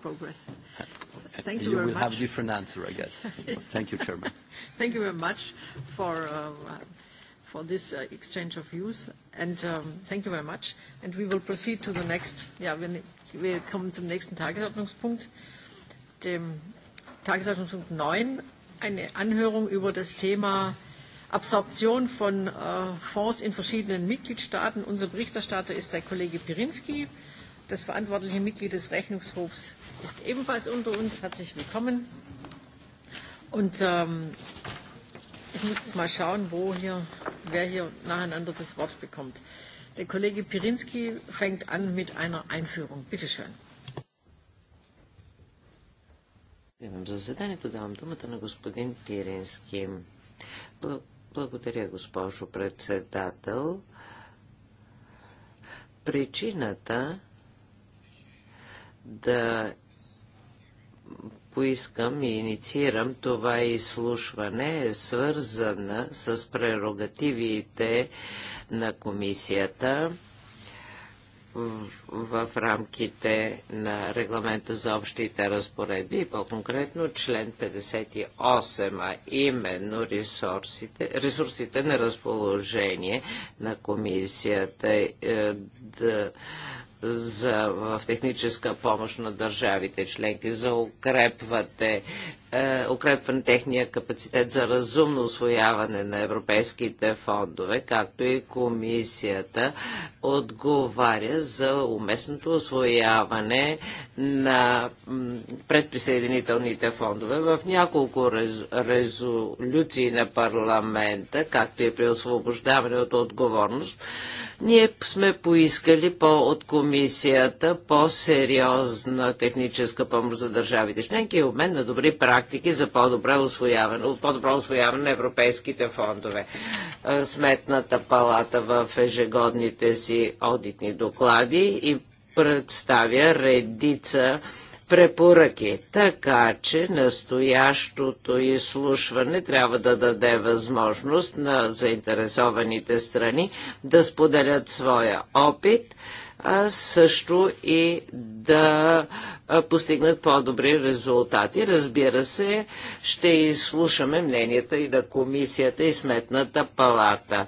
progress. Thank you very much. You will have different answer, I guess. Thank you, Chairman. Thank you very much for for this exchange of views, and thank you very much. And we will proceed to the next. Ja, come kommen zum nächsten Tagesordnungspunkt, dem Tagesordnungspunkt 9, eine Anhörung über das Thema Absorption von Fonds in verschiedenen Mitgliedstaaten. Unser Berichterstatter ist der Kollege Pirinski. Das verantwortliche Mitglied des Rechnungshofs ist ebenfalls unter uns. Herzlich willkommen. Und ähm, ich muss jetzt mal schauen, wo hier, wer hier nacheinander das Wort bekommt. Der Kollege Pirinski fängt an mit einer Einführung. Bitte schön. Благодаря, госпожо председател. Причината да поискам и инициирам това изслушване е свързана с прерогативите на комисията в, в рамките на регламента за общите разпоредби и по-конкретно член 58, а именно ресурсите, ресурсите на разположение на комисията. Е, да, за, в техническа помощ на държавите членки за укрепвате е, укрепване техния капацитет за разумно освояване на европейските фондове, както и комисията отговаря за уместното освояване на предприсъединителните фондове в няколко резолюции на парламента, както и при освобождаване от отговорност. Ние сме поискали по от комисията по-сериозна техническа помощ за държавите членки и обмен на добри практики практики за по-добро освояване, по-добро освояване на европейските фондове. Сметната палата в ежегодните си одитни доклади и представя редица препоръки, така че настоящото изслушване трябва да даде възможност на заинтересованите страни да споделят своя опит, а също и да постигнат по-добри резултати. Разбира се, ще изслушаме мненията и на комисията и сметната палата.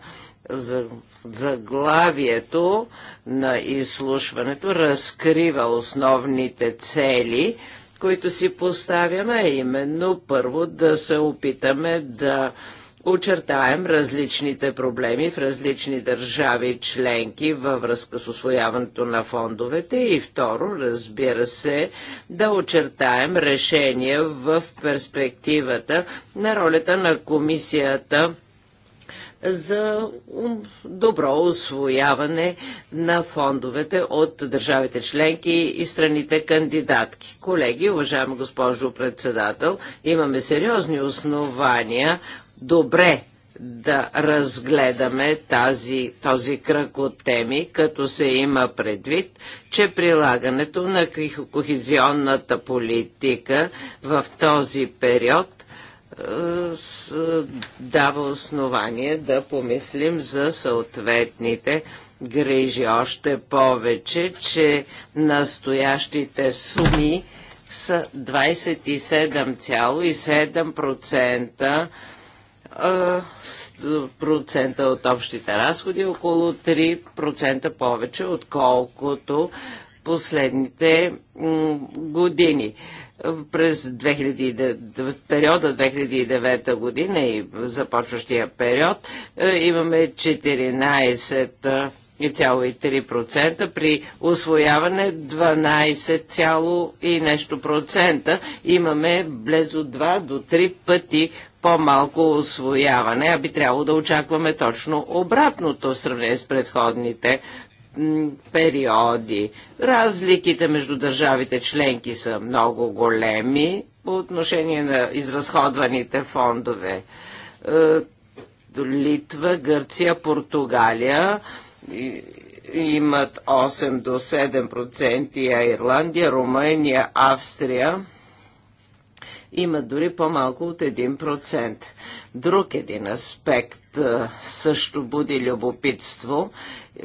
За заглавието на изслушването разкрива основните цели, които си поставяме, именно първо да се опитаме да очертаем различните проблеми в различни държави членки във връзка с освояването на фондовете и второ, разбира се, да очертаем решения в перспективата на ролята на комисията за добро освояване на фондовете от държавите членки и страните кандидатки. Колеги, уважаема госпожо председател, имаме сериозни основания добре да разгледаме тази, този кръг от теми, като се има предвид, че прилагането на кохезионната политика в този период е, дава основание да помислим за съответните грижи. Още повече, че настоящите суми са 27,7% процента от общите разходи, около 3% повече, отколкото последните години. През 2009, периода 2009 година и започващия период е, имаме 14 при освояване 12, и нещо процента. Имаме близо 2 до 3 пъти по-малко освояване, а би трябвало да очакваме точно обратното в сравнение с предходните периоди. Разликите между държавите членки са много големи по отношение на изразходваните фондове. Е, Литва, Гърция, Португалия имат 8 до 7%, а Ирландия, Румъния, Австрия има дори по-малко от 1%. Друг един аспект е, също буди любопитство е,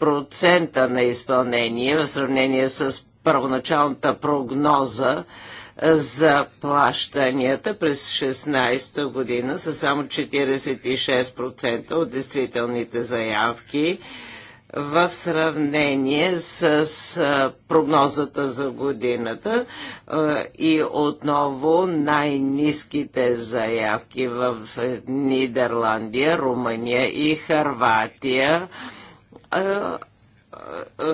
процента на изпълнение в сравнение с първоначалната прогноза е, за плащанията през 16-та година са само 46% от действителните заявки в сравнение с прогнозата за годината и отново най-низките заявки в е, Нидерландия, Румъния и Харватия е,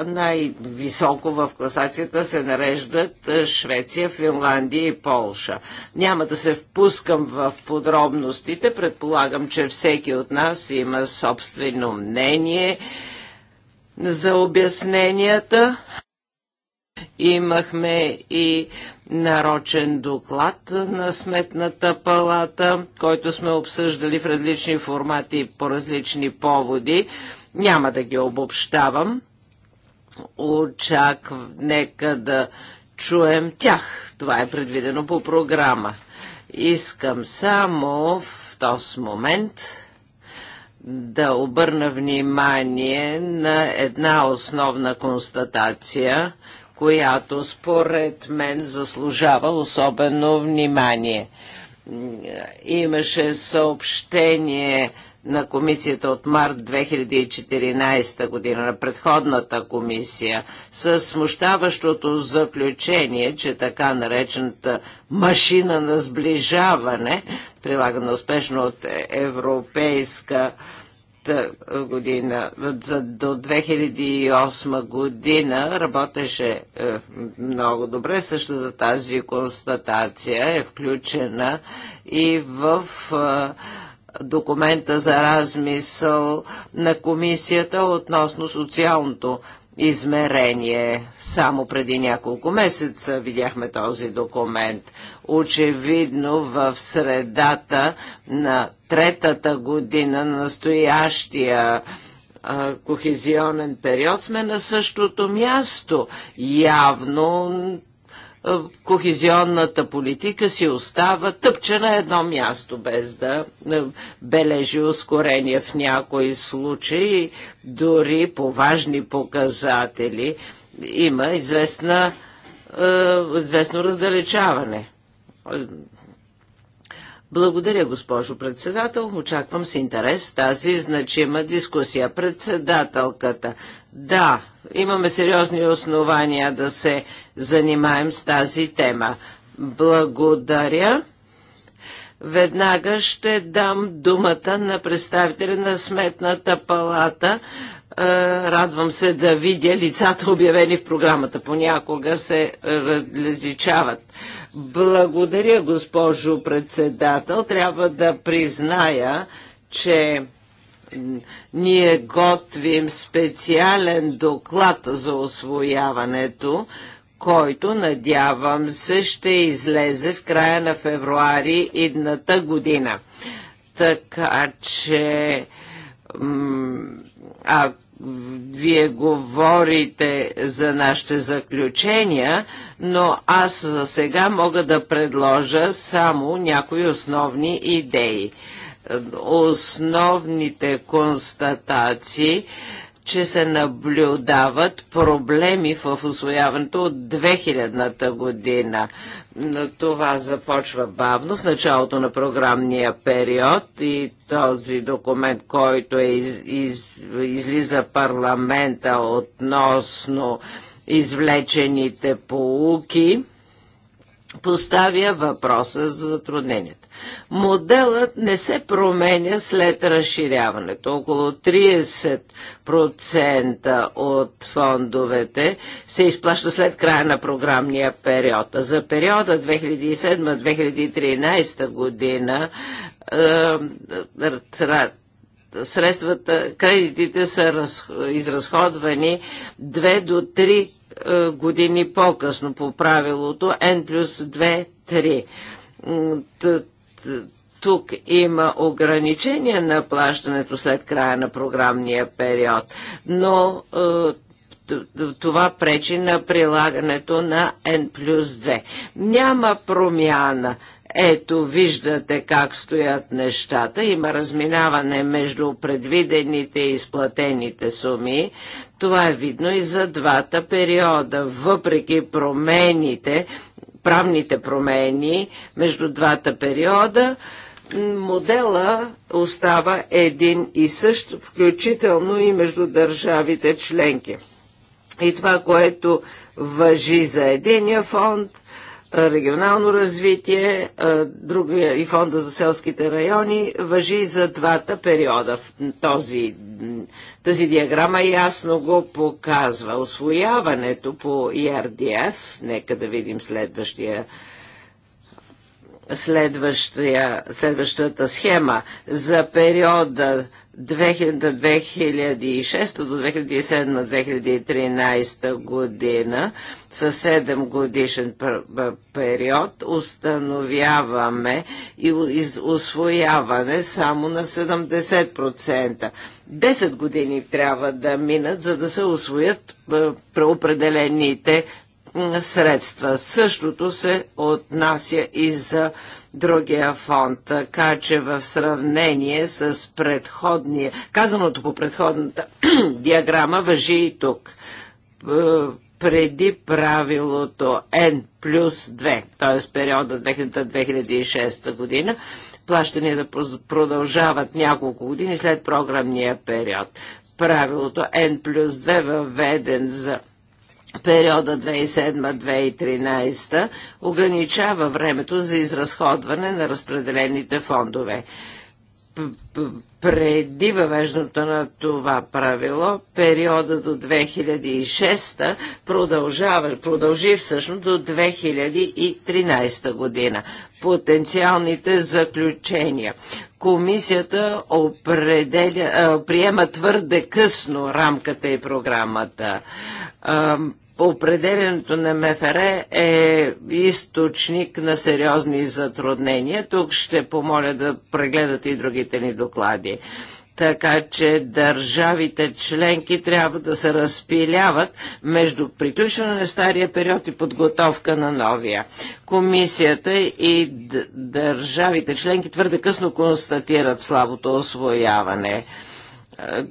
е, най-високо в класацията се нареждат е, Швеция, Финландия и Полша. Няма да се впускам в подробностите. Предполагам, че всеки от нас има собствено мнение за обясненията. Имахме и нарочен доклад на Сметната палата, който сме обсъждали в различни формати по различни поводи. Няма да ги обобщавам. Очакв... Нека да чуем тях. Това е предвидено по програма. Искам само в този момент да обърна внимание на една основна констатация, която според мен заслужава особено внимание. Имаше съобщение на комисията от март 2014 година, на предходната комисия, с смущаващото заключение, че така наречената машина на сближаване, прилагана успешно от Европейска година, за, до 2008 година работеше е, много добре. Същата тази констатация е включена и в е, документа за размисъл на комисията относно социалното измерение. Само преди няколко месеца видяхме този документ. Очевидно в средата на третата година настоящия кохезионен период сме на същото място. Явно е, кохезионната политика си остава тъпче на едно място, без да е, бележи ускорение в някои случаи, дори по важни показатели има известна, е, известно раздалечаване. Благодаря, госпожо председател. Очаквам с интерес тази значима дискусия. Председателката. Да, имаме сериозни основания да се занимаем с тази тема. Благодаря. Веднага ще дам думата на представителя на Сметната палата. Е, радвам се да видя лицата, обявени в програмата. Понякога се различават. Благодаря, госпожо председател. Трябва да призная, че ние готвим специален доклад за освояването, който надявам се ще излезе в края на февруари идната година. Така че, ако вие говорите за нашите заключения, но аз за сега мога да предложа само някои основни идеи. Основните констатации че се наблюдават проблеми в освояването от 2000-та година. Това започва бавно в началото на програмния период и този документ, който е из, из, излиза парламента относно извлечените поуки, поставя въпроса за затруднението. Моделът не се променя след разширяването. Около 30% от фондовете се изплаща след края на програмния период. За периода 2007-2013 година е, е, е, средствата, кредитите са раз, изразходвани 2 до 3 години по-късно по правилото N плюс 2-3 тук има ограничение на плащането след края на програмния период, но е, това пречи на прилагането на N плюс 2. Няма промяна. Ето, виждате как стоят нещата. Има разминаване между предвидените и изплатените суми. Това е видно и за двата периода. Въпреки промените правните промени между двата периода, модела остава един и същ, включително и между държавите членки. И това, което въжи за единия фонд, регионално развитие другия и фонда за селските райони въжи за двата периода. Този, тази диаграма ясно го показва. Освояването по ИРДФ, нека да видим следващия следващата схема за периода 2006 до 2007-2013 година със 7 годишен период установяваме и освояване само на 70%. 10 години трябва да минат, за да се освоят преопределените средства. Същото се отнася и за другия фонд. Така че в сравнение с предходния, казаното по предходната диаграма въжи и тук е, преди правилото N плюс 2, т.е. периода 2000-2006 година, плащанията продължават няколко години след програмния период. Правилото N плюс 2 въведен за периода 2007-2013 ограничава времето за изразходване на разпределените фондове преди въвеждането на това правило, периода до 2006 продължава, продължи всъщност до 2013 година. Потенциалните заключения. Комисията определя, приема твърде късно рамката и програмата. По определенето на МФР е източник на сериозни затруднения. Тук ще помоля да прегледате и другите ни доклади така че държавите членки трябва да се разпиляват между приключване на стария период и подготовка на новия. Комисията и държавите членки твърде късно констатират слабото освояване е,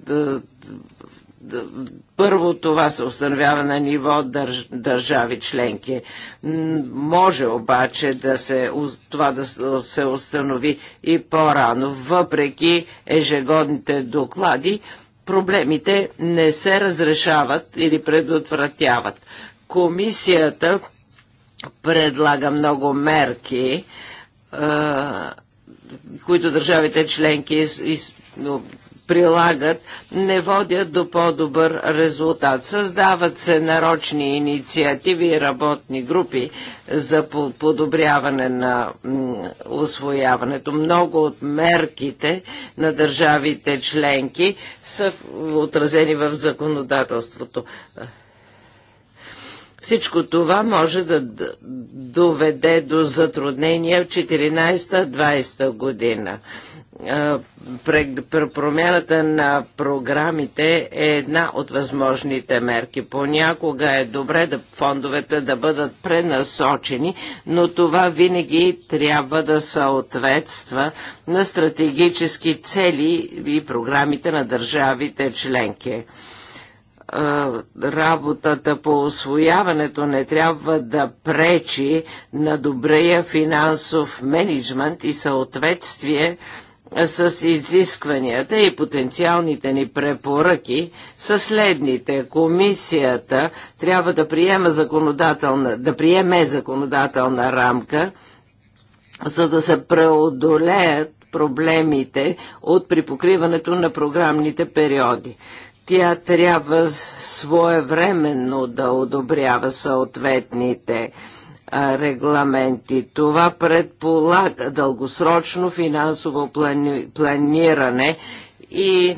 първо това се установява на ниво държ, държави членки. Може обаче да се, това да се установи и по-рано. Въпреки ежегодните доклади, проблемите не се разрешават или предотвратяват. Комисията предлага много мерки, които държавите членки прилагат, не водят до по-добър резултат. Създават се нарочни инициативи и работни групи за подобряване на освояването. Много от мерките на държавите членки са отразени в законодателството. Всичко това може да доведе до затруднения в 14-20 година промяната на програмите е една от възможните мерки. Понякога е добре да фондовете да бъдат пренасочени, но това винаги трябва да съответства на стратегически цели и програмите на държавите членки работата по освояването не трябва да пречи на добрия финансов менеджмент и съответствие с изискванията и потенциалните ни препоръки са следните. Комисията трябва да приеме законодателна, да приеме законодателна рамка, за да се преодолеят проблемите от припокриването на програмните периоди. Тя трябва своевременно да одобрява съответните регламенти. Това предполага дългосрочно финансово плани... планиране и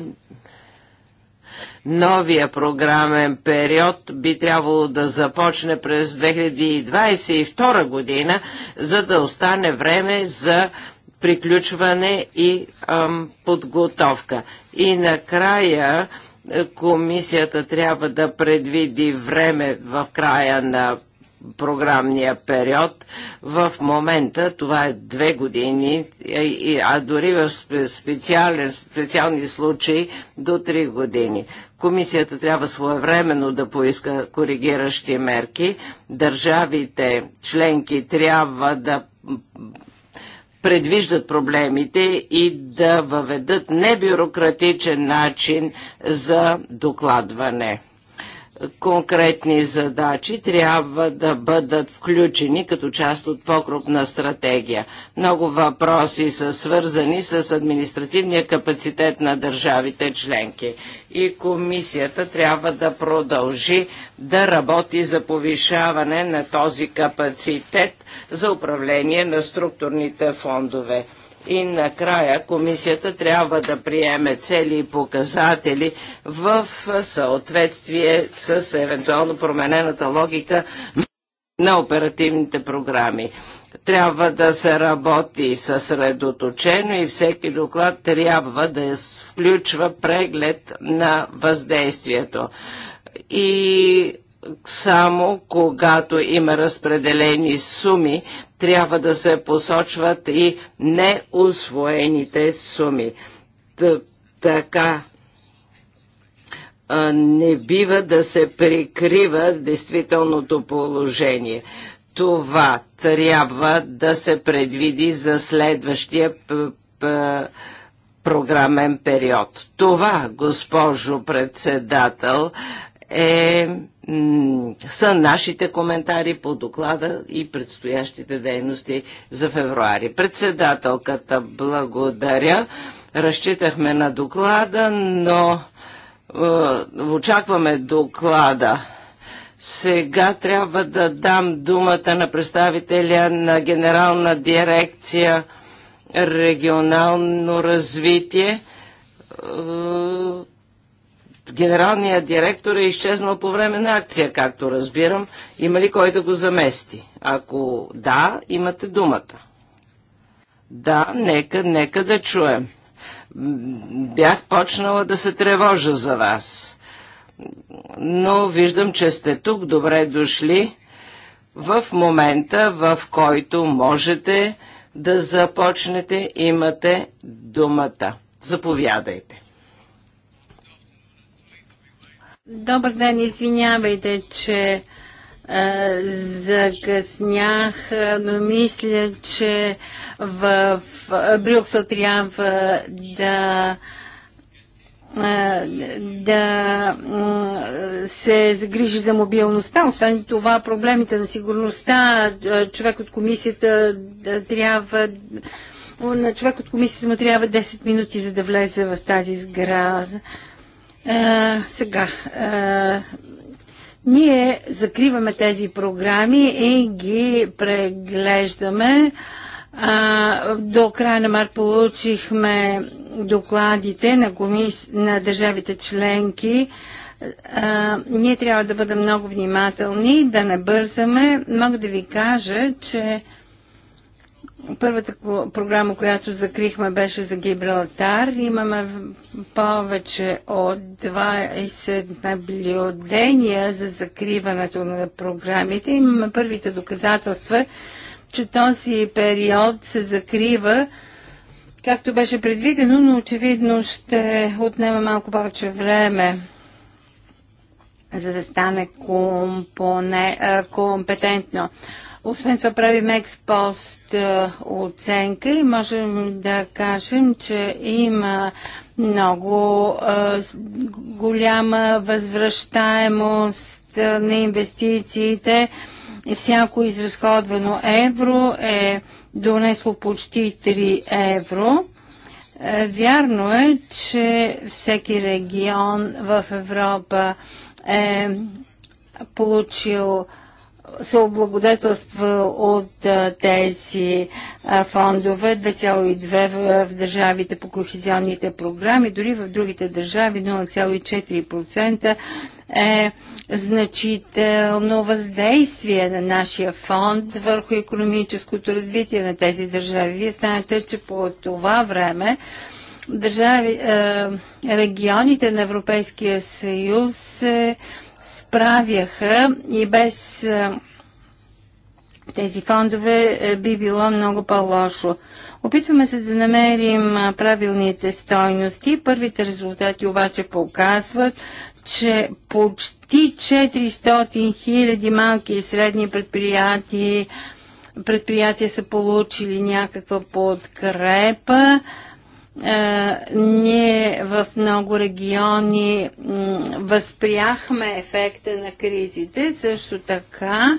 Новия програмен период би трябвало да започне през 2022 година, за да остане време за приключване и ам, подготовка. И накрая е, комисията трябва да предвиди време в края на програмния период. В момента това е две години, е, а дори в специален, специални случаи до три години. Комисията трябва своевременно да поиска коригиращи мерки. Държавите членки трябва да предвиждат проблемите и да въведат небюрократичен начин за докладване конкретни задачи трябва да бъдат включени като част от покрупна стратегия. Много въпроси са свързани с административния капацитет на държавите членки и комисията трябва да продължи да работи за повишаване на този капацитет за управление на структурните фондове и накрая комисията трябва да приеме цели и показатели в съответствие с евентуално променената логика на оперативните програми трябва да се работи съсредоточено и всеки доклад трябва да включва преглед на въздействието. И само когато има разпределени суми, трябва да се посочват и неусвоените суми. Т така не бива да се прикрива действителното положение. Това трябва да се предвиди за следващия програмен период. Това, госпожо председател, е, са нашите коментари по доклада и предстоящите дейности за февруари. Председателката благодаря. Разчитахме на доклада, но е, очакваме доклада. Сега трябва да дам думата на представителя на Генерална дирекция регионално развитие е, генералният директор е изчезнал по време на акция, както разбирам. Има ли кой да го замести? Ако да, имате думата. Да, нека, нека да чуем. Бях почнала да се тревожа за вас. Но виждам, че сте тук, добре дошли в момента, в който можете да започнете, имате думата. Заповядайте. Добър ден, извинявайте, че е, закъснях, но мисля, че в, в Брюксел трябва да да се загрижи за мобилността. Освен това, проблемите на сигурността, човек от комисията трябва на човек от комисията му трябва 10 минути, за да влезе в тази сграда. А, сега, а, ние закриваме тези програми и ги преглеждаме. А, до края на март получихме докладите на, комис... на държавите членки. А, ние трябва да бъдем много внимателни, да не бързаме. Мога да ви кажа, че Първата програма, която закрихме, беше за Гибралтар. Имаме повече от 20 наблюдения за закриването на програмите. Имаме първите доказателства, че този период се закрива както беше предвидено, но очевидно ще отнема малко повече време за да стане компоне, компетентно. Освен това правим експост оценка и можем да кажем, че има много голяма възвръщаемост на инвестициите. Всяко изразходвано евро е донесло почти 3 евро. Е, вярно е, че всеки регион в Европа е получил се облагодетелства от а, тези а, фондове 2,2 в, в държавите по кохезионните програми, дори в другите държави 0,4% е значително въздействие на нашия фонд върху економическото развитие на тези държави. Вие знаете, че по това време държави, е, регионите на Европейския съюз се справяха и без е, тези фондове е, би било много по-лошо. Опитваме се да намерим правилните стойности. Първите резултати обаче показват, че почти 400 000 малки и средни предприятия, предприятия са получили някаква подкрепа е, ние в много региони възприяхме ефекта на кризите. Също така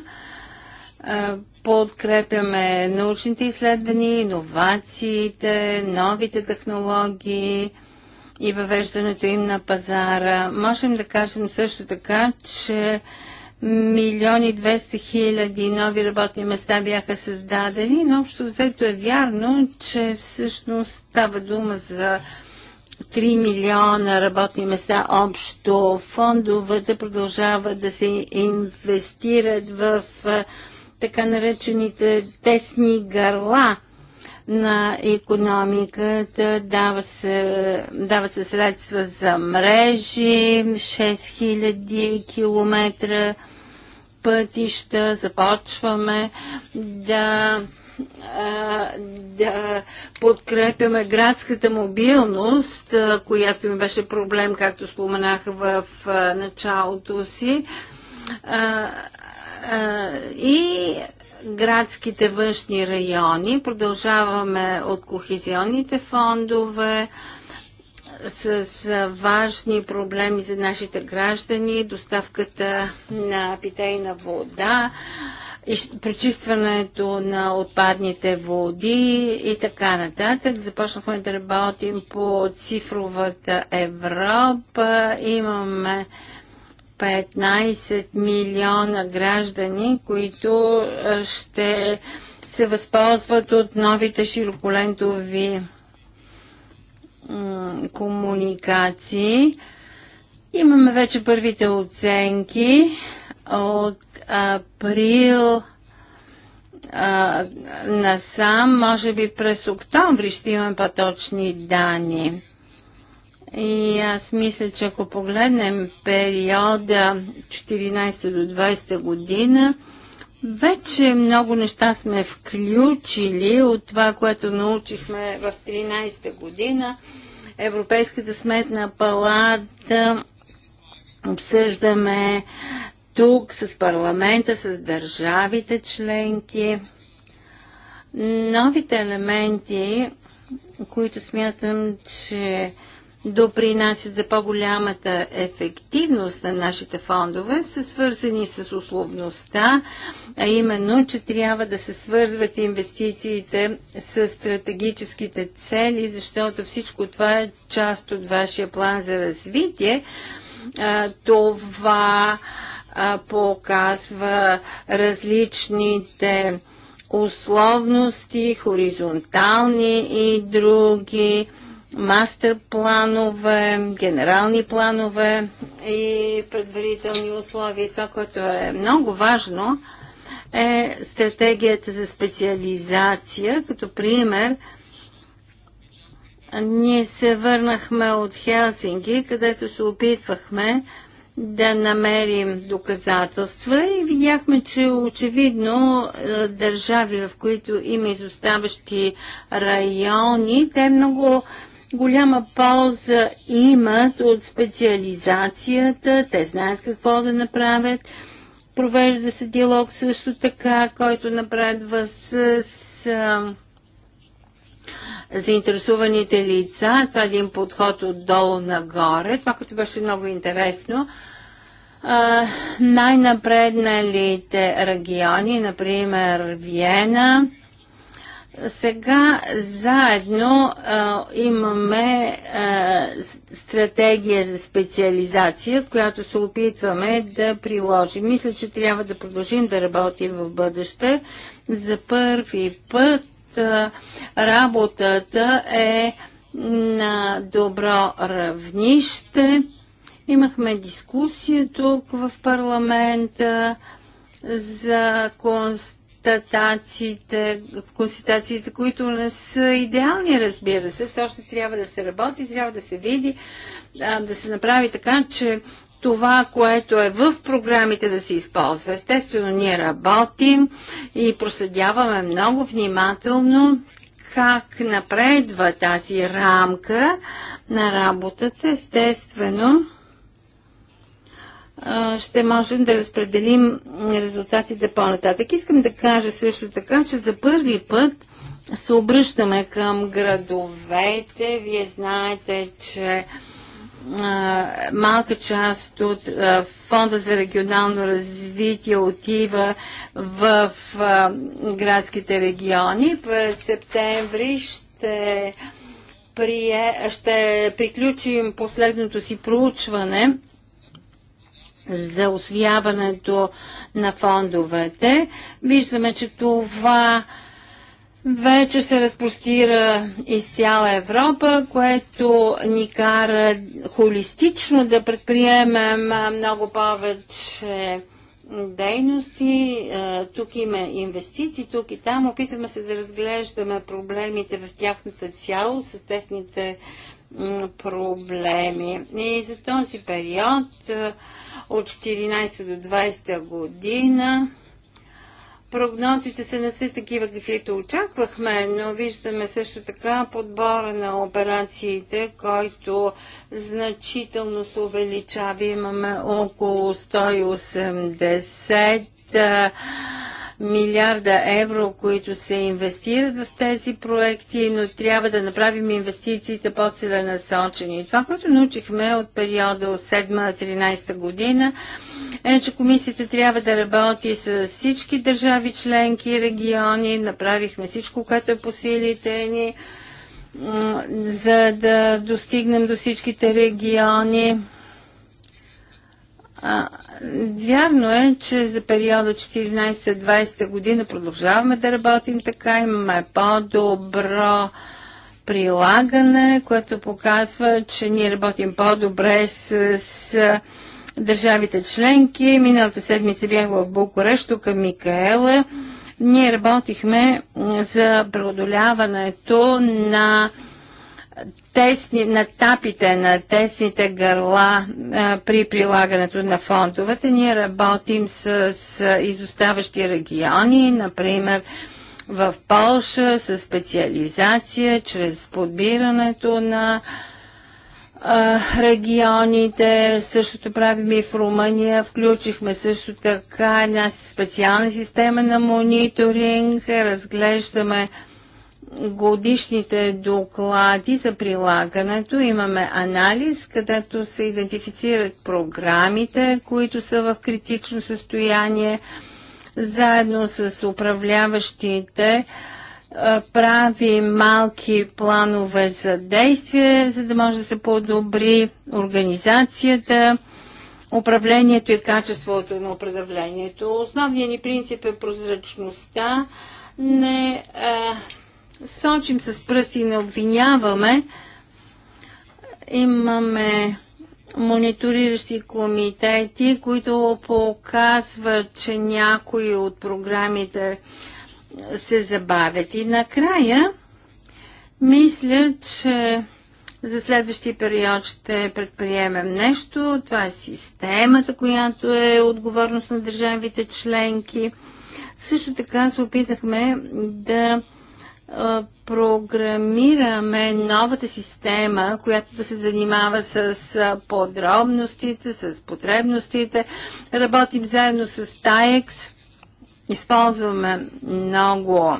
е, подкрепяме научните изследвания, иновациите, новите технологии и въвеждането им на пазара. Можем да кажем също така, че милиони 200 хиляди нови работни места бяха създадени, но общо взето е вярно, че всъщност става дума за 3 милиона работни места общо. Фондовете продължават да се инвестират в така наречените тесни гърла на економиката, дават се, дават се средства за мрежи, 6000 км пътища, започваме да да подкрепяме градската мобилност, която ми беше проблем, както споменах в началото си. И градските външни райони. Продължаваме от кохезионните фондове с важни проблеми за нашите граждани, доставката на питейна вода, пречистването на отпадните води и така нататък. Започнахме да работим по цифровата Европа. Имаме 15 милиона граждани, които ще се възползват от новите широколентови комуникации. Имаме вече първите оценки от април а, насам, може би през октомври ще имаме по-точни данни. И аз мисля, че ако погледнем периода 14 до 20 година, вече много неща сме включили от това, което научихме в 13-та година. Европейската сметна палата обсъждаме тук с парламента, с държавите членки. Новите елементи, които смятам, че допринасят за по-голямата ефективност на нашите фондове, са свързани с условността, а именно, че трябва да се свързват инвестициите с стратегическите цели, защото всичко това е част от вашия план за развитие. Това показва различните условности, хоризонтални и други мастер планове, генерални планове и предварителни условия. Това, което е много важно, е стратегията за специализация. Като пример, ние се върнахме от Хелсинги, където се опитвахме да намерим доказателства и видяхме, че очевидно е, държави, в които има изоставащи райони, те много голяма полза имат от специализацията, те знаят какво да направят. Провежда се диалог също така, който напредва с, с заинтересуваните лица. Това е един подход отдолу нагоре. Това, което беше много интересно. най-напредналите региони, например Виена, сега заедно а, имаме а, стратегия за специализация, която се опитваме да приложим. Мисля, че трябва да продължим да работим в бъдеще. За първи път а, работата е на добро равнище. Имахме дискусия тук в парламента за конст констатациите, констатациите, които не са идеални, разбира се. Все още трябва да се работи, трябва да се види, да се направи така, че това, което е в програмите да се използва. Естествено, ние работим и проследяваме много внимателно как напредва тази рамка на работата. Естествено, ще можем да разпределим резултатите по-нататък. Искам да кажа също така, че за първи път се обръщаме към градовете. Вие знаете, че а, малка част от а, Фонда за регионално развитие отива в а, градските региони. През септември ще, прие, ще приключим последното си проучване за освяването на фондовете. Виждаме, че това вече се разпростира из цяла Европа, което ни кара холистично да предприемем много повече дейности, тук има инвестиции, тук и там. Опитваме се да разглеждаме проблемите в тяхната цялост, с техните проблеми. И за този период от 14 до 20 година. Прогнозите са не са такива, каквито очаквахме, но виждаме също така подбора на операциите, който значително се увеличава. Имаме около 180 милиарда евро, които се инвестират в тези проекти, но трябва да направим инвестициите по-целенасочени. Това, което научихме от периода от 7-13 година, е, че комисията трябва да работи с всички държави членки и региони. Направихме всичко, което е по силите ни, за да достигнем до всичките региони вярно е, че за периода 14-20 година продължаваме да работим така, имаме по-добро прилагане, което показва, че ние работим по-добре с, с държавите членки. Миналата седмица бях в Букурещ, тук Микаела. Ние работихме за преодоляването на тесни, на тапите, на тесните гърла а, при прилагането на фондовете. Ние работим с, с изоставащи региони, например в Полша с специализация чрез подбирането на регионите. Същото правим и в Румъния. Включихме също така една специална система на мониторинг. Разглеждаме а, годишните доклади за прилагането. Имаме анализ, където се идентифицират програмите, които са в критично състояние, заедно с управляващите прави малки планове за действие, за да може да се подобри организацията, управлението и качеството на управлението. Основният ни принцип е прозрачността. Не, а, сочим с пръсти и не обвиняваме. Имаме мониториращи комитети, които показват, че някои от програмите се забавят. И накрая, мисля, че за следващия период ще предприемем нещо. Това е системата, която е отговорност на държавите членки. Също така се опитахме да програмираме новата система, която да се занимава с подробностите, с потребностите. Работим заедно с TAEX. Използваме много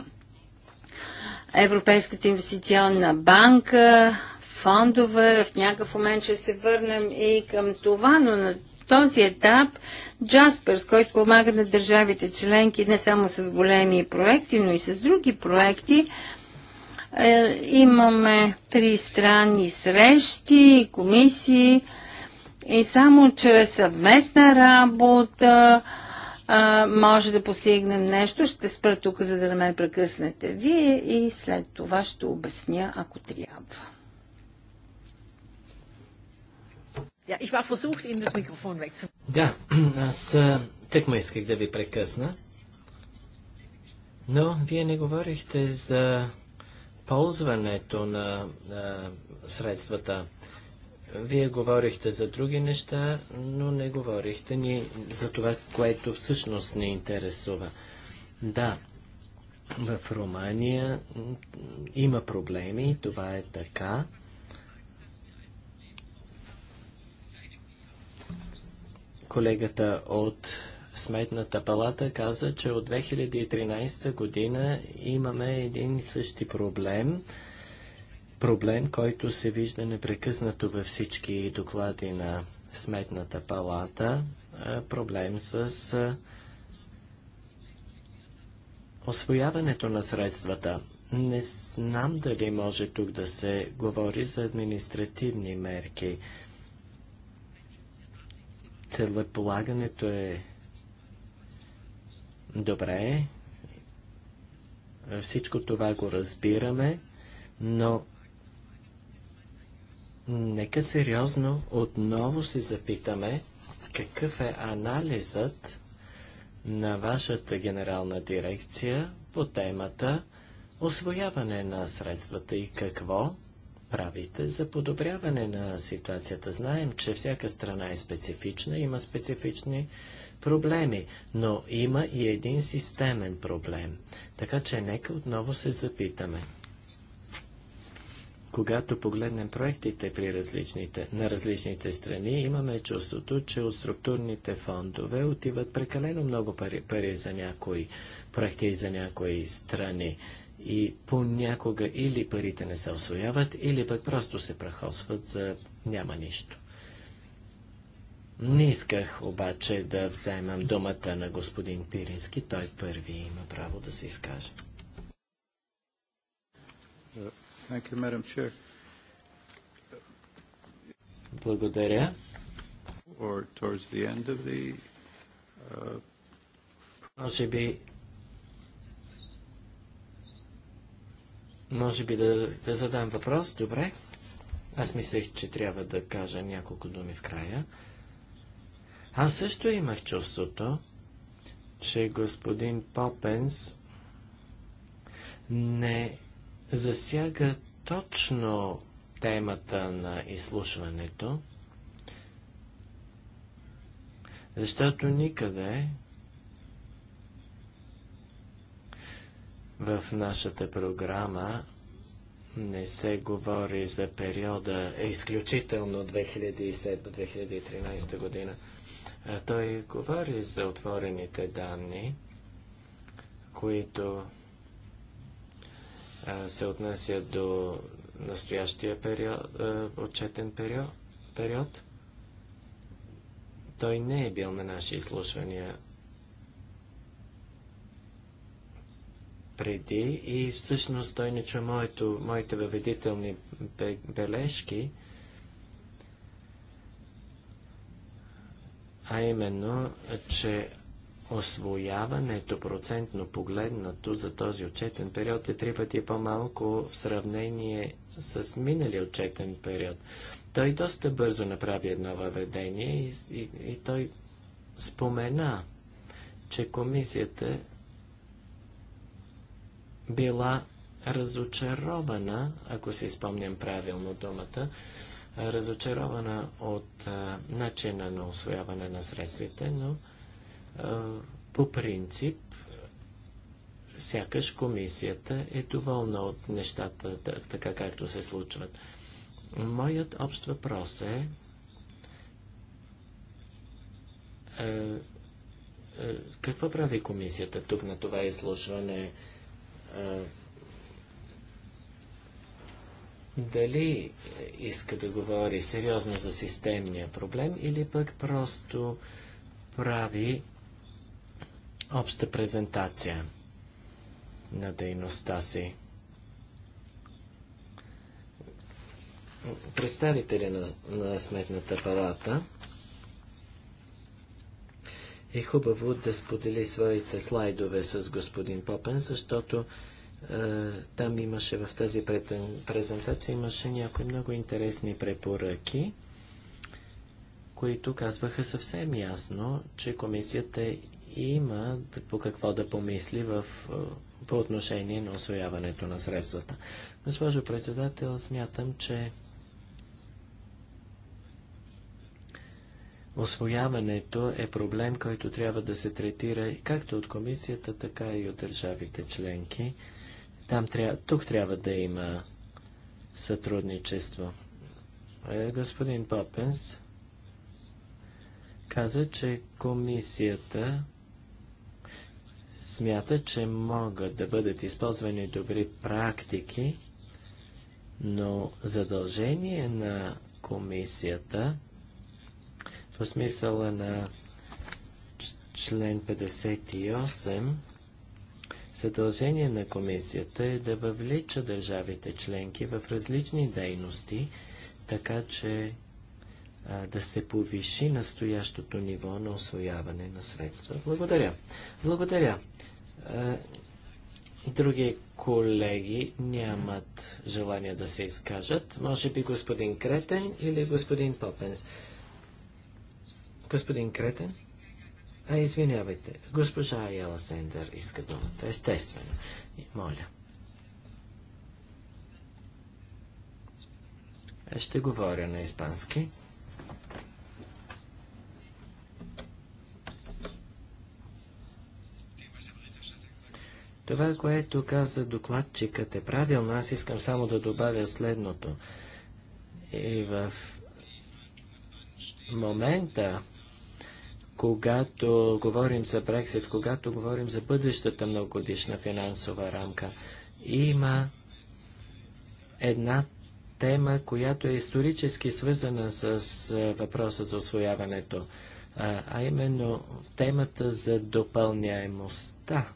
Европейската инвестиционна банка, фондове. В някакъв момент ще се върнем и към това, но на този етап с който помага на държавите членки не само с големи проекти, но и с други проекти. Е, имаме три странни срещи, комисии и само чрез съвместна работа а, може да постигнем нещо. Ще спра тук, за да не ме прекъснете вие и след това ще обясня, ако трябва. Yeah, да, аз тък му исках да ви прекъсна. Но вие не говорихте за ползването на, на средствата. Вие говорихте за други неща, но не говорихте ни за това, което всъщност ни интересува. Да, в Румъния има проблеми, това е така, Колегата от Сметната палата каза, че от 2013 година имаме един и същи проблем. Проблем, който се вижда непрекъснато във всички доклади на Сметната палата. Проблем с освояването на средствата. Не знам дали може тук да се говори за административни мерки целеполагането е добре, всичко това го разбираме, но нека сериозно отново се запитаме какъв е анализът на вашата генерална дирекция по темата освояване на средствата и какво правите за подобряване на ситуацията? Знаем, че всяка страна е специфична, има специфични проблеми, но има и един системен проблем. Така че нека отново се запитаме. Когато погледнем проектите при различните, на различните страни, имаме чувството, че от структурните фондове отиват прекалено много пари, пари за някои проекти и за някои страни. И понякога или парите не се освояват, или пък просто се прахосват за няма нищо. Не исках обаче да вземам думата на господин Пирински. Той първи има право да се изкаже. Благодаря. Uh, Може би Може би да, да задам въпрос. Добре. Аз мислех, че трябва да кажа няколко думи в края. Аз също имах чувството, че господин Попенс не засяга точно темата на изслушването, защото никъде В нашата програма не се говори за периода е изключително 2007-2013 година. Той говори за отворените данни, които се отнасят до настоящия период, отчетен период. период. Той не е бил на наши изслушвания преди и всъщност той не чу моето, моите въведителни бележки, а именно, че освояването процентно погледнато за този отчетен период е три пъти по-малко в сравнение с минали отчетен период. Той доста бързо направи едно въведение и, и, и той спомена, че комисията била разочарована, ако си спомням правилно думата, разочарована от а, начина на освояване на средствите, но а, по принцип сякаш комисията е доволна от нещата така както се случват. Моят общ въпрос е, а, е, а, е, какво прави комисията тук на това изслушване? Е, дали иска да говори сериозно за системния проблем или пък просто прави обща презентация на дейността си. Представителя на, на Сметната палата е хубаво да сподели своите слайдове с господин Попен, защото е, там имаше в тази презентация имаше някои много интересни препоръки, които казваха съвсем ясно, че комисията има по какво да помисли в, е, по отношение на освояването на средствата. Госпожо председател, смятам, че Освояването е проблем, който трябва да се третира както от комисията, така и от държавите членки. Там тря... Тук трябва да има сътрудничество. Е, господин Попенс каза, че комисията смята, че могат да бъдат използвани добри практики, но задължение на комисията по смисъла на член 58 Съдължение на комисията е да въвлича държавите членки в различни дейности, така че а, да се повиши настоящото ниво на освояване на средства. Благодаря. Благодаря. други колеги нямат желание да се изкажат. Може би господин Кретен или господин Попенс. Господин Кретен? А, извинявайте, госпожа Айела Сендер иска думата. Естествено. Моля. Ще говоря на испански. Това, което каза докладчикът е правилно. Аз искам само да добавя следното. И в момента когато говорим за Брексит, когато говорим за бъдещата многогодишна финансова рамка. Има една тема, която е исторически свързана с, въпроса за освояването, а, а именно темата за допълняемостта.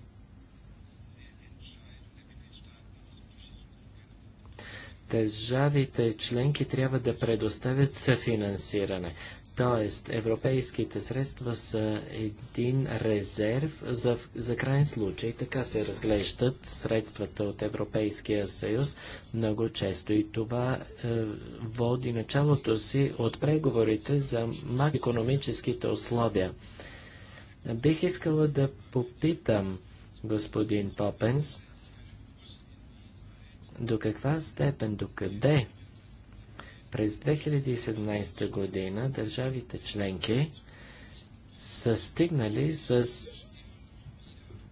Държавите членки трябва да предоставят съфинансиране. Тоест, европейските средства са един резерв за, за крайен случай. Така се разглеждат средствата от Европейския съюз много често. И това е, води началото си от преговорите за макроекономическите условия. Бих искала да попитам господин Попенс до каква степен, до къде през 2017 година държавите членки са стигнали с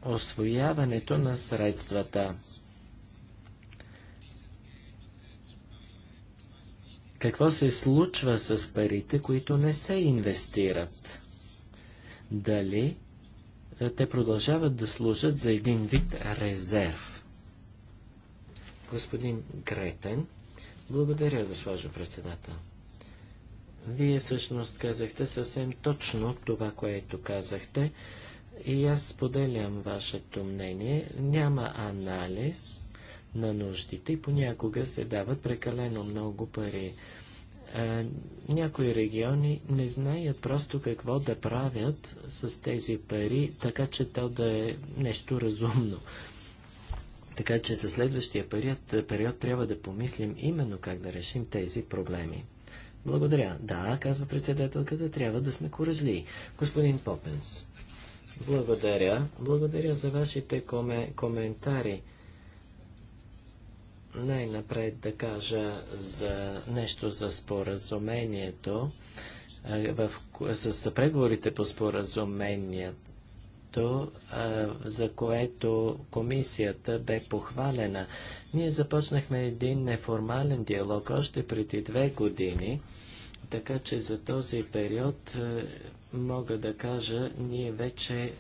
освояването на средствата. Какво се случва с парите, които не се инвестират? Дали е, те продължават да служат за един вид резерв? Господин Гретен благодаря, госпожо председател. Вие всъщност казахте съвсем точно това, което казахте и аз споделям вашето мнение. Няма анализ на нуждите и понякога се дават прекалено много пари. А, някои региони не знаят просто какво да правят с тези пари, така че то да е нещо разумно. Така че за следващия период, период трябва да помислим именно как да решим тези проблеми. Благодаря. Да, казва председателката, трябва да сме коражли. Господин Попенс. Благодаря. Благодаря за вашите коме, коментари. Най-напред да кажа за нещо за споразумението, в, с, с преговорите по споразумението нещо, за което комисията бе похвалена. Ние започнахме един неформален диалог още преди две години, така че за този период мога да кажа, ние вече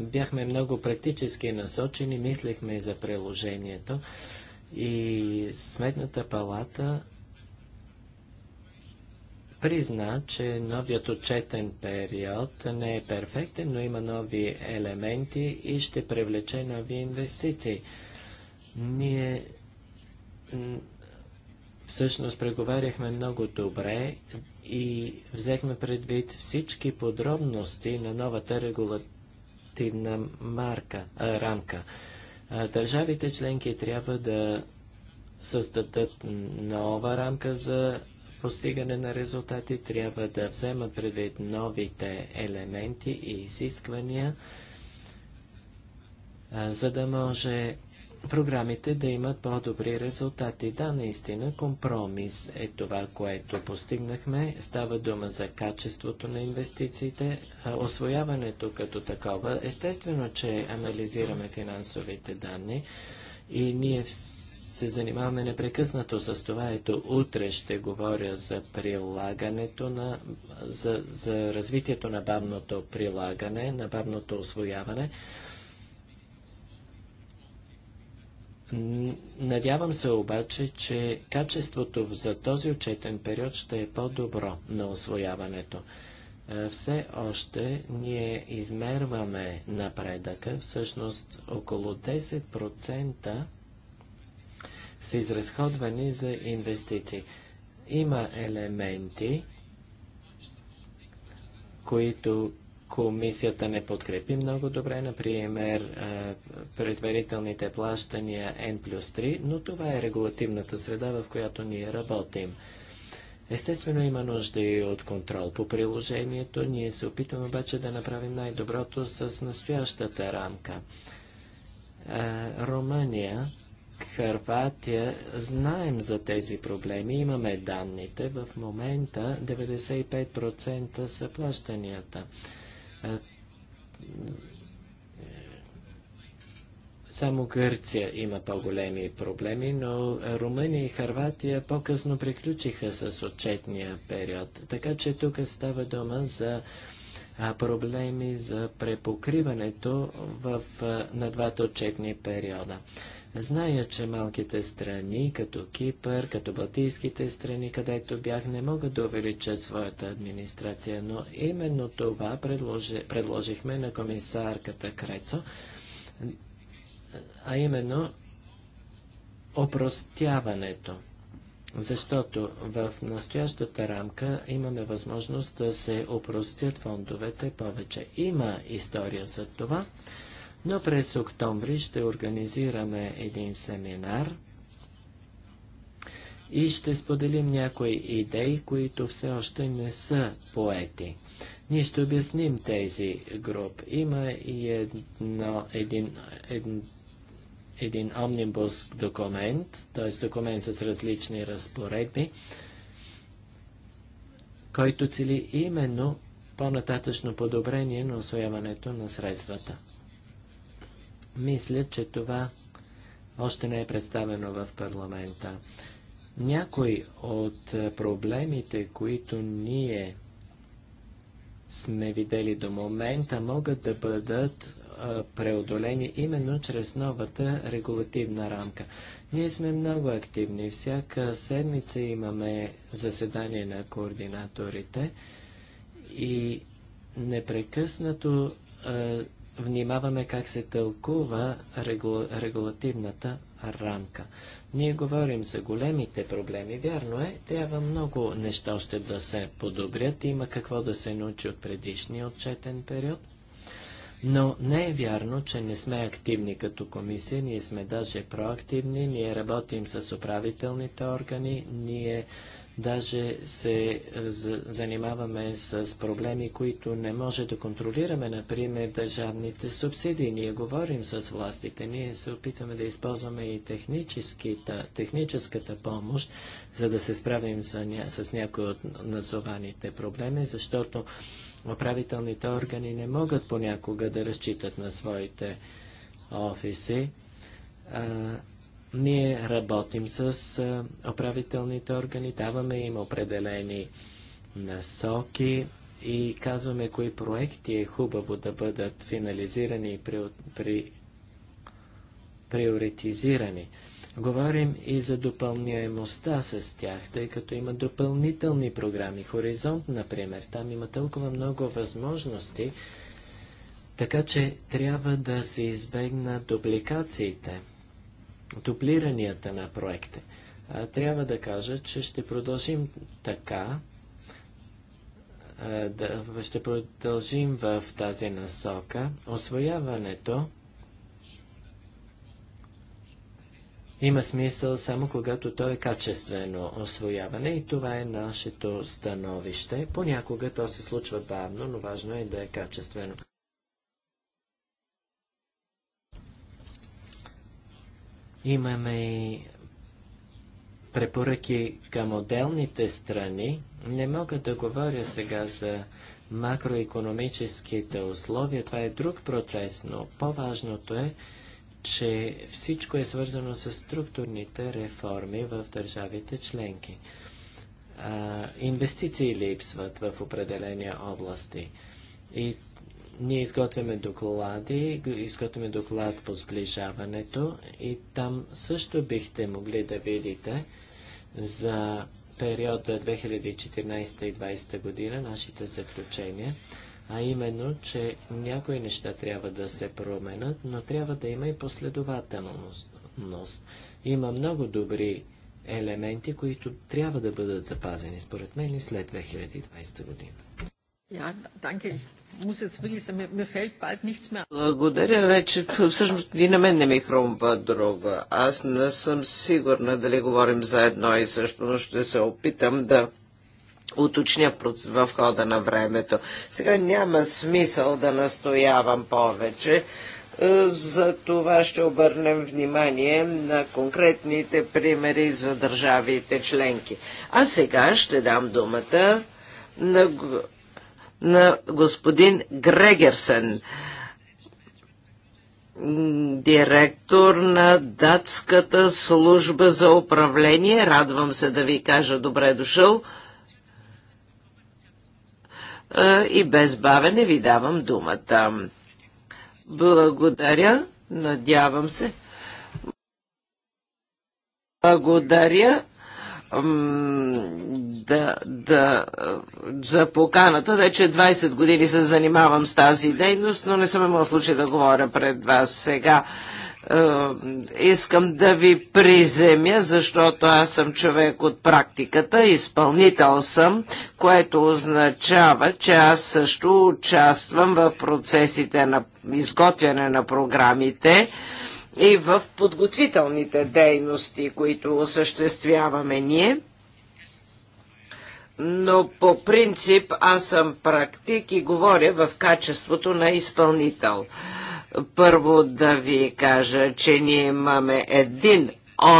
бяхме много практически насочени, мислехме за приложението и Сметната палата призна, че новият отчетен период не е перфектен, но има нови елементи и ще привлече нови инвестиции. Ние всъщност преговаряхме много добре и взехме предвид всички подробности на новата регулативна марка, а, рамка. А, държавите членки трябва да създадат нова рамка за постигане на резултати трябва да вземат предвид новите елементи и изисквания, за да може програмите да имат по-добри резултати. Да, наистина, компромис е това, което постигнахме. Става дума за качеството на инвестициите, освояването като такова. Естествено, че анализираме финансовите данни и ние се занимаваме непрекъснато с това. Ето утре ще говоря за прилагането на, за, за развитието на бавното прилагане, на бавното освояване. Надявам се обаче, че качеството за този отчетен период ще е по-добро на освояването. Е, все още ние измерваме напредъка, всъщност около 10% са изразходвани за инвестиции. Има елементи, които комисията не подкрепи много добре, например предварителните плащания N плюс 3, но това е регулативната среда, в която ние работим. Естествено има нужда и от контрол по приложението, ние се опитваме обаче да направим най-доброто с настоящата рамка. Румъния Харватия знаем за тези проблеми, имаме данните. В момента 95% са плащанията. Е, само Гърция има по-големи проблеми, но Румъния и Харватия по-късно приключиха с отчетния период. Така че тук става дума за проблеми за препокриването в, на двата отчетни периода. Зная, че малките страни, като Кипър, като Балтийските страни, където бях, не могат да увеличат своята администрация, но именно това предложи, предложихме на комисарката Крецо, а именно опростяването. Защото в настоящата рамка имаме възможност да се опростят фондовете повече. Има история за това. Но през октомври ще организираме един семинар и ще споделим някои идеи, които все още не са поети. Ние ще обясним тези груп. Има и едно, един, един, един омнибус документ, т.е. документ с различни разпоредби, който цели именно по-нататъчно подобрение на освояването на средствата. Мисля, че това още не е представено в парламента. Някои от проблемите, които ние сме видели до момента, могат да бъдат преодолени именно чрез новата регулативна рамка. Ние сме много активни. Всяка седмица имаме заседание на координаторите и непрекъснато внимаваме как се тълкува регу... регулативната рамка. Ние говорим за големите проблеми, вярно е, трябва много неща още да се подобрят, има какво да се научи от предишния отчетен период – но не е вярно, че не сме активни като комисия, ние сме даже проактивни, ние работим с управителните органи, ние даже се е, занимаваме с проблеми, които не може да контролираме, например държавните субсидии. Ние говорим с властите, ние се опитваме да използваме и техническата помощ, за да се справим с, някои от назованите проблеми, защото управителните органи не могат понякога да разчитат на своите офиси. А, ние работим с а, управителните органи, даваме им определени насоки и казваме кои проекти е хубаво да бъдат финализирани и при, при, приоритизирани. Говорим и за допълняемостта с тях, тъй като има допълнителни програми. Хоризонт, например, там има толкова много възможности, така че трябва да се избегнат дупликациите, дуплиранията на проекти. А, трябва да кажа, че ще продължим така, а, да, ще продължим в тази насока. Освояването има смисъл само когато то е качествено освояване и това е нашето становище. Понякога то се случва бавно, но важно е да е качествено. Имаме и препоръки към отделните страни. Не мога да говоря сега за макроекономическите условия. Това е друг процес, но по-важното е, че всичко е свързано с структурните реформи в държавите членки. А, инвестиции липсват в определени области. И ние изготвяме доклади, изготвяме доклад по сближаването и там също бихте могли да видите за периода 2014 и 2020 година нашите заключения а именно, че някои неща трябва да се променят, но трябва да има и последователност. Има много добри елементи, които трябва да бъдат запазени, според мен, и след 2020 година. Ja, danke. Благодаря вече. Всъщност и на мен не ми хрумва друга. Аз не съм сигурна дали говорим за едно и също, но ще се опитам да уточня в хода на времето. Сега няма смисъл да настоявам повече. Е, за това ще обърнем внимание на конкретните примери за държавите членки. А сега ще дам думата на, на господин Грегерсен, директор на датската служба за управление. Радвам се да ви кажа добре дошъл и без бавене ви давам думата. Благодаря, надявам се. Благодаря да, да, за поканата. Вече 20 години се занимавам с тази дейност, но не съм имал случай да говоря пред вас сега. Е, искам да ви приземя, защото аз съм човек от практиката, изпълнител съм, което означава, че аз също участвам в процесите на изготвяне на програмите и в подготвителните дейности, които осъществяваме ние но по принцип аз съм практик и говоря в качеството на изпълнител. Първо да ви кажа, че ние имаме един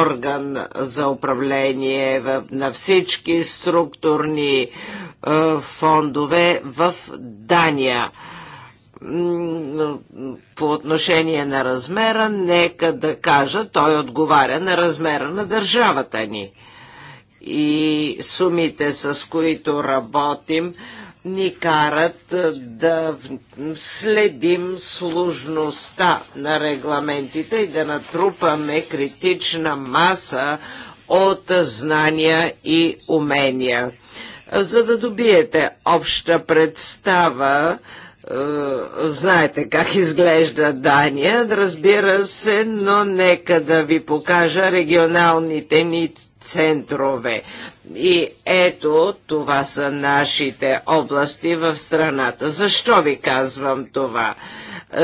орган за управление на всички структурни е, фондове в Дания по отношение на размера, нека да кажа, той отговаря на размера на държавата ни. И сумите, с които работим, ни карат да следим сложността на регламентите и да натрупаме критична маса от знания и умения. За да добиете обща представа, знаете как изглежда Дания, разбира се, но нека да ви покажа регионалните ни центрове. И ето, това са нашите области в страната. Защо ви казвам това?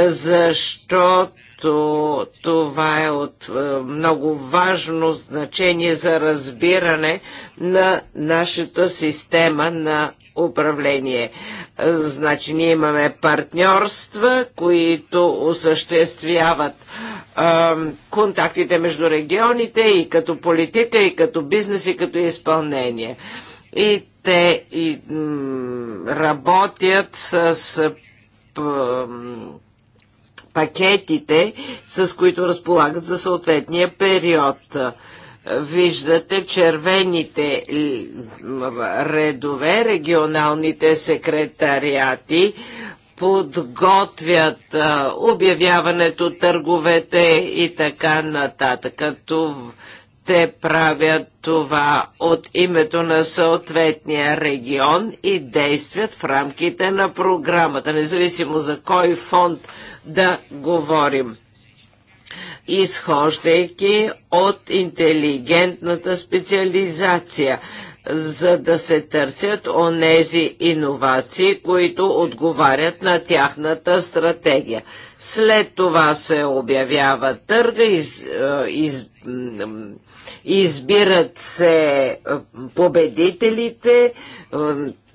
Защото защото това е от е, много важно значение за разбиране на нашата система на управление. Значи ние имаме партньорства, които осъществяват е, контактите между регионите и като политика, и като бизнес, и като изпълнение. И те и, работят с, с пакетите, с които разполагат за съответния период. Виждате червените редове, регионалните секретариати подготвят а, обявяването, търговете и така нататък. Като те правят това от името на съответния регион и действат в рамките на програмата, независимо за кой фонд да говорим изхождайки от интелигентната специализация, за да се търсят онези иновации, които отговарят на тяхната стратегия. След това се обявява търга, из, е, из, избират се победителите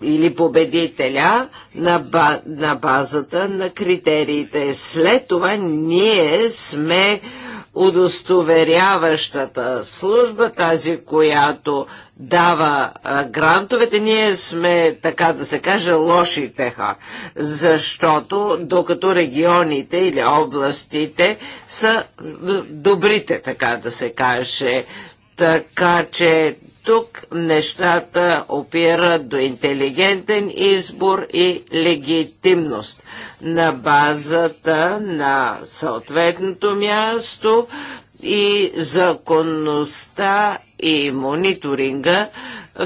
или победителя на, базата на критериите. След това ние сме удостоверяващата служба, тази, която дава грантовете, ние сме, така да се каже, лошите ха. Защото докато регионите или областите са добрите, така да се каже, така че тук нещата опират до интелигентен избор и легитимност на базата на съответното място и законността и мониторинга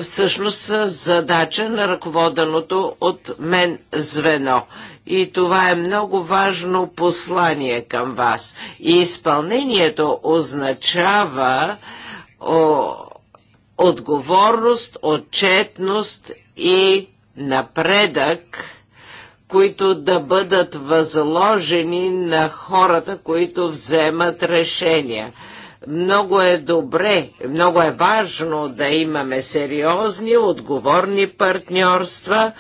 всъщност са задача на ръководеното от мен звено. И това е много важно послание към вас. И изпълнението означава о, отговорност, отчетност и напредък, които да бъдат възложени на хората, които вземат решения. Много е добре, много е важно да имаме сериозни, отговорни партньорства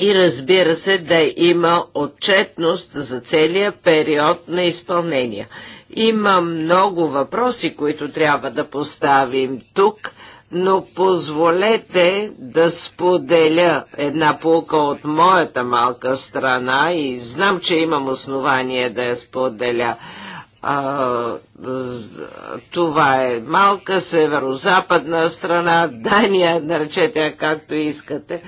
и разбира се да има отчетност за целия период на изпълнение. Има много въпроси, които трябва да поставим тук, но позволете да споделя една полка от моята малка страна и знам, че имам основание да я споделя. А, това е малка северо-западна страна, Дания, наречете я както искате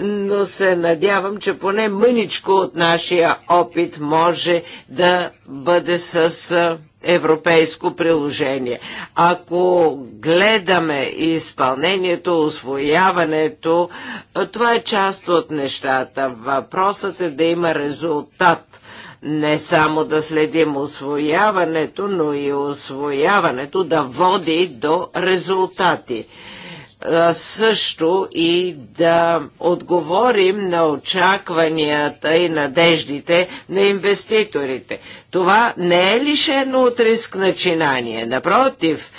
но се надявам, че поне мъничко от нашия опит може да бъде с европейско приложение. Ако гледаме изпълнението, освояването, това е част от нещата. Въпросът е да има резултат не само да следим освояването, но и освояването да води до резултати също и да отговорим на очакванията и надеждите на инвеститорите. Това не е лишено от риск начинание. Напротив,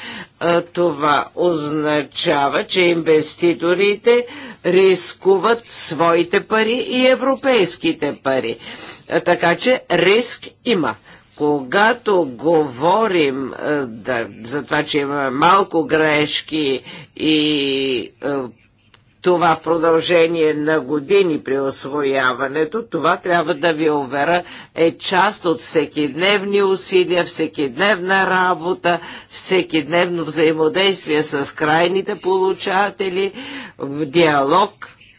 това означава, че инвеститорите рискуват своите пари и европейските пари. Така че риск има когато говорим е, да, за това, че имаме малко грешки и е, това в продължение на години при освояването, това трябва да ви уверя е част от всекидневни усилия, всекидневна работа, всекидневно взаимодействие с крайните получатели, диалог,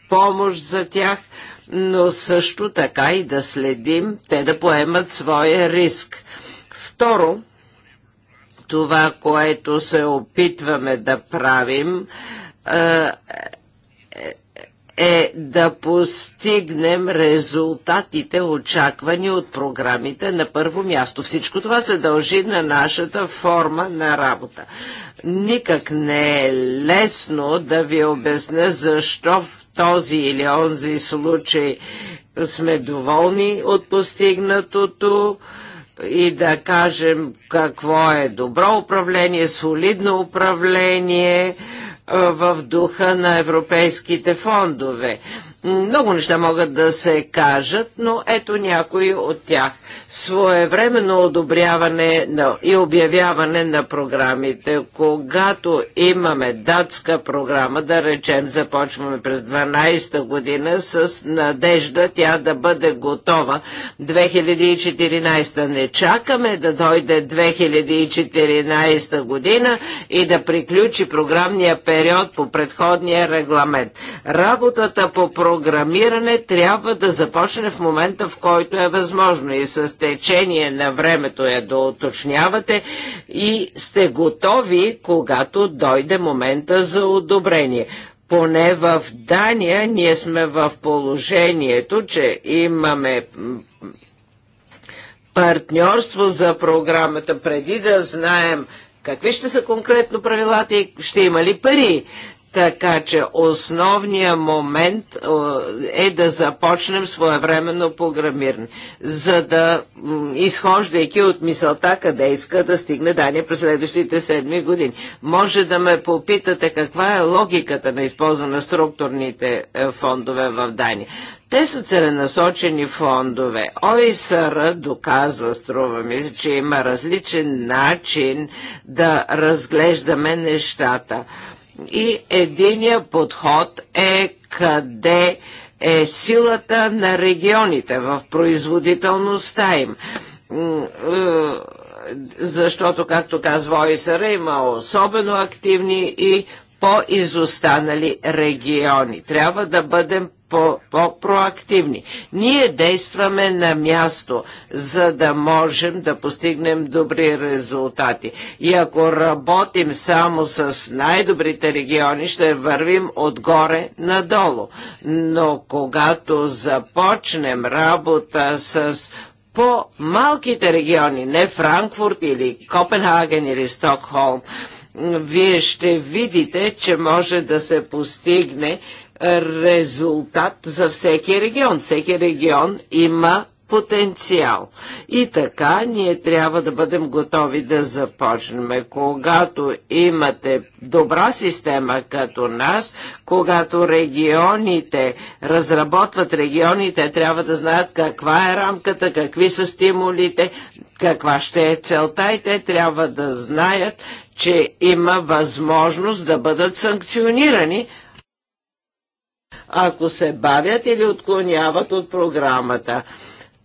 помощ за тях – но също така и да следим те да поемат своя риск. Второ, това, което се опитваме да правим, е, е да постигнем резултатите, очаквани от програмите на първо място. Всичко това се дължи на нашата форма на работа. Никак не е лесно да ви обясня защо в този или онзи случай сме доволни от постигнатото и да кажем какво е добро управление, солидно управление в духа на европейските фондове. Много неща могат да се кажат, но ето някои от тях. Своевременно одобряване на, и обявяване на програмите. Когато имаме датска програма, да речем започваме през 12-та година с надежда тя да бъде готова 2014. Не чакаме да дойде 2014 година и да приключи програмния период по предходния регламент. Работата по програмата програмиране трябва да започне в момента, в който е възможно и с течение на времето я да уточнявате и сте готови, когато дойде момента за одобрение поне в Дания ние сме в положението, че имаме партньорство за програмата преди да знаем какви ще са конкретно правилата и ще има ли пари. Така че основният момент е, е да започнем своевременно програмиране, за да изхождайки от мисълта къде иска да стигне Дания през следващите седми години. Може да ме попитате каква е логиката на използване на структурните е, фондове в Дания. Те са целенасочени фондове. ОИСР доказва, струва ми, че има различен начин да разглеждаме нещата. И единия подход е къде е силата на регионите в производителността им е, защото, както казва ОИСР, има особено активни и по-изостанали региони. Трябва да бъдем по-проактивни. -по Ние действаме на място, за да можем да постигнем добри резултати. И ако работим само с най-добрите региони, ще вървим отгоре надолу. Но когато започнем работа с по-малките региони, не Франкфурт или Копенхаген или Стокхолм, вие ще видите, че може да се постигне резултат за всеки регион. Всеки регион има потенциал. И така ние трябва да бъдем готови да започнем. Когато имате добра система като нас, когато регионите разработват регионите, трябва да знаят каква е рамката, какви са стимулите, каква ще е целта и те трябва да знаят, че има възможност да бъдат санкционирани, ако се бавят или отклоняват от програмата.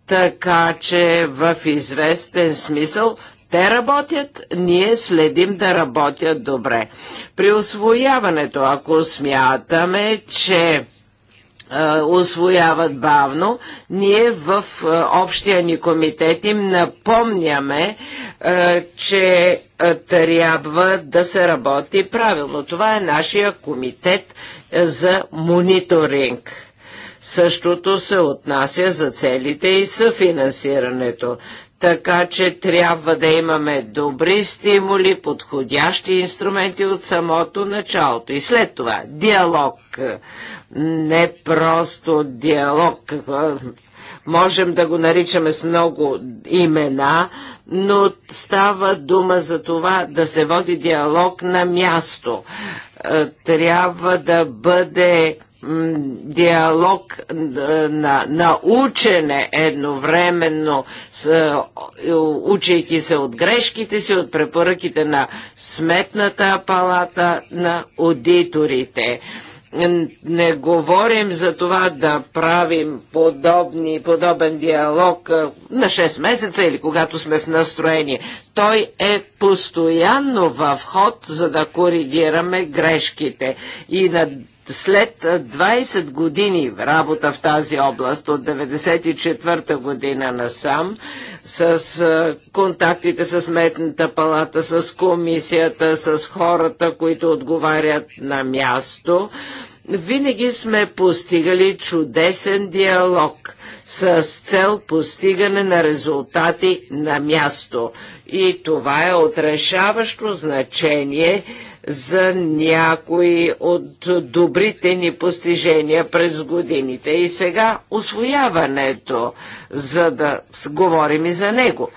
Така че в известен смисъл те работят, ние следим да работят добре. При освояването, ако смятаме, че освояват бавно, ние в общия ни комитет им напомняме, че трябва да се работи правилно. Това е нашия комитет за мониторинг. Същото се отнася за целите и съфинансирането. Така че трябва да имаме добри стимули, подходящи инструменти от самото началото. И след това диалог. Не просто диалог. Можем да го наричаме с много имена, но става дума за това да се води диалог на място. Е, трябва да бъде диалог на, на учене едновременно, с, е, учейки се от грешките си, от препоръките на сметната палата, на аудиторите не говорим за това да правим подобни, подобен диалог е, на 6 месеца или когато сме в настроение. Той е постоянно в ход, за да коригираме грешките. И на след 20 години в работа в тази област, от 1994 година насам, с контактите с Метната палата, с комисията, с хората, които отговарят на място, винаги сме постигали чудесен диалог с цел постигане на резултати на място. И това е отрешаващо значение за някои от добрите ни постижения през годините. И сега освояването, за да говорим и за него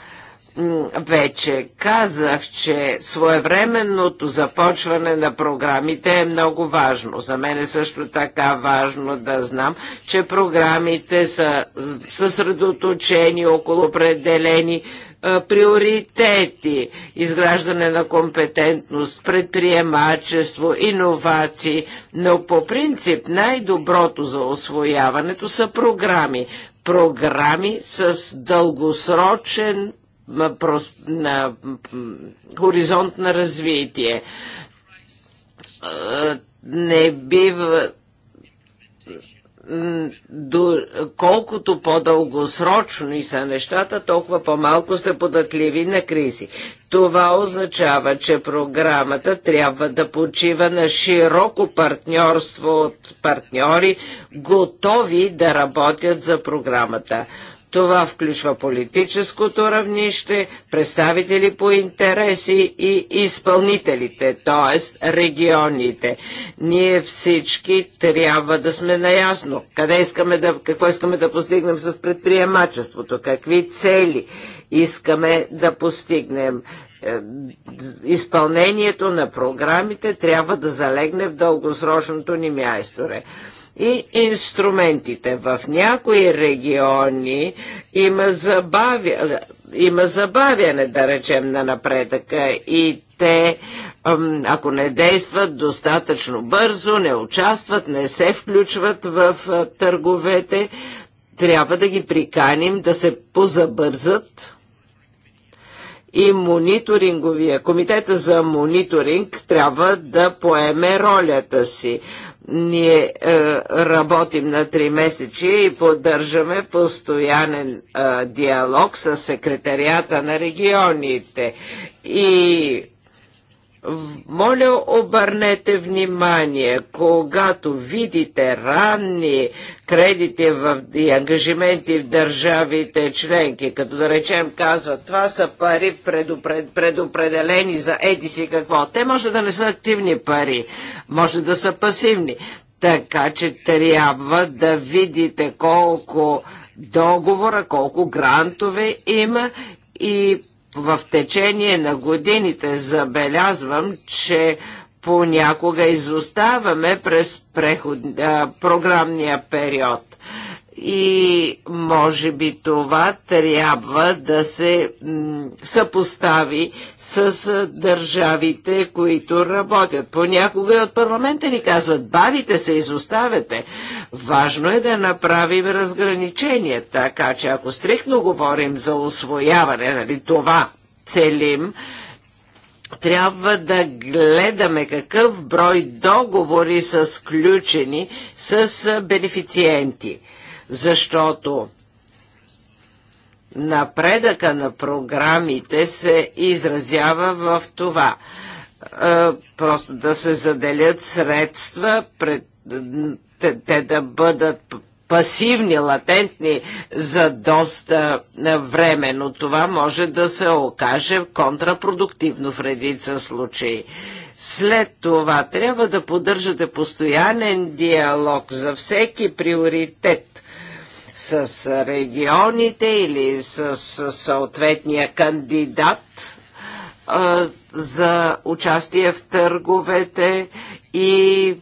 вече казах, че своевременното започване на програмите е много важно. За мен е също така важно да знам, че програмите са съсредоточени около определени приоритети, изграждане на компетентност, предприемачество, иновации, но по принцип най-доброто за освояването са програми. Програми с дългосрочен на хоризонт на развитие. Не бива до, колкото по-дългосрочни са нещата, толкова по-малко сте податливи на кризи. Това означава, че програмата трябва да почива на широко партньорство от партньори, готови да работят за програмата. Това включва политическото равнище, представители по интереси и изпълнителите, т.е. регионите. Ние всички трябва да сме наясно къде искаме да, какво искаме да постигнем с предприемачеството, какви цели искаме да постигнем. Е, изпълнението на програмите трябва да залегне в дългосрочното ни място и инструментите. В някои региони има, забавя, има забавяне, да речем, на напредъка и те, ако не действат достатъчно бързо, не участват, не се включват в търговете, трябва да ги приканим да се позабързат и мониторинговия комитета за мониторинг трябва да поеме ролята си. Ние е, работим на три месечи и поддържаме постоянен е, диалог с секретарията на регионите и моля, обърнете внимание, когато видите ранни кредити в, и ангажименти в държавите членки, като да речем казват, това са пари предупред, предопределени за еди си какво. Те може да не са активни пари, може да са пасивни. Така че трябва да видите колко договора, колко грантове има и в течение на годините забелязвам, че понякога изоставаме през преход, а, програмния период и може би това трябва да се съпостави с държавите, които работят. Понякога от парламента ни казват, бавите се, изоставете. Важно е да направим разграничение, така че ако стрихно говорим за освояване, нали, това целим, трябва да гледаме какъв брой договори са сключени с бенефициенти – защото напредъка на програмите се изразява в това. Просто да се заделят средства, пред, те, те да бъдат пасивни, латентни за доста време, но това може да се окаже контрапродуктивно в редица случаи. След това трябва да поддържате постоянен диалог за всеки приоритет с регионите или с съответния кандидат за участие в търговете и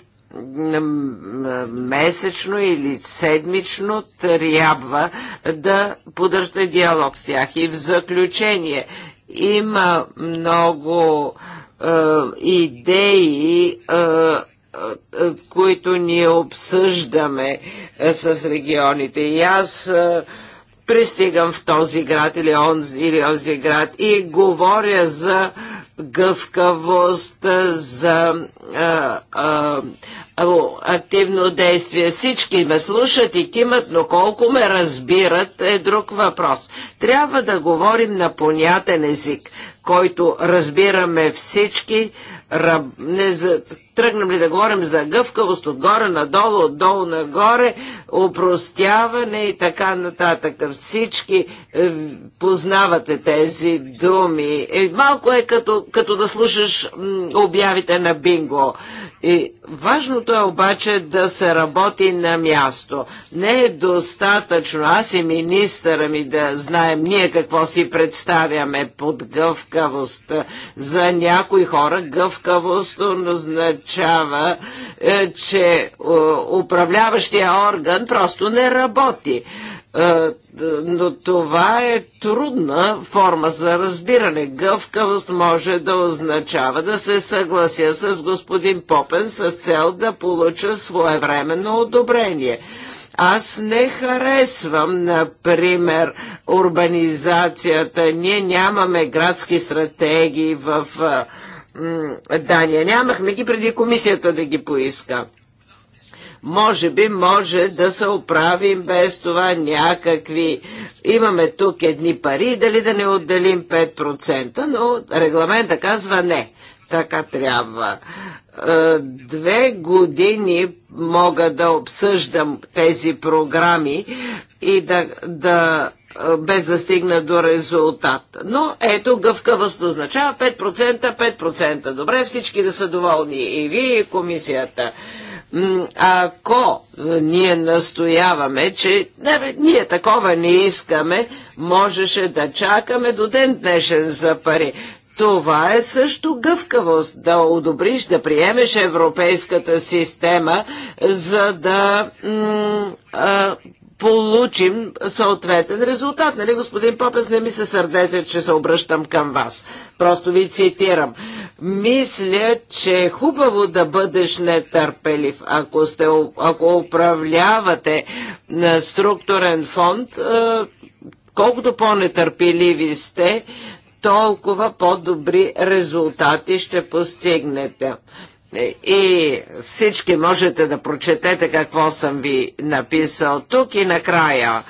месечно или седмично трябва да поддържате диалог с тях. И в заключение има много идеи които ние обсъждаме е, с регионите. И аз е, пристигам в този град или онзи, или онзи град и говоря за гъвкавост, за е, а, а, активно действие. Всички ме слушат и кимат, но колко ме разбират е друг въпрос. Трябва да говорим на понятен език, който разбираме всички, раб, не за, Тръгнем ли да говорим за гъвкавост отгоре надолу, отдолу нагоре, упростяване и така нататък. Всички е, познавате тези думи. Е, малко е като, като да слушаш обявите на бинго. И важното е обаче да се работи на място. Не е достатъчно аз и министъра ми да знаем ние какво си представяме под гъвкавост. За някои хора гъвкавост означава означава, е, че е, управляващия орган просто не работи. Е, но това е трудна форма за разбиране. Гъвкавост може да означава да се съглася с господин Попен с цел да получа своевременно одобрение. Аз не харесвам, например, урбанизацията. Ние нямаме градски стратегии в Дания. Нямахме ги преди комисията да ги поиска. Може би може да се оправим без това някакви. Имаме тук едни пари, дали да не отделим 5%, но регламента казва не. Така трябва. Е, две години мога да обсъждам тези програми и да, да без да стигна до резултат. Но ето гъвкавост означава 5%, 5%. Добре, всички да са доволни. И вие, и комисията. Ако ние настояваме, че не, бе, ние такова не искаме, можеше да чакаме до ден днешен за пари. Това е също гъвкавост да одобриш, да приемеш европейската система, за да получим съответен резултат. Нали, господин Попес, не ми се сърдете, че се обръщам към вас. Просто ви цитирам. Мисля, че е хубаво да бъдеш нетърпелив. Ако, сте, ако управлявате на структурен фонд, колкото по-нетърпеливи сте, толкова по-добри резултати ще постигнете. Е, и всички можете да прочетете какво съм ви написал тук и накрая.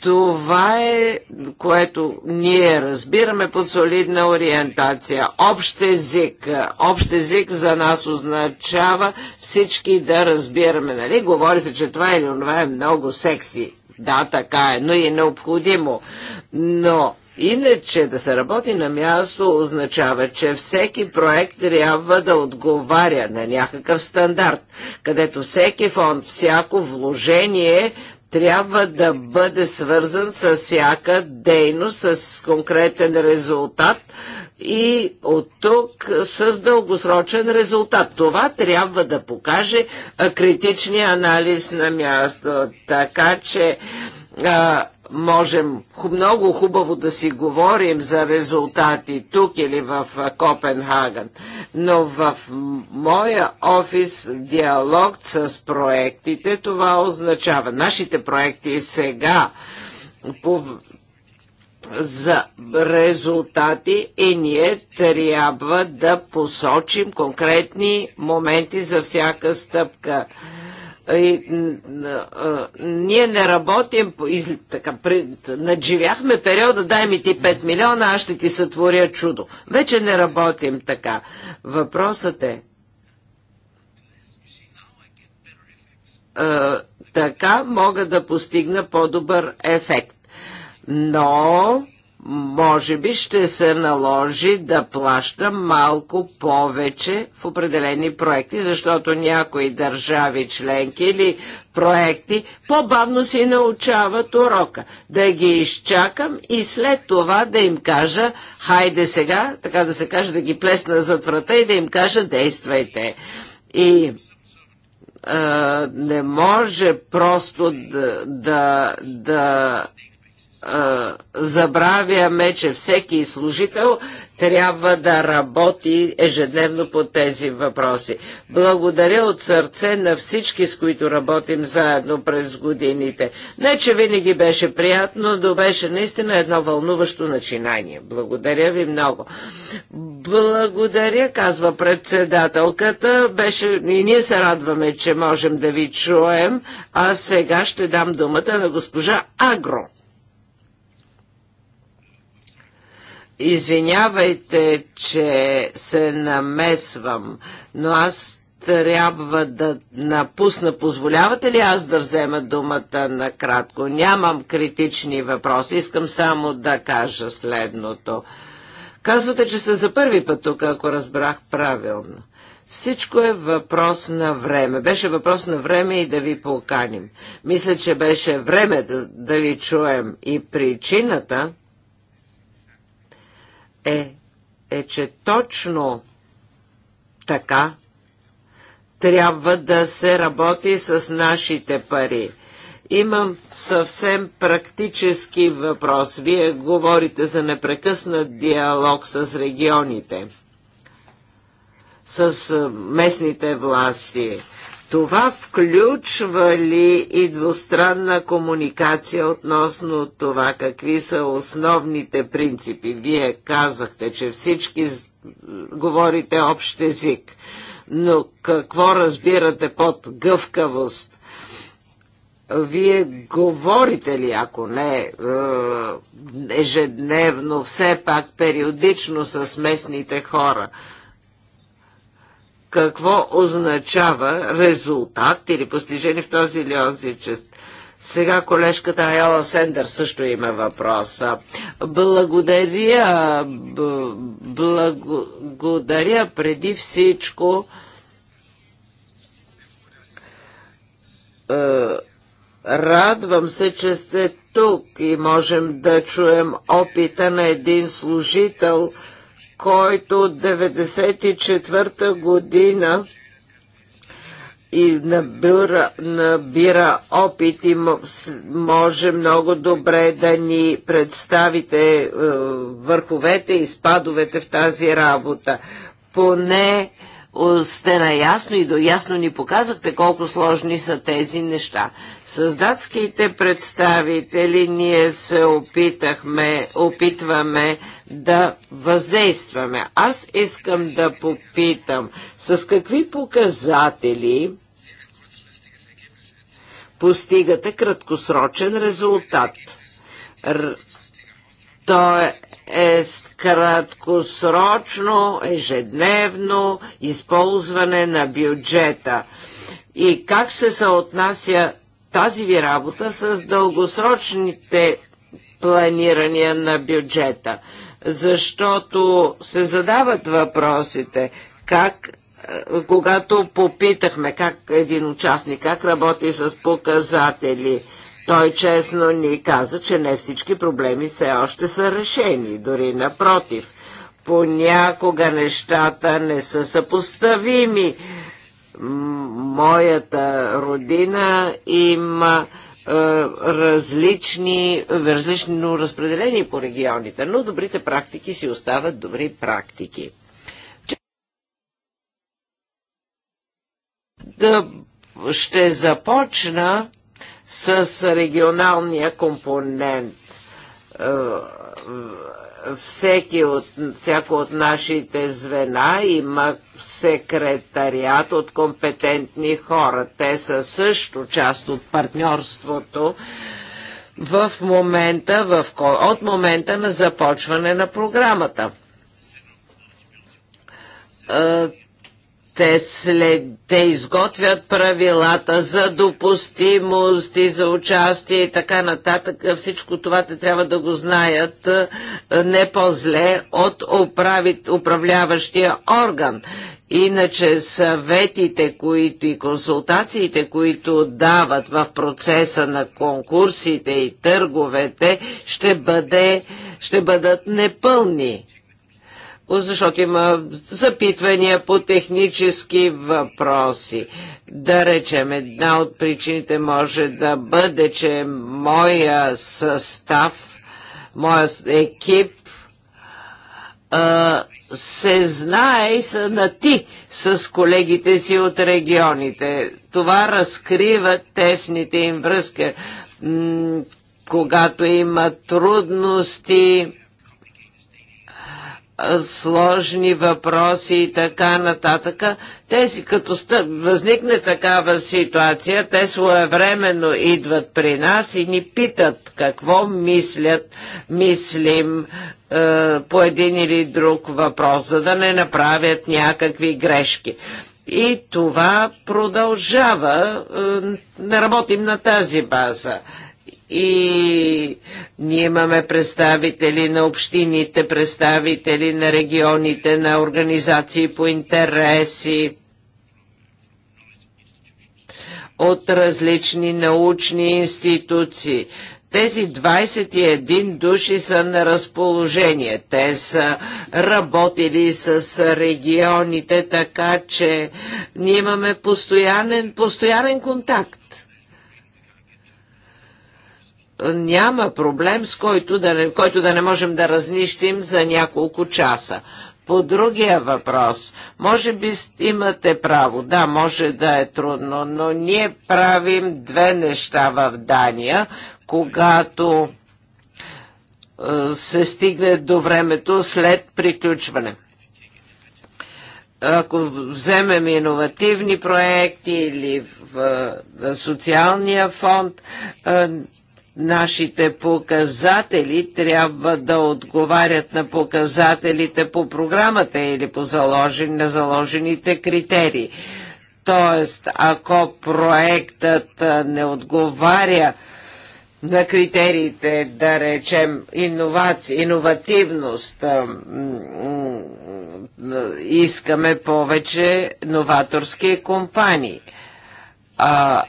Това е, което ние разбираме под солидна ориентация. Общ език. Общ език за нас означава всички да разбираме. Нали? Говори се, че това или онова е много секси. Да, така е, но и е необходимо. Но Иначе да се работи на място означава, че всеки проект трябва да отговаря на някакъв стандарт, където всеки фонд, всяко вложение трябва да бъде свързан с всяка дейност, с конкретен резултат и от тук с дългосрочен резултат. Това трябва да покаже критичния анализ на място. Така че а, можем много хубаво да си говорим за резултати тук или в Копенхаген, но в моя офис диалог с проектите това означава. Нашите проекти сега по за резултати и ние трябва да посочим конкретни моменти за всяка стъпка ние не работим, така, надживяхме периода, дай ми ти 5 милиона, аз ще ти сътворя чудо. Вече не работим така. Въпросът е, така мога да постигна по-добър ефект. Но може би ще се наложи да плаща малко повече в определени проекти, защото някои държави членки или проекти по-бавно си научават урока. Да ги изчакам и след това да им кажа, хайде сега, така да се каже, да ги плесна зад врата и да им кажа, действайте. И а, не може просто да, да, да забравяме, че всеки служител трябва да работи ежедневно по тези въпроси. Благодаря от сърце на всички, с които работим заедно през годините. Не, че винаги беше приятно, но беше наистина едно вълнуващо начинание. Благодаря ви много. Благодаря, казва председателката. Беше... И ние се радваме, че можем да ви чуем. А сега ще дам думата на госпожа Агро. Извинявайте, че се намесвам, но аз трябва да напусна. Позволявате ли аз да взема думата накратко? Нямам критични въпроси. Искам само да кажа следното. Казвате, че сте за първи път тук, ако разбрах правилно. Всичко е въпрос на време. Беше въпрос на време и да ви поканим. Мисля, че беше време да, да ви чуем и причината е, е, че точно така трябва да се работи с нашите пари. Имам съвсем практически въпрос. Вие говорите за непрекъснат диалог с регионите, с местните власти това включва ли и двустранна комуникация относно това какви са основните принципи? Вие казахте, че всички говорите общ език, но какво разбирате под гъвкавост? Вие говорите ли, ако не е, ежедневно, все пак периодично с местните хора? какво означава резултат или постижение в този или онзи чест. Сега колежката Айала Сендър също има въпроса. Благодаря, благодаря преди всичко е, Радвам се, че сте тук и можем да чуем опита на един служител – който 94-та година и набира, набира опит и може много добре да ни представите е, върховете и спадовете в тази работа. Поне сте наясно и доясно ни показахте колко сложни са тези неща. С датските представители ние се опитахме, опитваме да въздействаме. Аз искам да попитам с какви показатели постигате краткосрочен резултат. Р... То е е краткосрочно, ежедневно използване на бюджета. И как се съотнася тази ви работа с дългосрочните планирания на бюджета? Защото се задават въпросите как е, когато попитахме как един участник, как работи с показатели, той честно ни каза, че не всички проблеми все още са решени, дори напротив. Понякога нещата не са съпоставими. Моята родина има е, различни, различно разпределение по регионите, но добрите практики си остават добри практики. Да ще започна с регионалния компонент е, всеки от, всяко от нашите звена има секретариат от компетентни хора. Те са също част от партньорството в момента, в, от момента на започване на програмата е, те, след, те изготвят правилата за допустимост и за участие и така нататък. Всичко това те трябва да го знаят е, не по-зле от управит, управляващия орган. Иначе съветите които и консултациите, които дават в процеса на конкурсите и търговете, ще, бъде, ще бъдат непълни защото има запитвания по технически въпроси. Да речем, една от причините може да бъде, че моя състав, моя екип се знае и са на ти с колегите си от регионите. Това разкрива тесните им връзки. Когато има трудности, сложни въпроси и така нататък. Тези, като стъп, възникне такава ситуация, те своевременно идват при нас и ни питат какво мислят, мислим е, по един или друг въпрос, за да не направят някакви грешки. И това продължава. Е, не работим на тази база и ние имаме представители на общините, представители на регионите, на организации по интереси, от различни научни институции. Тези 21 души са на разположение. Те са работили с регионите, така че ние имаме постоянен, постоянен контакт няма проблем, с който да не, който да не можем да разнищим за няколко часа. По другия въпрос, може би имате право, да, може да е трудно, но ние правим две неща в Дания, когато е, се стигне до времето след приключване ако вземем иновативни проекти или в, в, в социалния фонд, е, Нашите показатели трябва да отговарят на показателите по програмата или по заложен, на заложените критерии. Тоест, ако проектът не отговаря на критериите, да речем, иновация, иновативност, искаме повече новаторски компании. А,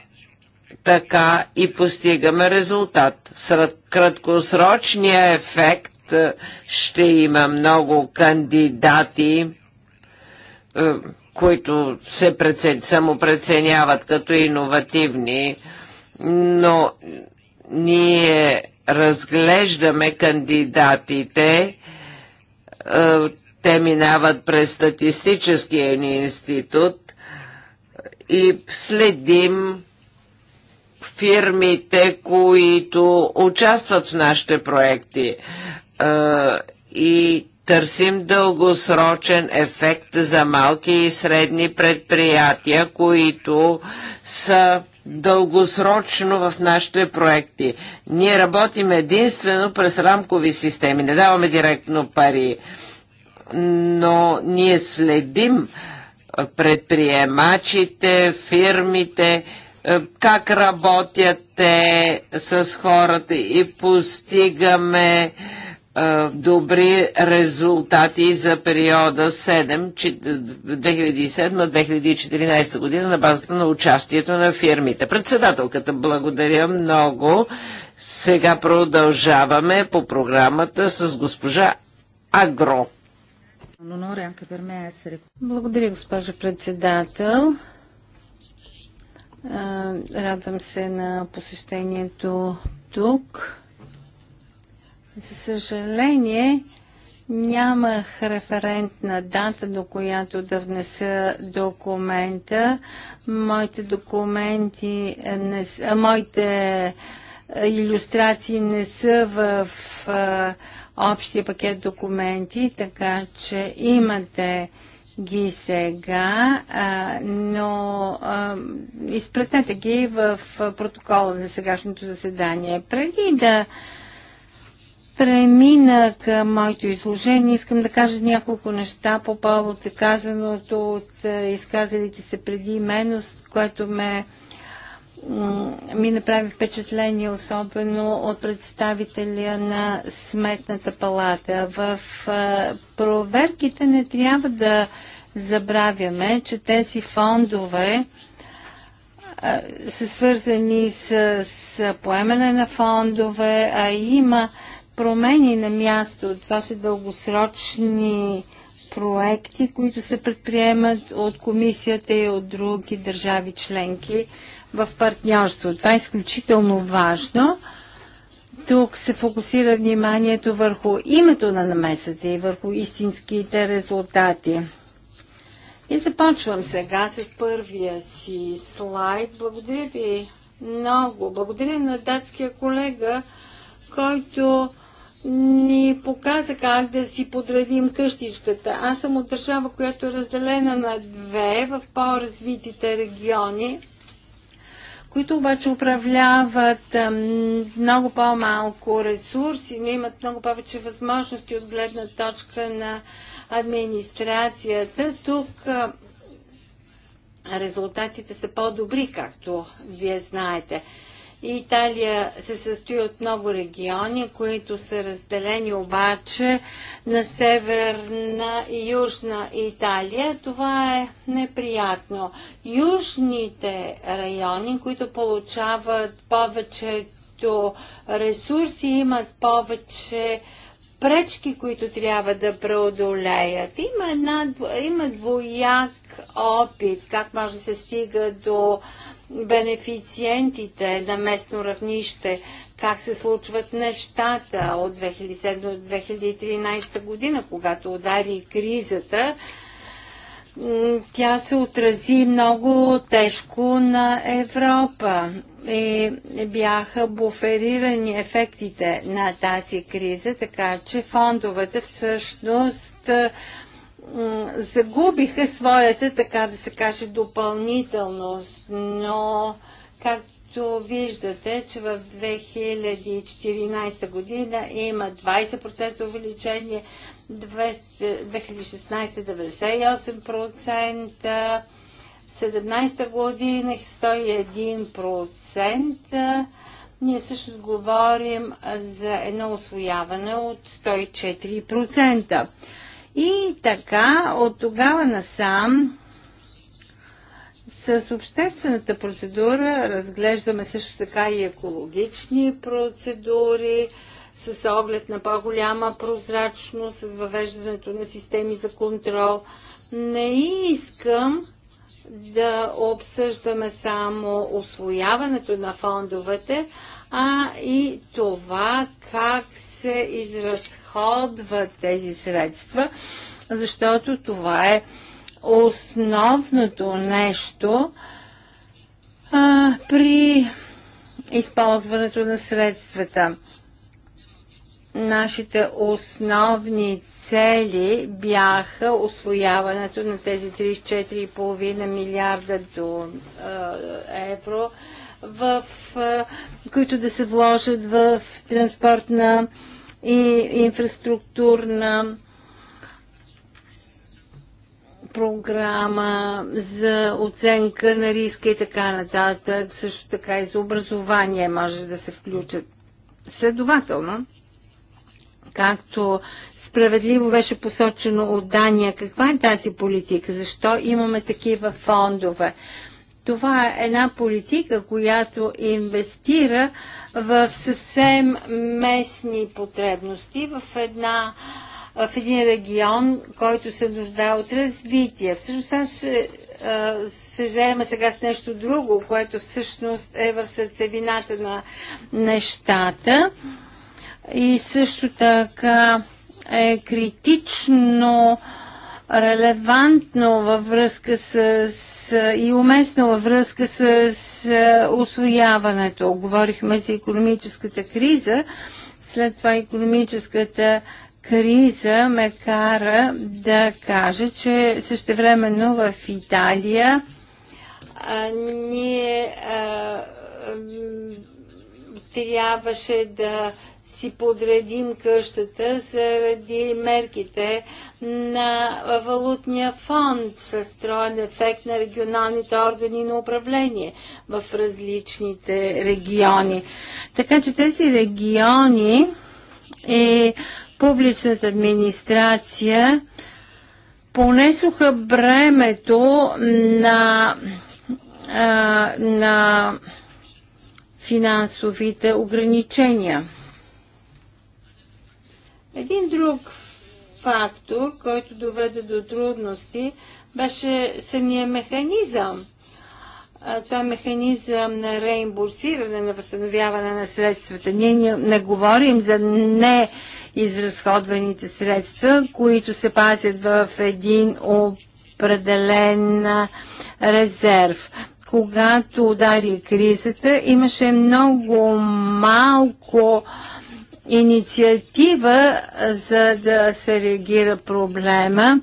така и постигаме резултат. Сред краткосрочния ефект е, ще има много кандидати, е, които се самопреценяват като иновативни, но ние разглеждаме кандидатите, е, те минават през статистическия ни институт и следим фирмите, които участват в нашите проекти и търсим дългосрочен ефект за малки и средни предприятия, които са дългосрочно в нашите проекти. Ние работим единствено през рамкови системи, не даваме директно пари, но ние следим предприемачите, фирмите е, как работят те с хората и постигаме е, добри резултати за периода 2007-2014 година на базата на участието на фирмите. Председателката, благодаря много. Сега продължаваме по програмата с госпожа Агро. Благодаря, госпожа председател. Радвам се на посещението тук. За съжаление, нямах референтна дата, до която да внеса документа. Моите документи, не, са, моите иллюстрации не са в а, общия пакет документи, така че имате ги сега, а, но а, изпратете ги в протокола за сегашното заседание. Преди да премина към моето изложение, искам да кажа няколко неща по повод казаното от изказалите се преди мен, което ме ми направи впечатление, особено от представителя на Сметната палата. В проверките не трябва да забравяме, че тези фондове са свързани с, с поемане на фондове, а има промени на място. Това са дългосрочни проекти, които се предприемат от комисията и от други държави членки в партньорство. Това е изключително важно. Тук се фокусира вниманието върху името на намесата и върху истинските резултати. И започвам сега с първия си слайд. Благодаря ви много. Благодаря на датския колега, който ни показа как да си подредим къщичката. Аз съм от държава, която е разделена на две в по-развитите региони които обаче управляват много по-малко ресурси, но имат много повече възможности от гледна точка на администрацията. Тук резултатите са по-добри, както вие знаете. Италия се състои от много региони, които са разделени обаче на северна и южна Италия. Това е неприятно. Южните райони, които получават повечето ресурси, имат повече пречки, които трябва да преодолеят. Има, една, има двояк опит, как може да се стига до бенефициентите на местно равнище, как се случват нещата от 2007 до 2013 година, когато удари кризата, тя се отрази много тежко на Европа и бяха буферирани ефектите на тази криза, така че фондовете всъщност загубиха своята, така да се каже, допълнителност, но както виждате, че в 2014 година има 20% увеличение, 2016 98%, 17 година 101%. Ние всъщност говорим за едно освояване от 104%. И така, от тогава насам, с обществената процедура разглеждаме също така и екологични процедури, с оглед на по-голяма прозрачност, с въвеждането на системи за контрол. Не искам да обсъждаме само освояването на фондовете, а и това как се изразходва разходват тези средства, защото това е основното нещо а, при използването на средствата. Нашите основни цели бяха освояването на тези 34,5 милиарда до, е, евро, в, е, които да се вложат в транспортна на и инфраструктурна програма за оценка на риска и така нататък, също така и за образование може да се включат. Следователно, както справедливо беше посочено от Дания, каква е тази политика, защо имаме такива фондове. Това е една политика, която инвестира в съвсем местни потребности, в една в един регион, който се нуждае от развитие. Всъщност аз ще се заема сега с нещо друго, което всъщност е в сърцевината на нещата и също така е критично а, релевантно във връзка с, с и уместно във връзка с, с освояването. Говорихме за економическата криза, след това економическата криза ме кара да кажа, че същевременно в Италия а, ние а, трябваше да си подредим къщата заради мерките на валутния фонд с строен ефект на регионалните органи на управление в различните региони. Така че тези региони и публичната администрация понесоха бремето на, а, на финансовите ограничения. Един друг фактор, който доведе до трудности, беше самия механизъм. Това е механизъм на реимбурсиране, на възстановяване на средствата. Ние не, говорим за неизразходваните средства, които се пазят в един определен резерв. Когато удари кризата, имаше много малко а, инициатива, за да се реагира проблема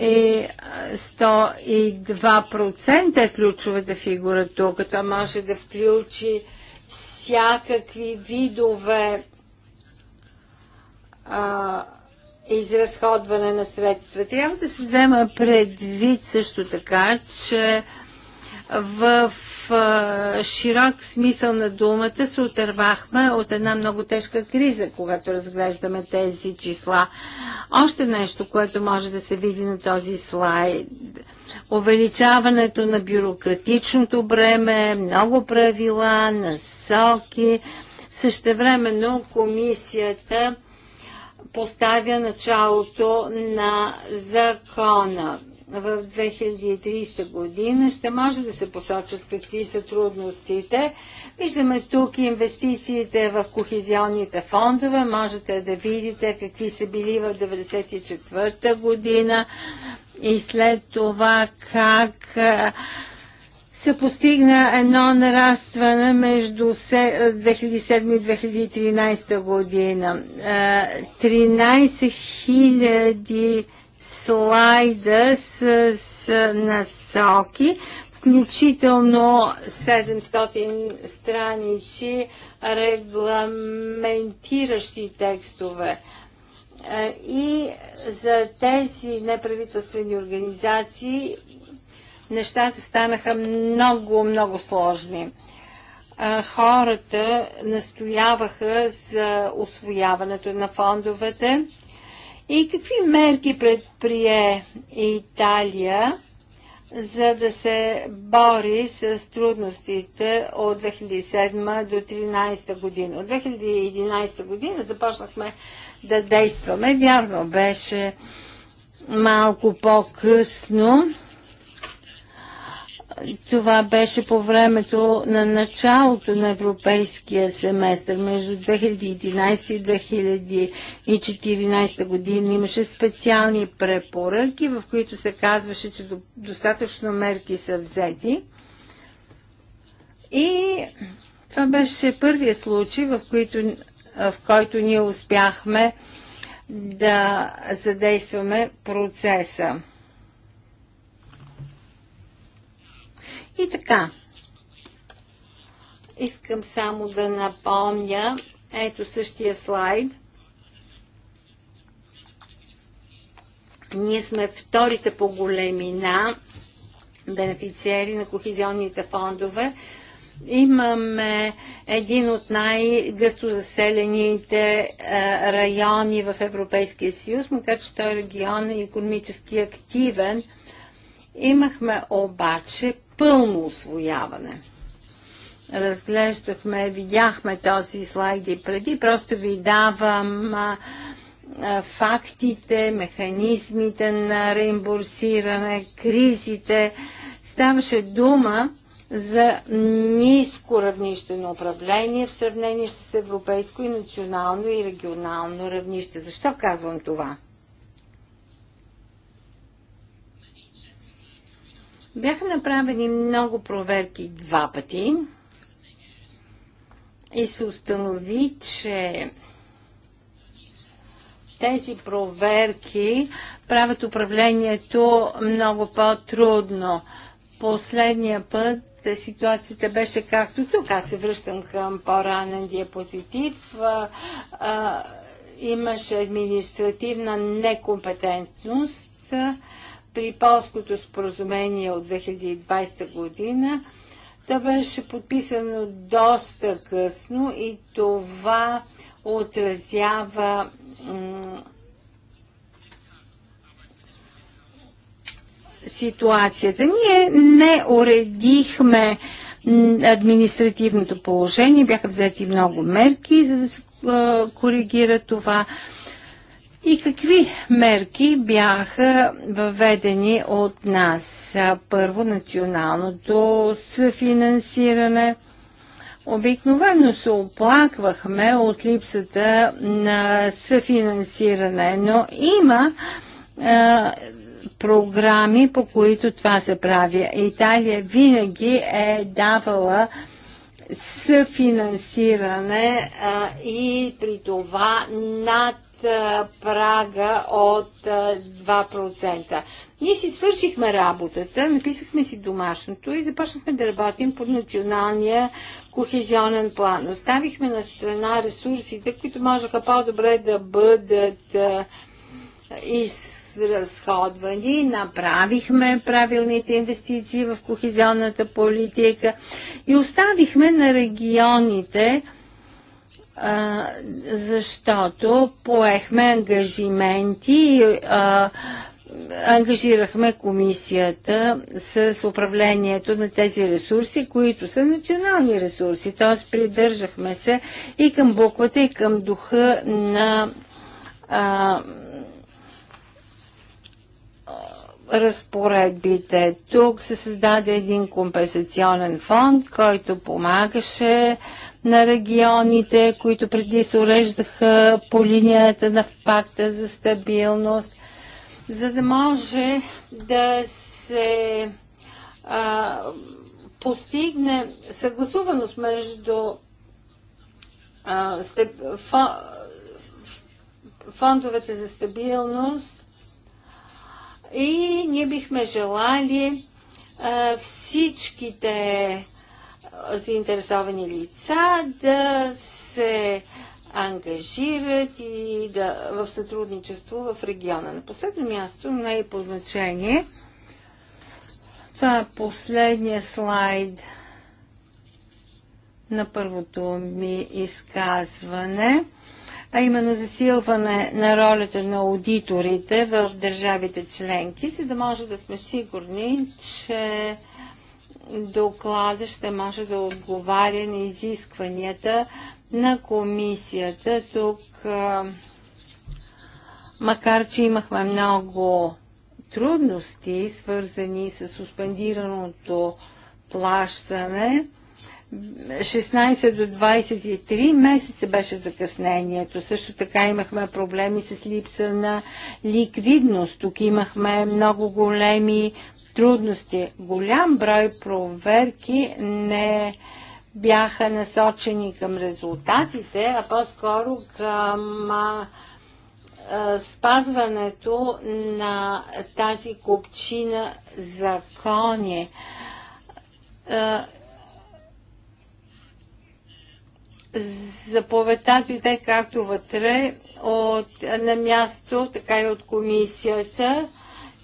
и 102% е ключовата фигура тук. Това може да включи всякакви видове а, изразходване на средства. Трябва да се взема предвид също така, че в широк смисъл на думата се отървахме от една много тежка криза, когато разглеждаме тези числа. Още нещо, което може да се види на този слайд. Увеличаването на бюрократичното бреме, много правила, насоки. Същевременно комисията поставя началото на закона в 2030 година ще може да се посочат какви са трудностите. Виждаме тук инвестициите в кохезионните фондове. Можете да видите какви са били в 1994 година и след това как се постигна едно нарастване между 2007 и 2013 година. 13 000 слайда с, с насоки, включително 700 страници регламентиращи текстове. Е, и за тези неправителствени организации нещата станаха много, много сложни. Е, хората настояваха за освояването на фондовете и какви мерки предприе Италия, за да се бори с трудностите от 2007 до 2013 година? От 2011 година започнахме да действаме. Вярно беше малко по-късно това беше по времето на началото на европейския семестър. Между 2011 и 2014 година имаше специални препоръки, в които се казваше, че достатъчно мерки са взети. И това беше първият случай, в, които, в който ние успяхме да задействаме процеса. И така, искам само да напомня, ето същия слайд, ние сме вторите по големина бенефициери на кохезионните фондове. Имаме един от най гъсто заселените е, райони в Европейския съюз, макар че той регион е економически активен. Имахме обаче пълно освояване. Разглеждахме, видяхме този слайд и преди, просто ви давам а, а, фактите, механизмите на реимбурсиране, кризите. Ставаше дума за ниско равнище на управление в сравнение с европейско и национално и регионално равнище. Защо казвам това? Бяха направени много проверки два пъти и се установи, че тези проверки правят управлението много по-трудно. Последния път ситуацията беше както тук. Аз се връщам към по-ранен диапозитив. имаше административна некомпетентност при полското споразумение от 2020 година. То беше подписано доста късно и това отразява ситуацията. Ние не уредихме административното положение, бяха взети много мерки, за да се коригира това. И какви мерки бяха въведени от нас? Първо, националното съфинансиране. Обикновено се оплаквахме от липсата на съфинансиране, но има е, програми, по които това се прави. Италия винаги е давала съфинансиране е, и при това над прага от 2%. Ние си свършихме работата, написахме си домашното и започнахме да работим под националния кохезионен план. Оставихме на страна ресурсите, които можеха по-добре да бъдат изразходвани. Направихме правилните инвестиции в кохезионната политика и оставихме на регионите защото поехме ангажименти ангажирахме комисията с управлението на тези ресурси, които са национални ресурси. Т.е. придържахме се и към буквата, и към духа на а, разпоредбите. Тук се създаде един компенсационен фонд, който помагаше на регионите, които преди се уреждаха по линията на пакта за стабилност, за да може да се а, постигне съгласуваност между а, стъп, фон, фондовете за стабилност и ние бихме желали а, всичките заинтересовани лица да се ангажират и да, в сътрудничество в региона. На последно място, не е по значение, това е последния слайд на първото ми изказване, а именно засилване на ролята на аудиторите в държавите членки, за да може да сме сигурни, че доклада ще може да отговаря на изискванията на комисията. Тук, макар че имахме много трудности, свързани с суспендираното плащане, 16 до 23 месеца беше закъснението. Също така имахме проблеми с липса на ликвидност. Тук имахме много големи трудности. Голям брой проверки не бяха насочени към резултатите, а по-скоро към а, а, спазването на тази купчина закони. А, заповедта дойде както вътре от, на място, така и от комисията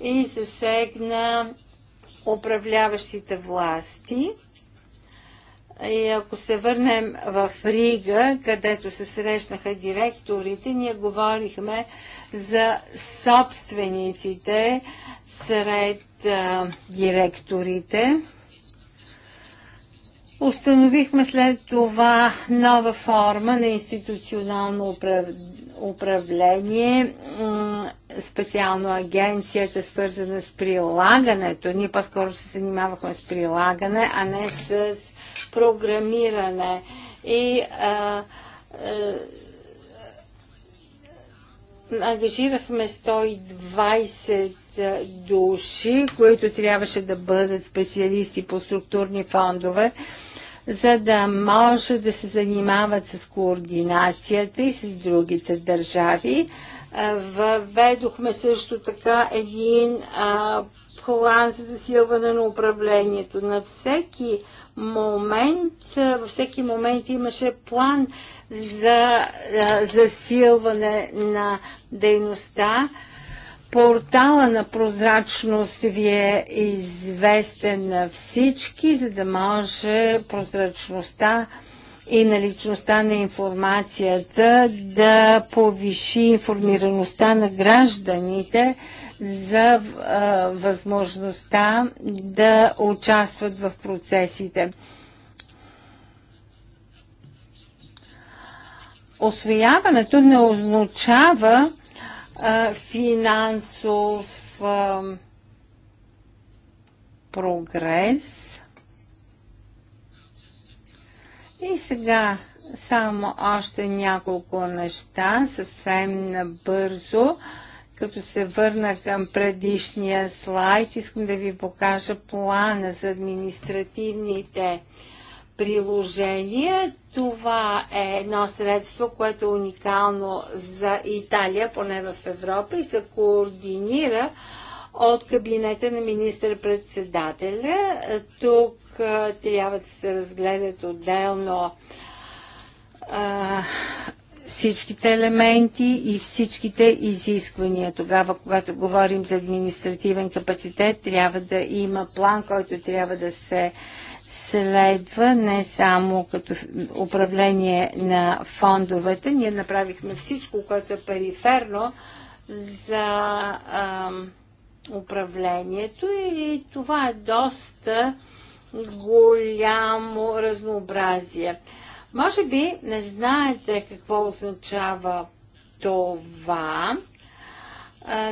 и засегна управляващите власти. И ако се върнем в Рига, където се срещнаха директорите, ние говорихме за собствениците сред директорите. Установихме след това нова форма на институционално управ... управление, специално агенцията, свързана с прилагането. Ние по-скоро се занимавахме с прилагане, а не с програмиране. И а, а, ангажирахме 120 души, които трябваше да бъдат специалисти по структурни фондове за да може да се занимават с координацията и с другите държави. Въведохме също така един а, план за засилване на управлението. На всеки момент, във всеки момент имаше план за а, засилване на дейността. А, Портала на прозрачност ви е известен на всички, за да може прозрачността и наличността на информацията да повиши информираността на гражданите за а, възможността да участват в процесите. Освояването не означава финансов а, прогрес. И сега само още няколко неща, съвсем набързо. Като се върна към предишния слайд, искам да ви покажа плана за административните приложения. Това е едно средство, което е уникално за Италия, поне в Европа, и се координира от кабинета на министър-председателя. Тук трябва да се разгледат отделно а, всичките елементи и всичките изисквания. Тогава, когато говорим за административен капацитет, трябва да има план, който трябва да се а, следва не само като управление на фондовете. Ние направихме всичко, което е периферно за а, управлението и това е доста голямо разнообразие. Може би не знаете какво означава това.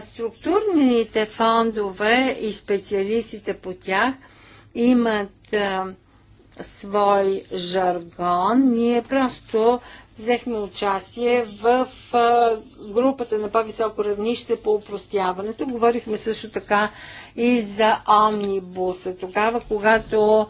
Структурните фондове и специалистите по тях – имат а, свой жаргон. Ние просто взехме участие в а, групата на по-високо равнище по упростяването. Говорихме също така и за омнибуса. Тогава, когато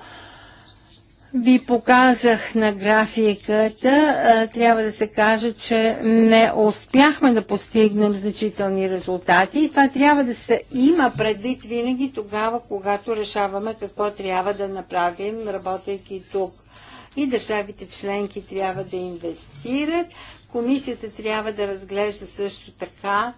ви показах на графиката, трябва да се каже, че не успяхме да постигнем значителни резултати и това трябва да се има предвид винаги тогава, когато решаваме какво трябва да направим, работейки тук. И държавите членки трябва да инвестират, комисията трябва да разглежда също така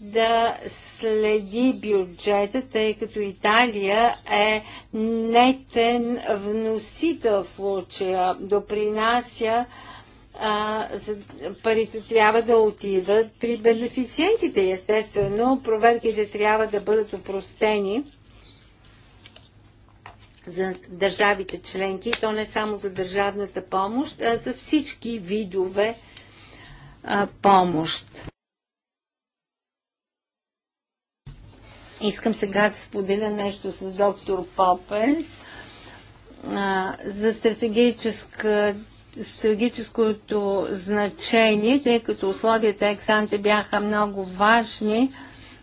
да следи бюджета, тъй като Италия е нетен вносител в случая, допринася а, парите трябва да отидат при бенефициентите. Естествено, проверките трябва да бъдат опростени за държавите членки, то не само за държавната помощ, а за всички видове а, помощ. Искам сега да споделя нещо с доктор Попенс за стратегическа стратегическото значение, тъй като условията ексанте бяха много важни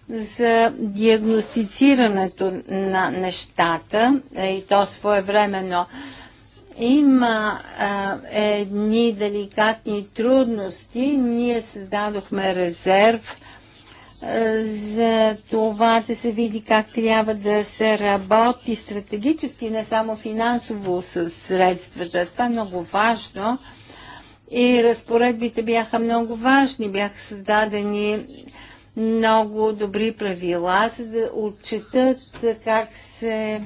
за диагностицирането на нещата е, и то своевременно. Има а, едни деликатни трудности. Ние създадохме резерв за това да се види как трябва да се работи стратегически, не само финансово с средствата. Това е много важно. И разпоредбите бяха много важни, бяха създадени много добри правила, за да отчетат как се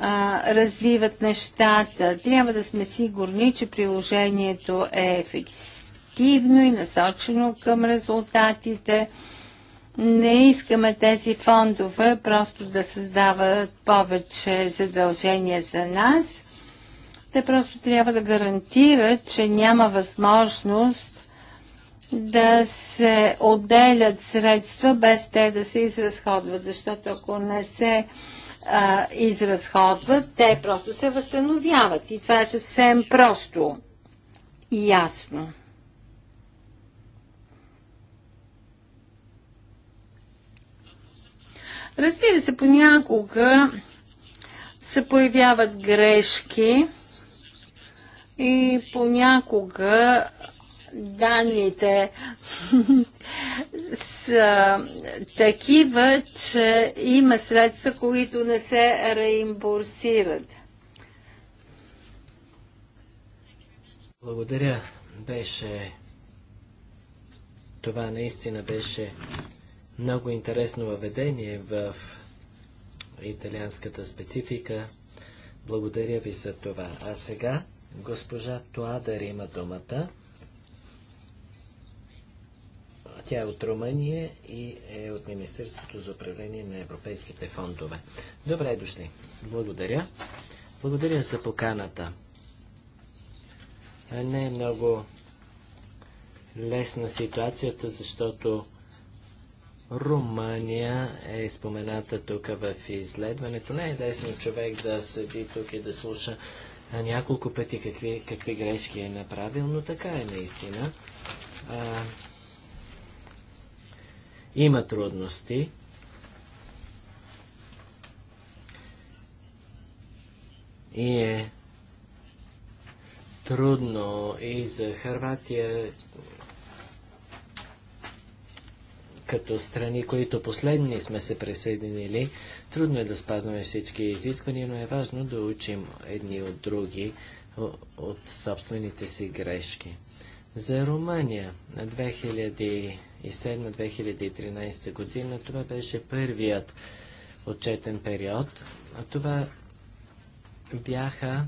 а, развиват нещата. Трябва да сме сигурни, че приложението е ефективно ефективно и насочено към резултатите. Не искаме тези фондове просто да създават повече задължения за нас. Те просто трябва да гарантират, че няма възможност да се отделят средства без те да се изразходват, защото ако не се а, изразходват, те просто се възстановяват. И това е съвсем просто и ясно. Разбира се, понякога се появяват грешки и понякога данните са такива, че има средства, които не се реимбурсират. Благодаря. Беше. Това наистина беше много интересно въведение в италианската специфика. Благодаря ви за това. А сега госпожа Туадър има думата. Тя е от Румъния и е от Министерството за управление на европейските фондове. Добре дошли. Благодаря. Благодаря за поканата. Не е много лесна ситуацията, защото Румъния е спомената тук в изследването. Не е лесно човек да седи тук и да слуша няколко пъти какви, какви грешки е направил, но така е наистина. А, има трудности. И е трудно и за Харватия, като страни, които последни сме се присъединили, трудно е да спазваме всички изисквания, но е важно да учим едни от други от собствените си грешки. За Румъния на 2007-2013 година това беше първият отчетен период, а това бяха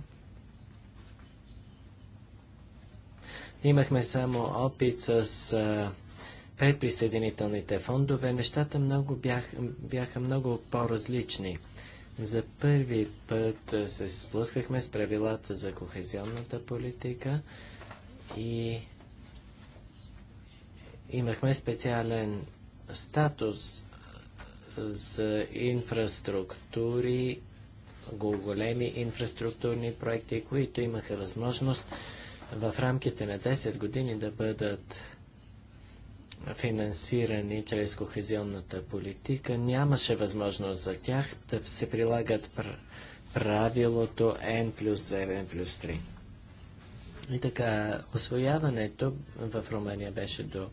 Имахме само опит с предприсъединителните фондове, нещата много бях, бяха много по-различни. За първи път се сблъскахме с правилата за кохезионната политика и имахме специален статус за инфраструктури, големи инфраструктурни проекти, които имаха възможност в рамките на 10 години да бъдат финансирани чрез кохезионната политика, нямаше възможност за тях да се прилагат правилото N плюс 2, N плюс 3. И така, освояването в Румъния беше до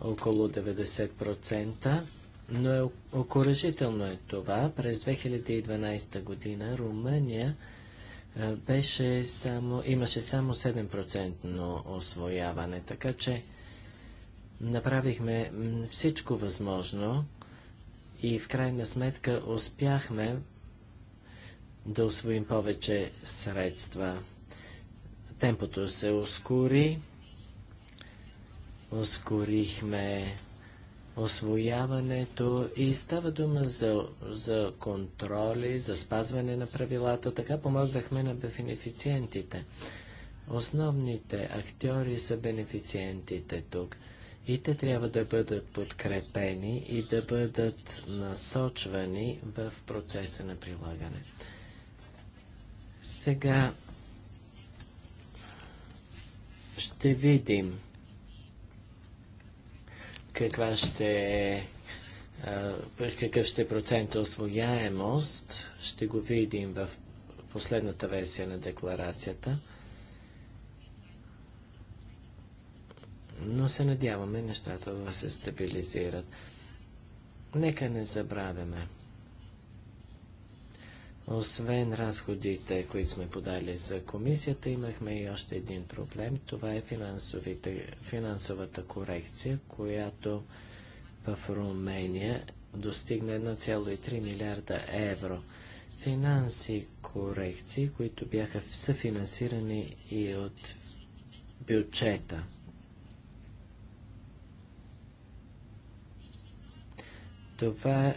около 90%, но е окоръжително е това. През 2012 година Румъния е, беше само, имаше само 7% освояване, така че направихме всичко възможно и в крайна сметка успяхме да освоим повече средства. Темпото се ускори, ускорихме освояването и става дума за, за контроли, за спазване на правилата. Така помогнахме на бенефициентите. Основните актьори са бенефициентите тук. И те трябва да бъдат подкрепени и да бъдат насочвани в процеса на прилагане. Сега ще видим каква ще е какъв ще е процент освояемост, ще го видим в последната версия на декларацията. Но се надяваме нещата да се стабилизират. Нека не забравяме. Освен разходите, които сме подали за комисията, имахме и още един проблем. Това е финансовата корекция, която в Румения достигна 1,3 милиарда евро. Финанси корекции, които бяха съфинансирани и от бюджета. Това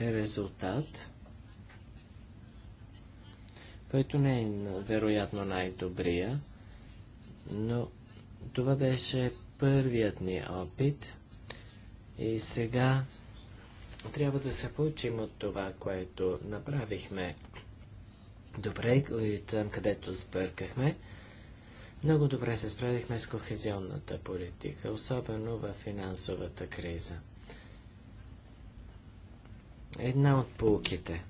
е резултат, който не е вероятно най-добрия, но това беше първият ни опит и сега трябва да се получим от това, което направихме добре и там, където сбъркахме. Много добре се справихме с кохезионната политика, особено в финансовата криза. Една от полуките.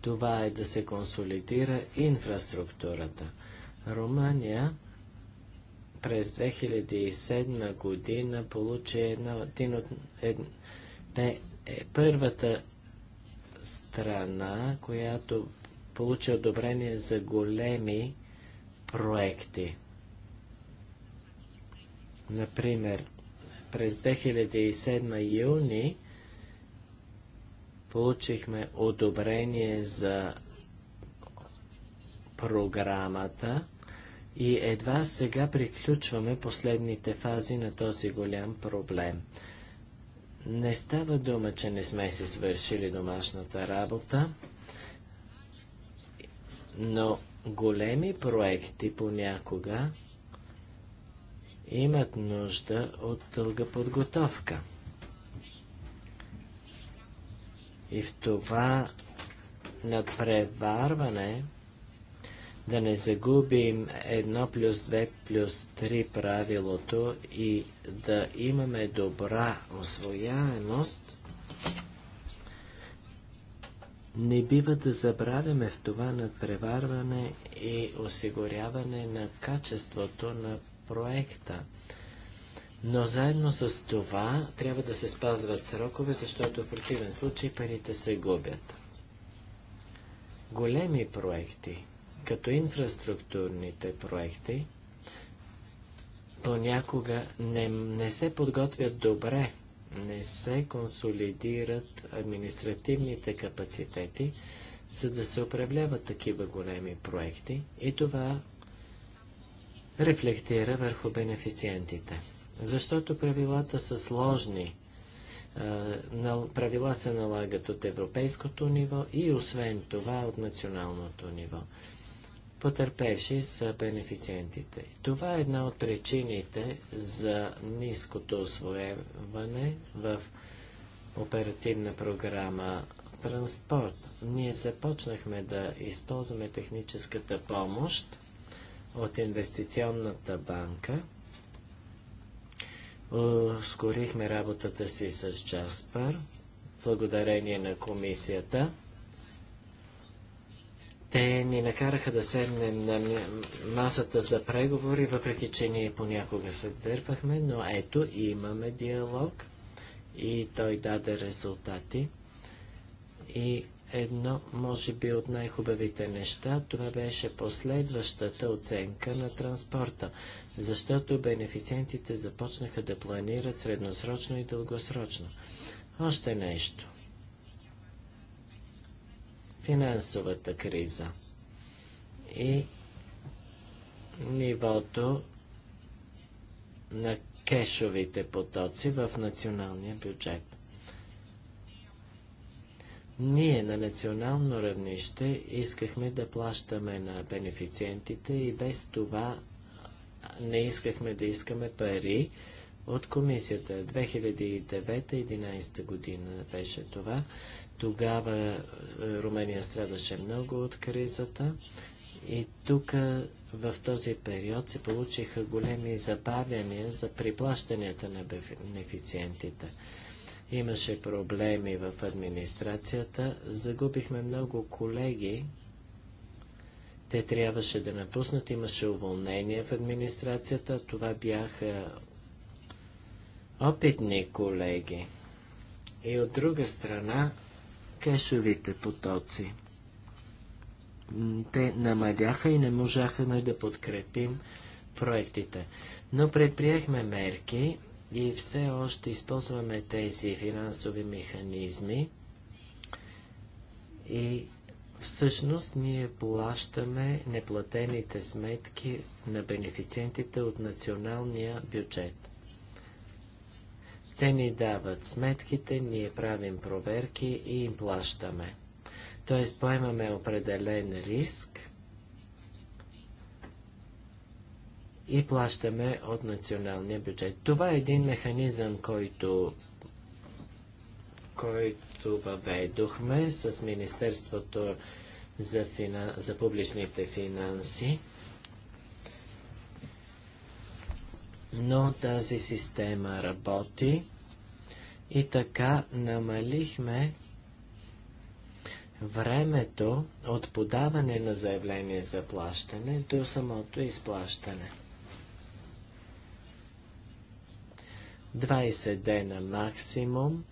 Това е да се консолидира инфраструктурата. Румъния през 2007 година получи една, един от, Ед, не, е първата страна, която получи одобрение за големи проекти. Например, през 2007 юни получихме одобрение за програмата и едва сега приключваме последните фази на този голям проблем. Не става дума, че не сме си свършили домашната работа, но големи проекти понякога имат нужда от дълга подготовка. И в това надпреварване да не загубим 1 плюс 2 плюс 3 правилото и да имаме добра освояемост, не бива да забравяме в това надпреварване и осигуряване на качеството на проекта. Но заедно с това трябва да се спазват срокове, защото в противен случай парите се губят. Големи проекти – като инфраструктурните проекти понякога не, не се подготвят добре, не се консолидират административните капацитети, за да се управляват такива големи проекти и това рефлектира върху бенефициентите. Защото правилата са сложни. правила се налагат от европейското ниво и освен това от националното ниво потърпевши са бенефициентите. Това е една от причините за ниското освоеване в оперативна програма Транспорт. Ние започнахме да използваме техническата помощ от инвестиционната банка. Ускорихме работата си с Джаспър, благодарение на комисията. Те ни накараха да седнем на масата за преговори, въпреки че ние понякога се дърпахме, но ето имаме диалог и той даде резултати. И едно, може би, от най-хубавите неща, това беше последващата оценка на транспорта, защото бенефициентите започнаха да планират средносрочно и дългосрочно. Още нещо финансовата криза и нивото на кешовите потоци в националния бюджет. Ние на национално равнище искахме да плащаме на бенефициентите и без това не искахме да искаме пари от комисията. 2009-2011 година беше това. Тогава е, Румения страдаше много от кризата и тук е, в този период се получиха големи забавяния за приплащанията на бенефициентите. Имаше проблеми в администрацията, загубихме много колеги, те трябваше да напуснат, имаше уволнение в администрацията, това бяха опитни колеги. И от друга страна, кешовите потоци. Те намаляха и не можахме да подкрепим проектите. Но предприехме мерки и все още използваме тези финансови механизми и всъщност ние плащаме неплатените сметки на бенефициентите от националния бюджет. Те ни дават сметките, ние правим проверки и им плащаме. Тоест поемаме определен риск и плащаме от националния бюджет. Това е един механизъм, който, който въведохме с Министерството за, финанс... за публичните финанси. но тази система работи и така намалихме времето от подаване на заявление за плащане до самото изплащане. 20 дена максимум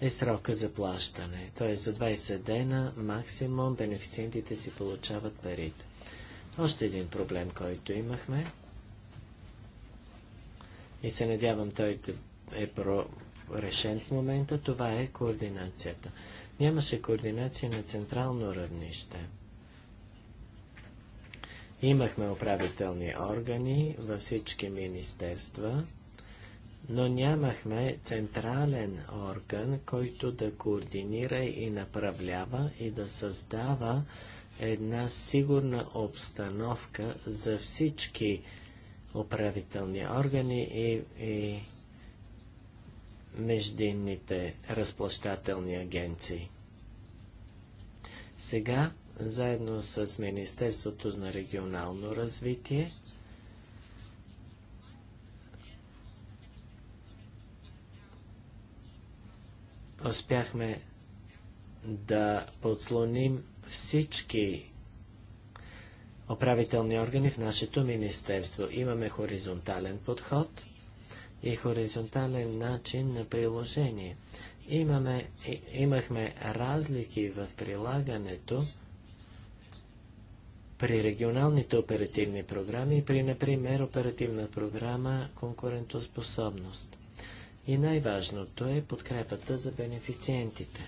е срока за плащане. Т.е. за 20 дена максимум бенефициентите си получават парите. Още един проблем, който имахме и се надявам той да е про решен в момента, това е координацията. Нямаше координация на централно равнище. Имахме управителни органи във всички министерства, но нямахме централен орган, който да координира и направлява и да създава една сигурна обстановка за всички управителни органи и, и междинните разплащателни агенции. Сега, заедно с Министерството на регионално развитие, успяхме да подслоним всички управителни органи в нашето министерство. Имаме хоризонтален подход и хоризонтален начин на приложение. Имаме, имахме разлики в прилагането при регионалните оперативни програми и при, например, оперативна програма конкурентоспособност. И най-важното е подкрепата за бенефициентите.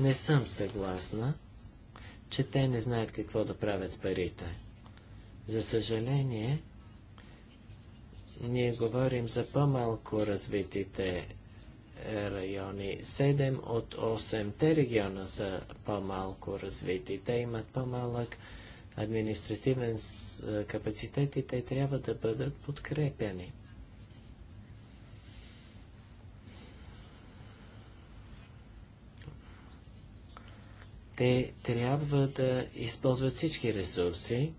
Не съм съгласна че те не знаят какво да правят с парите. За съжаление, ние говорим за по-малко развитите е, райони. Седем от 8-те региона са по-малко развити. Те имат по-малък административен е, капацитет и те трябва да бъдат подкрепени. Те трябва да използват всички ресурси,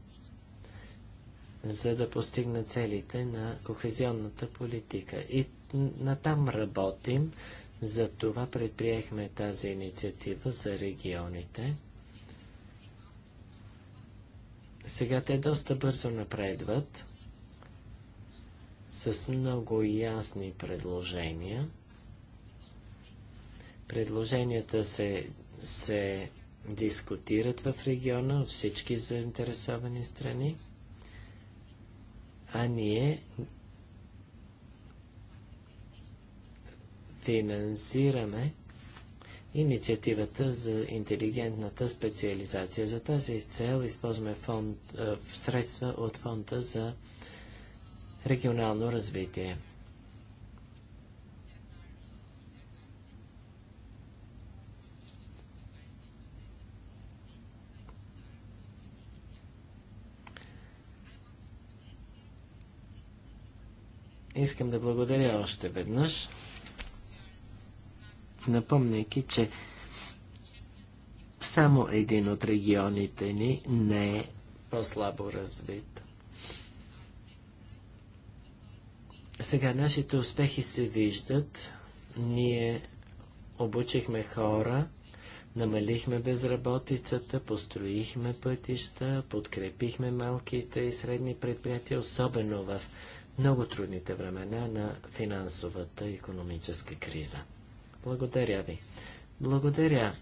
за да постигнат целите на кохезионната политика. И натам работим, за това предприехме тази инициатива за регионите. Сега те доста бързо напредват с много ясни предложения. Предложенията се, се дискутират в региона от всички заинтересовани страни, а ние финансираме инициативата за интелигентната специализация. За тази цел използваме фонд, средства от фонда за регионално развитие. Искам да благодаря още веднъж, напомняйки, че само един от регионите ни не е по-слабо развит. Сега нашите успехи се виждат. Ние обучихме хора, намалихме безработицата, построихме пътища, подкрепихме малките и средни предприятия, особено в много трудните времена на финансовата и економическа криза. Благодаря ви. Благодаря.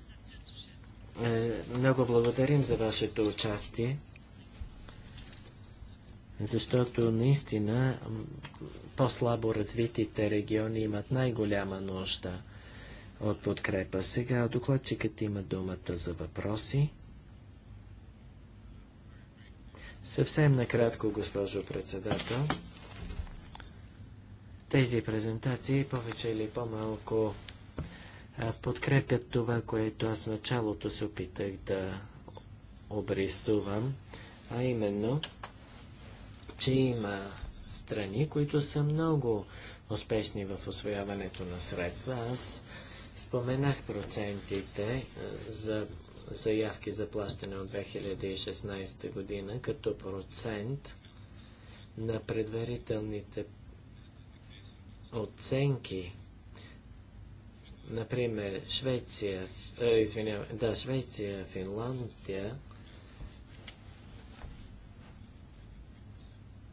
Е, много благодарим за вашето участие, защото наистина по-слабо развитите региони имат най-голяма нужда от подкрепа. Сега докладчикът има думата за въпроси. Съвсем накратко, госпожо председател. Тези презентации повече или по-малко подкрепят това, което аз в началото се опитах да обрисувам, а именно, че има страни, които са много успешни в освояването на средства. Аз споменах процентите за заявки за плащане от 2016 година като процент на предварителните оценки, например, Швеция, э, е, извинявам, да, Швеция, Финландия,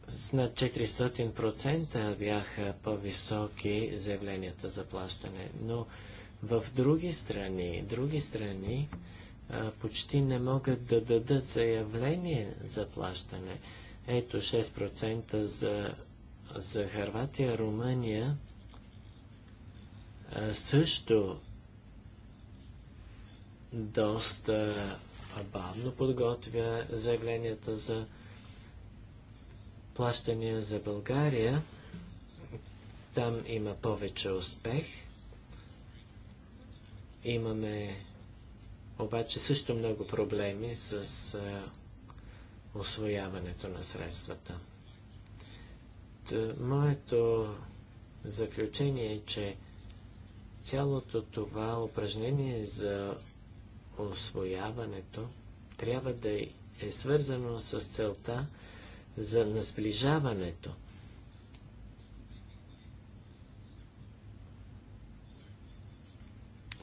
с над 400% бяха по-високи заявленията за плащане, но в други страни, други страни а, почти не могат да дадат заявление за плащане. Ето 6% за за Харватия, Румъния също доста бавно подготвя заявленията за плащания за България. Там има повече успех. Имаме обаче също много проблеми с освояването на средствата. Е, моето заключение е, че цялото това упражнение за освояването трябва да е свързано с целта за насближаването.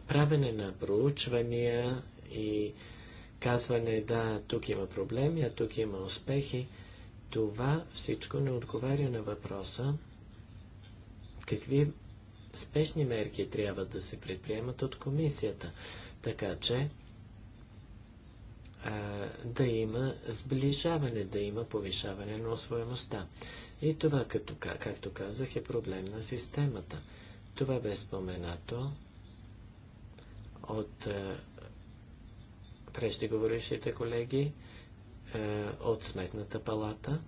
Правене на проучвания и казване, да, тук има проблеми, а тук има успехи – това всичко не отговаря на въпроса какви спешни мерки трябва да се предприемат от комисията, така че а, да има сближаване, да има повишаване на освоеността. И това, като, както казах, е проблем на системата. Това бе споменато от а, преждеговорившите колеги е, от Сметната палата,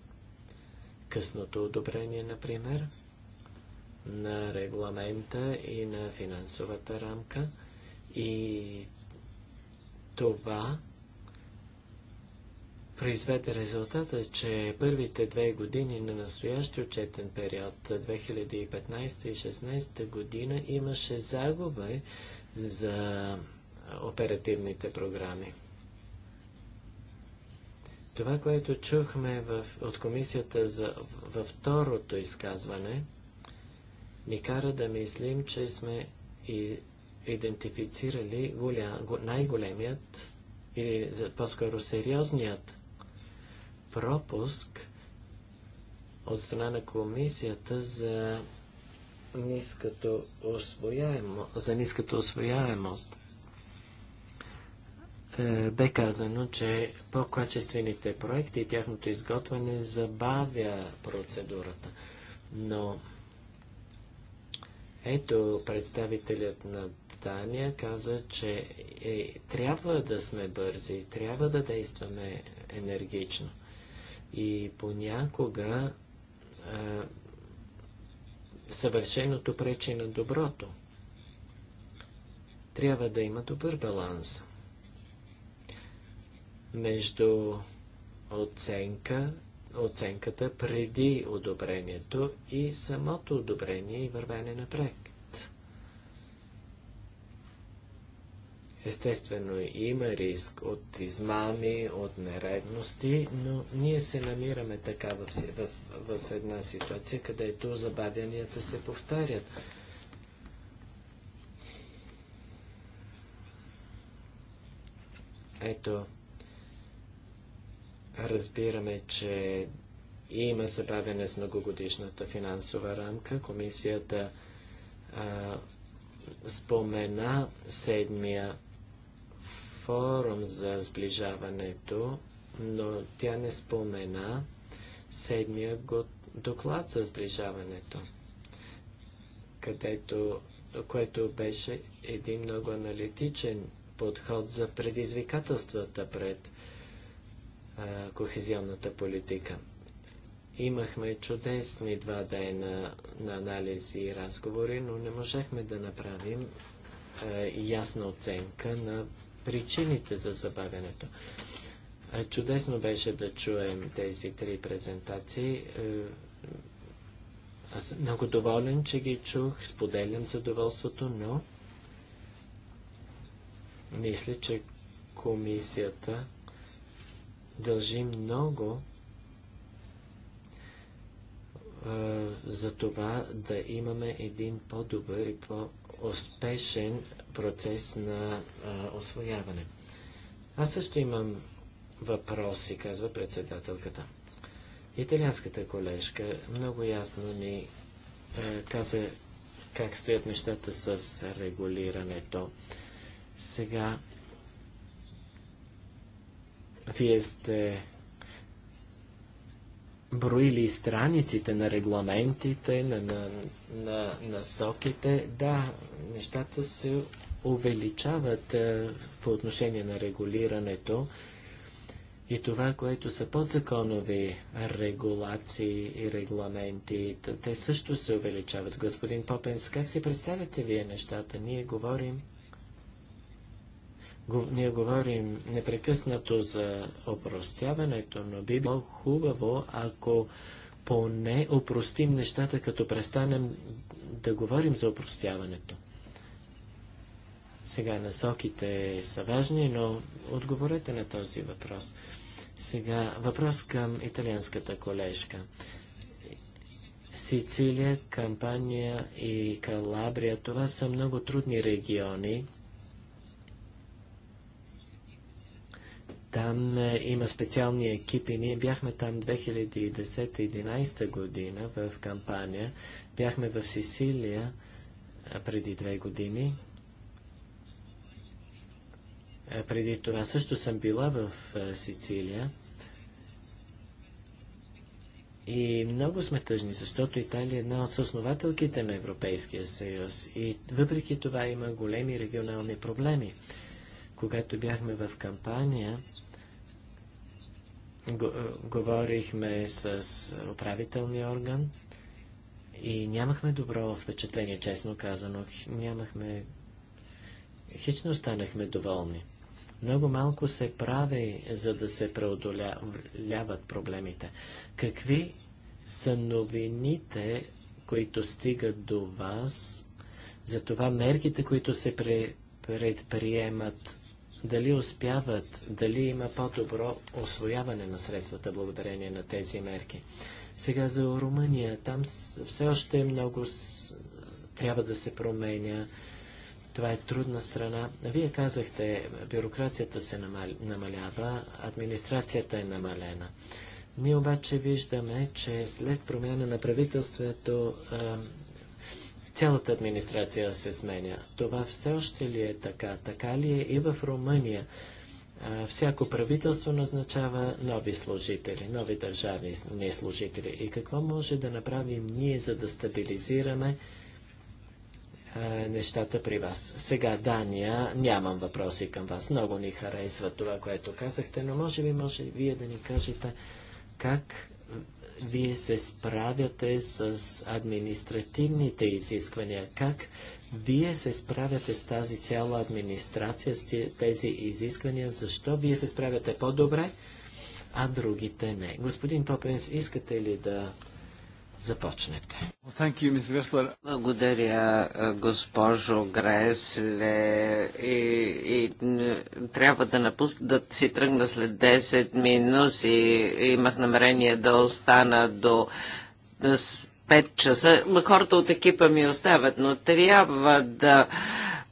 късното одобрение, например, на регламента и на финансовата рамка и това произведе резултата, че първите две години на настоящия отчетен период, 2015 и 2016 година, имаше загуба за оперативните програми. Това, което чухме в, от комисията за, във второто изказване, ни кара да мислим, че сме и, идентифицирали най-големият или по-скоро сериозният пропуск от страна на комисията за освояемо, за ниската освояемост. Е, бе казано, че по-качествените проекти и тяхното изготвяне забавя процедурата. Но ето представителят на Дания каза, че е, трябва да сме бързи, трябва да действаме енергично. И понякога е, съвършеното пречи на доброто. Трябва да има добър баланс между оценка, оценката преди одобрението и самото одобрение и вървене напред. Естествено, има риск от измами, от нередности, но ние се намираме така в, в, в една ситуация, където забавянията се повтарят. Ето, Разбираме, че има забавяне с многогодишната финансова рамка. Комисията а, спомена седмия форум за сближаването, но тя не спомена седмия доклад за сближаването, където, което беше един много аналитичен подход за предизвикателствата пред кохезионната политика. Имахме чудесни два дена на анализи и разговори, но не можехме да направим а, ясна оценка на причините за забавянето. А, чудесно беше да чуем тези три презентации. Е, аз съм много доволен, че ги чух, споделям задоволството, но мисля, че комисията дължи много за това да имаме един по-добър и по-успешен процес на а, освояване. Аз също имам въпроси, казва председателката. Италианската колежка много ясно ни а, каза как стоят нещата с регулирането. Сега вие сте броили страниците на регламентите, на, на, на насоките. Да, нещата се увеличават а, е, по отношение на регулирането и това, което са подзаконови регулации и регламенти, те също се увеличават. Господин Попенс, как си представяте вие нещата? Ние говорим ние говорим непрекъснато за опростяването, но би било хубаво, ако поне опростим нещата, като престанем да говорим за опростяването. Сега насоките са важни, но отговорете на този въпрос. Сега въпрос към италианската колежка. Сицилия, Кампания и Калабрия, това са много трудни региони, Там е, има специални екипи. Ние бяхме там 2010-2011 година в кампания. Бяхме в Сицилия преди две години. А, преди това също съм била в Сицилия. И много сме тъжни, защото Италия е една от основателките на Европейския съюз. И въпреки това има големи регионални проблеми. Когато бяхме в кампания, говорихме с управителния орган и нямахме добро впечатление, честно казано. Нямахме... Хич не останахме доволни. Много малко се прави, за да се преодоляват проблемите. Какви са новините, които стигат до вас, за това мерките, които се предприемат дали успяват, дали има по-добро освояване на средствата благодарение на тези мерки. Сега за Румъния. Там все още много трябва да се променя. Това е трудна страна. Вие казахте, бюрокрацията се намалява, администрацията е намалена. Ние обаче виждаме, че след промяна на правителството цялата администрация се сменя. Това все още ли е така? Така ли е и в Румъния? А, всяко правителство назначава нови служители, нови държавни служители. И какво може да направим ние, за да стабилизираме нещата при вас? Сега, Дания, нямам въпроси към вас. Много ни харесва това, което казахте, но може би може вие да ни кажете как вие се справяте с административните изисквания? Как вие се справяте с тази цяла администрация, с тези изисквания? Защо вие се справяте по-добре, а другите не? Господин Попенс, искате ли да започнете. Благодаря, госпожо Гресле. И, и трябва да напусна, да си тръгна след 10 минус И, имах намерение да остана до 5 часа. Хората от екипа ми остават, но трябва да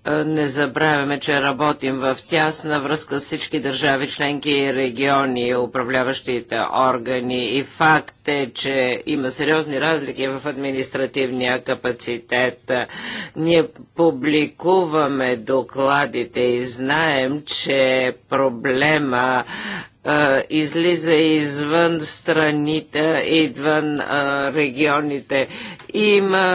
е, не забравяме, че работим в тясна връзка с всички държави, членки и региони, управляващите органи и факт е, че има сериозни разлики в административния капацитет. Ние публикуваме докладите и знаем, че проблема излиза извън страните, извън регионите. Има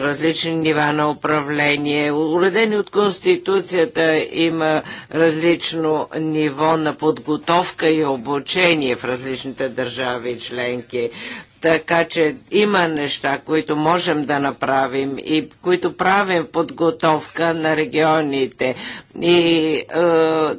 различни нива на управление. Уредени от Конституцията има различно ниво на подготовка и обучение в различните държави и членки. Така че има неща, които можем да направим и които правим подготовка на регионите. И е,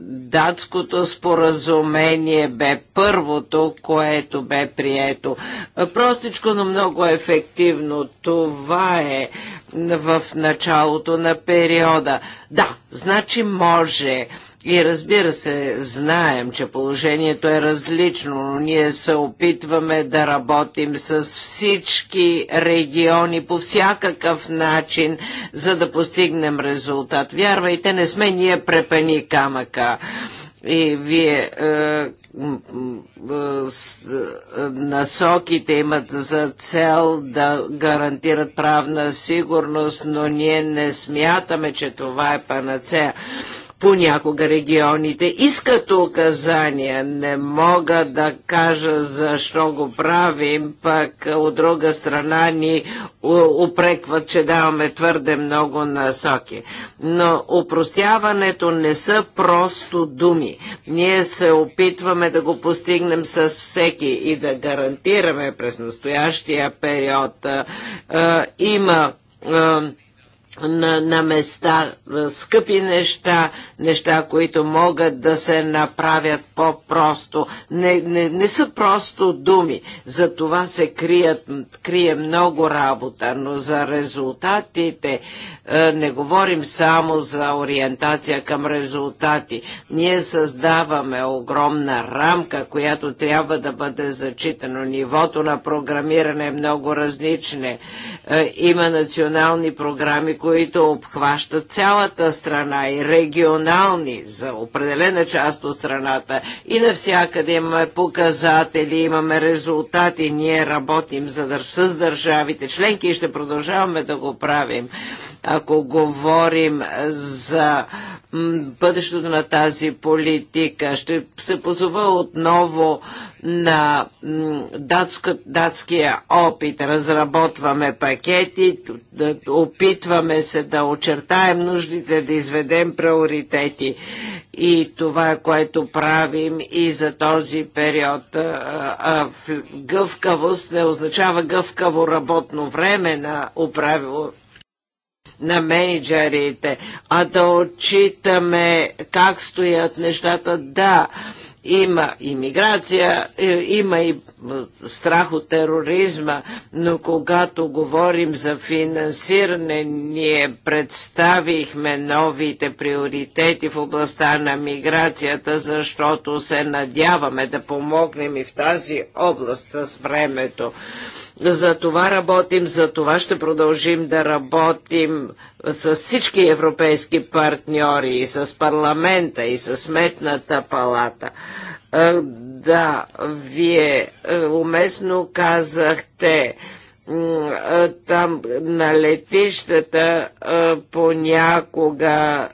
датското споразумение бе първото, което бе прието. Е, простичко, но много ефективно. Това е в началото на периода. Да, значи може. И разбира се, знаем, че положението е различно, но ние се опитваме да работим с всички региони по всякакъв начин, за да постигнем резултат. Вярвайте, не сме ние препени камъка. И вие е, е, е, насоките имат за цел да гарантират правна сигурност, но ние не смятаме, че това е панацея Понякога регионите искат указания, не мога да кажа защо го правим, пък от друга страна ни упрекват, че даваме твърде много насоки. Но упростяването не са просто думи. Ние се опитваме да го постигнем с всеки и да гарантираме през настоящия период. има на, на места, скъпи неща, неща, които могат да се направят по-просто. Не, не, не са просто думи, за това се крият, крие много работа, но за резултатите не говорим само за ориентация към резултати. Ние създаваме огромна рамка, която трябва да бъде зачитано. Нивото на програмиране е много различне. има национални програми, които които обхващат цялата страна и регионални за определена част от страната и навсякъде имаме показатели, имаме резултати, ние работим за, с държавите членки и ще продължаваме да го правим. Ако говорим за бъдещето на тази политика, ще се позова отново на датска, датския опит. Разработваме пакети, опитваме се да очертаем нуждите, да изведем приоритети. И това, което правим и за този период. А, а, гъвкавост не означава гъвкаво работно време на управило на менеджерите, а да отчитаме как стоят нещата. Да, а, има иммиграция, е, има и страх от тероризма, но когато говорим за финансиране, ние представихме новите приоритети в областта на миграцията, защото се надяваме да помогнем и в тази област с времето. За това работим, за това ще продължим да работим с всички европейски партньори, и с парламента, и с сметната палата. Е, да, вие е, уместно казахте, там на летищата понякога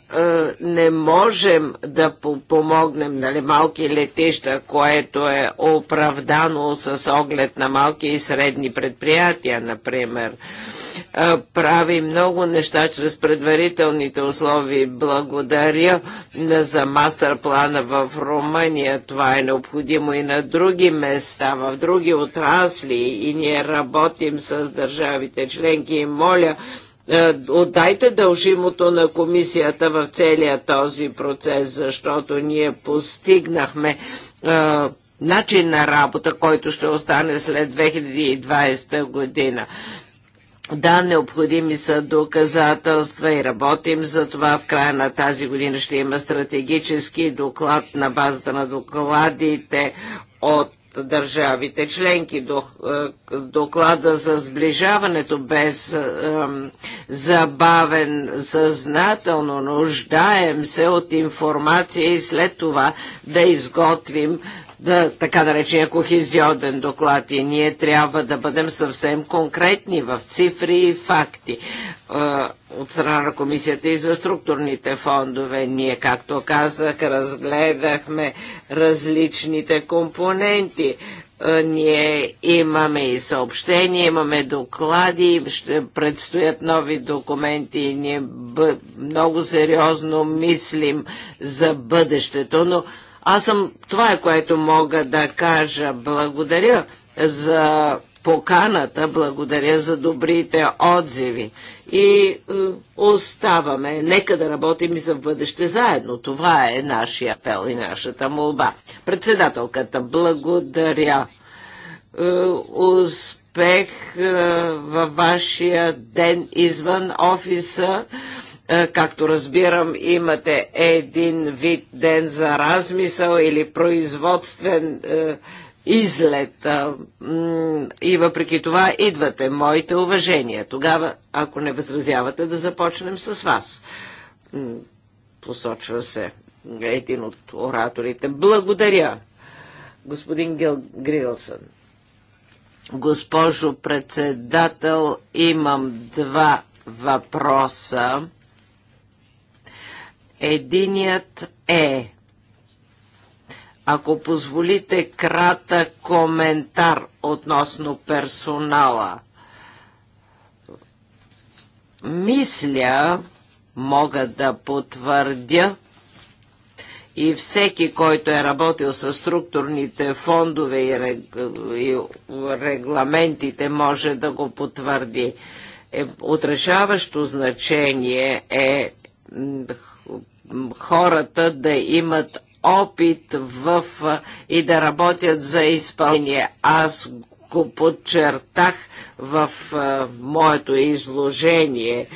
не можем да помогнем на нали, малки летища, което е оправдано с оглед на малки и средни предприятия, например. Прави много неща чрез предварителните условия. Благодаря за мастер-плана в Румъния. Това е необходимо и на други места, в други отрасли и ние работим с държавите членки и моля е, отдайте дължимото на комисията в целия този процес, защото ние постигнахме е, начин на работа, който ще остане след 2020 година. Да, необходими са доказателства и работим за това. В края на тази година ще има стратегически доклад на базата на докладите от държавите членки. Е, доклада за сближаването без е, забавен съзнателно нуждаем се от информация и след това да изготвим да, така наречения да е кохезионен доклад и ние трябва да бъдем съвсем конкретни в цифри и факти е, от страна на комисията и за структурните фондове. Ние, както казах, разгледахме различните компоненти е, ние имаме и съобщения, имаме доклади, ще предстоят нови документи и ние много сериозно мислим за бъдещето, но аз съм, това е което мога да кажа. Благодаря за поканата, благодаря за добрите отзиви и е, оставаме. Нека да работим и за бъдеще заедно. Това е нашия апел и нашата молба. Председателката, благодаря. Е, успех е, във вашия ден извън офиса. Е, както разбирам, имате един вид ден за размисъл или производствен е, излет. Е, и въпреки това идвате. Моите уважения. Тогава, ако не възразявате, да започнем с вас. Посочва се един от ораторите. Благодаря, господин Гил Грилсън. Госпожо председател, имам два въпроса Единият е, ако позволите кратък коментар относно персонала. Мисля, мога да потвърдя, и всеки, който е работил с структурните фондове и, рег... и регламентите, може да го потвърди. Е, отрешаващо значение е хората да имат опит в и да работят за изпълнение. Аз го подчертах в а, моето изложение.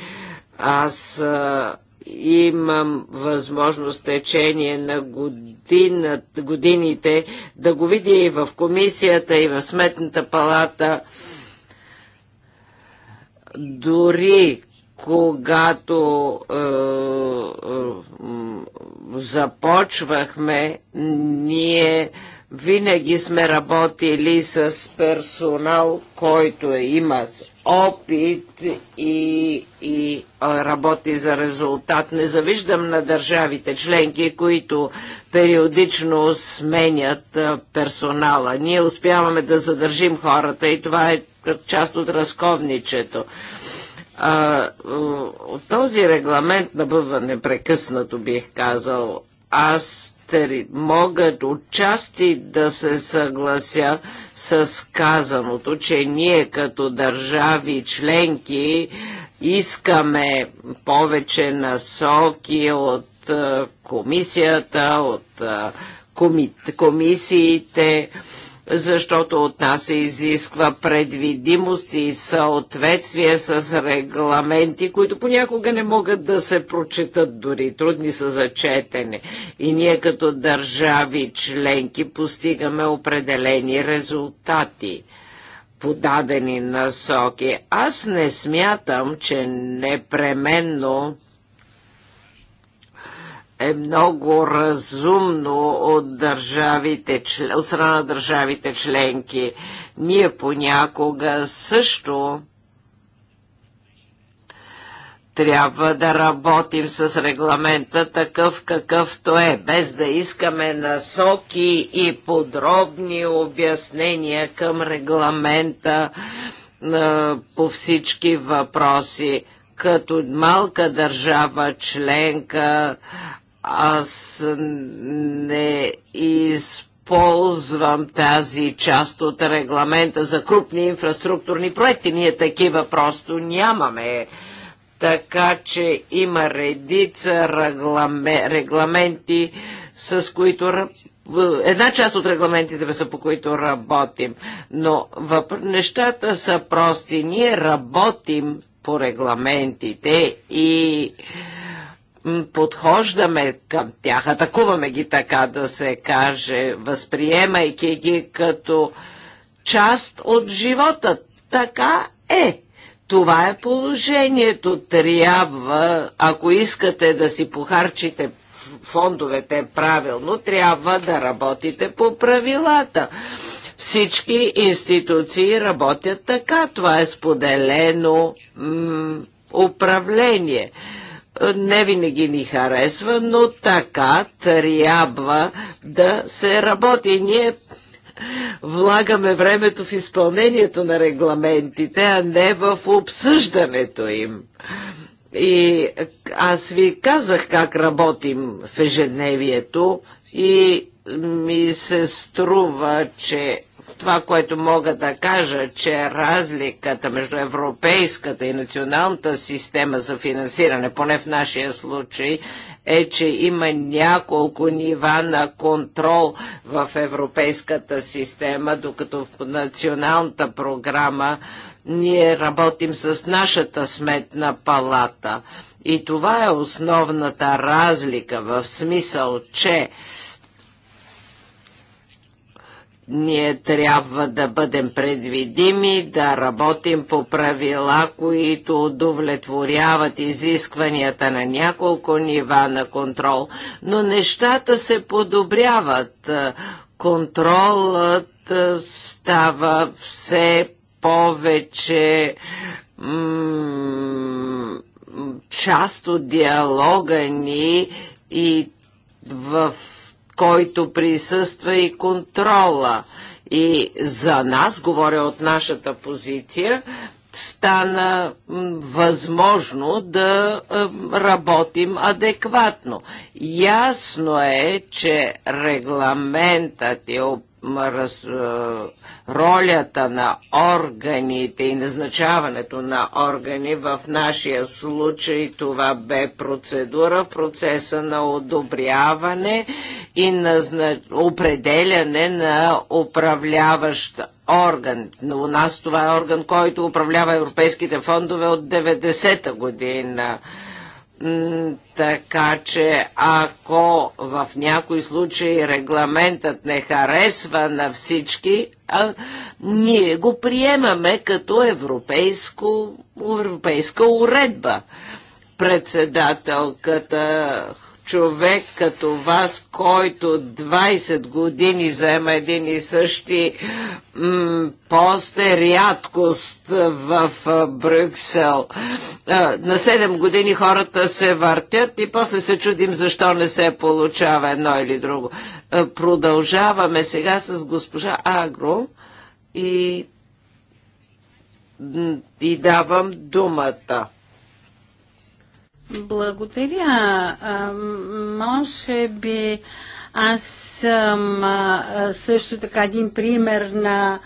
Аз а, имам възможност течение на година, годините да го видя и в комисията, и в сметната палата. Дори когато е, е, започвахме, ние винаги сме работили с персонал, който е, има опит и, и е, работи за резултат. Не завиждам на държавите членки, които периодично сменят е, персонала. Ние успяваме да задържим хората и това е част от разковничето. А, този регламент набъва непрекъснато, бих казал. Аз могат отчасти да се съглася с казаното, че ние като държави членки искаме повече насоки от комисията, от комисиите, защото от нас се изисква предвидимост и съответствие с регламенти, които понякога не могат да се прочитат дори, трудни са за четене. И ние като държави членки постигаме определени резултати подадени насоки. Аз не смятам, че непременно е много разумно от, държавите, от страна на държавите членки. Ние понякога също трябва да работим с регламента такъв какъвто е, без да искаме насоки и подробни обяснения към регламента по всички въпроси. Като малка държава членка аз не използвам тази част от регламента за крупни инфраструктурни проекти. Ние такива просто нямаме. Така че има редица регламе, регламенти, с които една част от регламентите са по които работим. Но въп... нещата са прости. Ние работим по регламентите и подхождаме към тях, атакуваме ги така да се каже, възприемайки ги като част от живота. Така е. Това е положението. Трябва, ако искате да си похарчите фондовете правилно, трябва да работите по правилата. Всички институции работят така. Това е споделено управление не винаги ни харесва, но така трябва да се работи. Ние влагаме времето в изпълнението на регламентите, а не в обсъждането им. И аз ви казах как работим в ежедневието и ми се струва, че това, което мога да кажа, че разликата между европейската и националната система за финансиране, поне в нашия случай, е, че има няколко нива на контрол в европейската система, докато в националната програма ние работим с нашата сметна палата. И това е основната разлика в смисъл, че ние трябва да бъдем предвидими, да работим по правила, които удовлетворяват изискванията на няколко нива на контрол, но нещата се подобряват. Контролът става все повече част от диалога ни и в който присъства и контрола. И за нас, говоря от нашата позиция, стана възможно да работим адекватно. Ясно е, че регламентът и е раз, ролята на органите и назначаването на органи. В нашия случай това бе процедура в процеса на одобряване и назнач... определяне на управляващ орган. Но у нас това е орган, който управлява европейските фондове от 90-та година така че ако в някои случаи регламентът не харесва на всички, а, ние го приемаме като европейско, европейска уредба. Председателката човек като вас, който 20 години заема един и същи пост е рядкост в Брюксел. На 7 години хората се въртят и после се чудим защо не се получава едно или друго. Продължаваме сега с госпожа Агро и, и давам думата. Благодаря. А, може би аз съм а, също така един пример на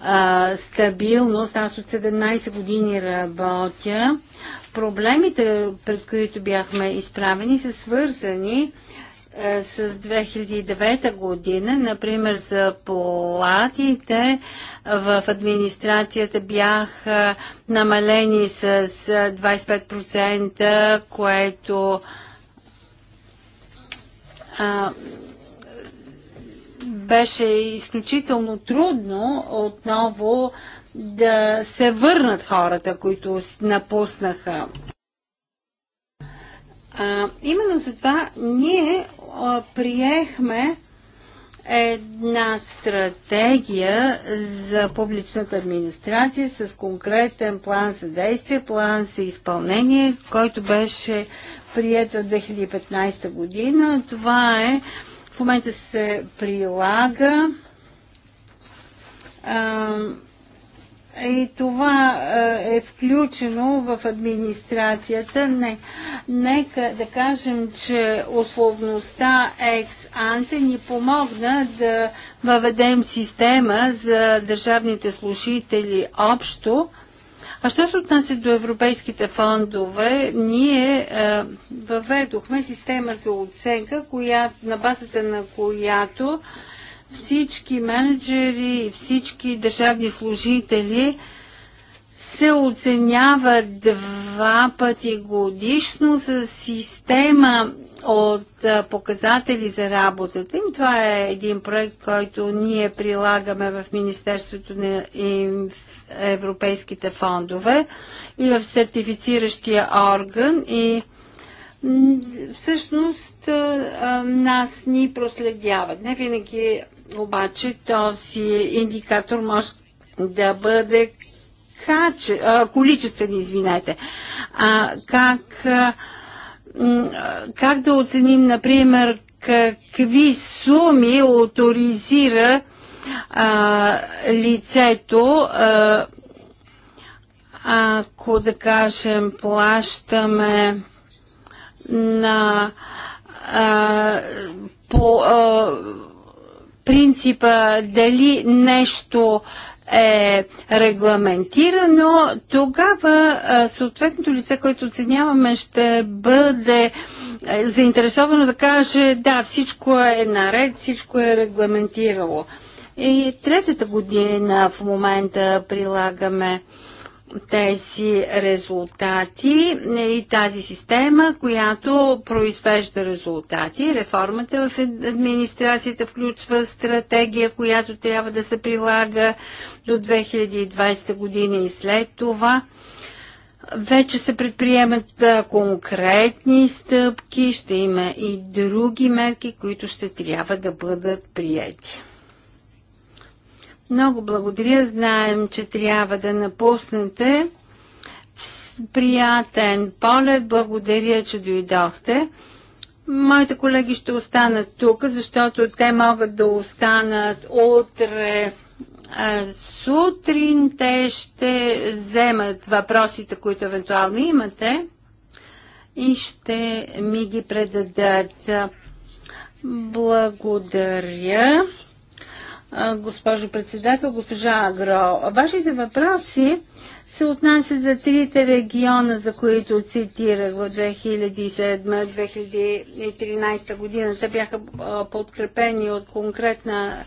а, стабилност. Аз от 17 години работя. Проблемите, пред които бяхме изправени, са свързани е, с 2009 година, например за платите в администрацията бяха намалени с 25%, което а, беше изключително трудно отново да се върнат хората, които напуснаха а, именно затова ние а, приехме една стратегия за публичната администрация с конкретен план за действие, план за изпълнение, който беше прият от 2015 година. Това е в момента се прилага. А, и това е, е включено в администрацията. Не. Нека да кажем, че условността екс-анте ни помогна да въведем система за държавните служители общо. А що се отнася до европейските фондове, ние е, въведохме система за оценка, коя, на базата на която е, всички менеджери, всички държавни служители се оценяват два пъти годишно с система от показатели за работата им. Това е един проект, който ние прилагаме в Министерството на европейските фондове и в сертифициращия орган и всъщност нас ни проследяват. Не винаги обаче този индикатор може да бъде каче, а, количествен, извинете. А, как, а, как да оценим, например, какви суми авторизира лицето, а, ако да кажем плащаме на а, по а, принципа дали нещо е регламентирано, тогава съответното лице, което оценяваме, ще бъде е, заинтересовано да каже да, всичко е наред, всичко е регламентирало. И третата година в момента прилагаме тези резултати и тази система, която произвежда резултати. Реформата в администрацията включва стратегия, която трябва да се прилага до 2020 година и след това. Вече се предприемат конкретни стъпки, ще има и други мерки, които ще трябва да бъдат приети. Много благодаря. Знаем, че трябва да напуснете. Приятен полет. Благодаря, че дойдохте. Моите колеги ще останат тук, защото те могат да останат утре сутрин. Те ще вземат въпросите, които евентуално имате и ще ми ги предадат. Благодаря госпожо председател, госпожа Агро. Вашите въпроси се отнасят за трите региона, за които цитирах в 2007-2013 година. Те бяха подкрепени от конкретна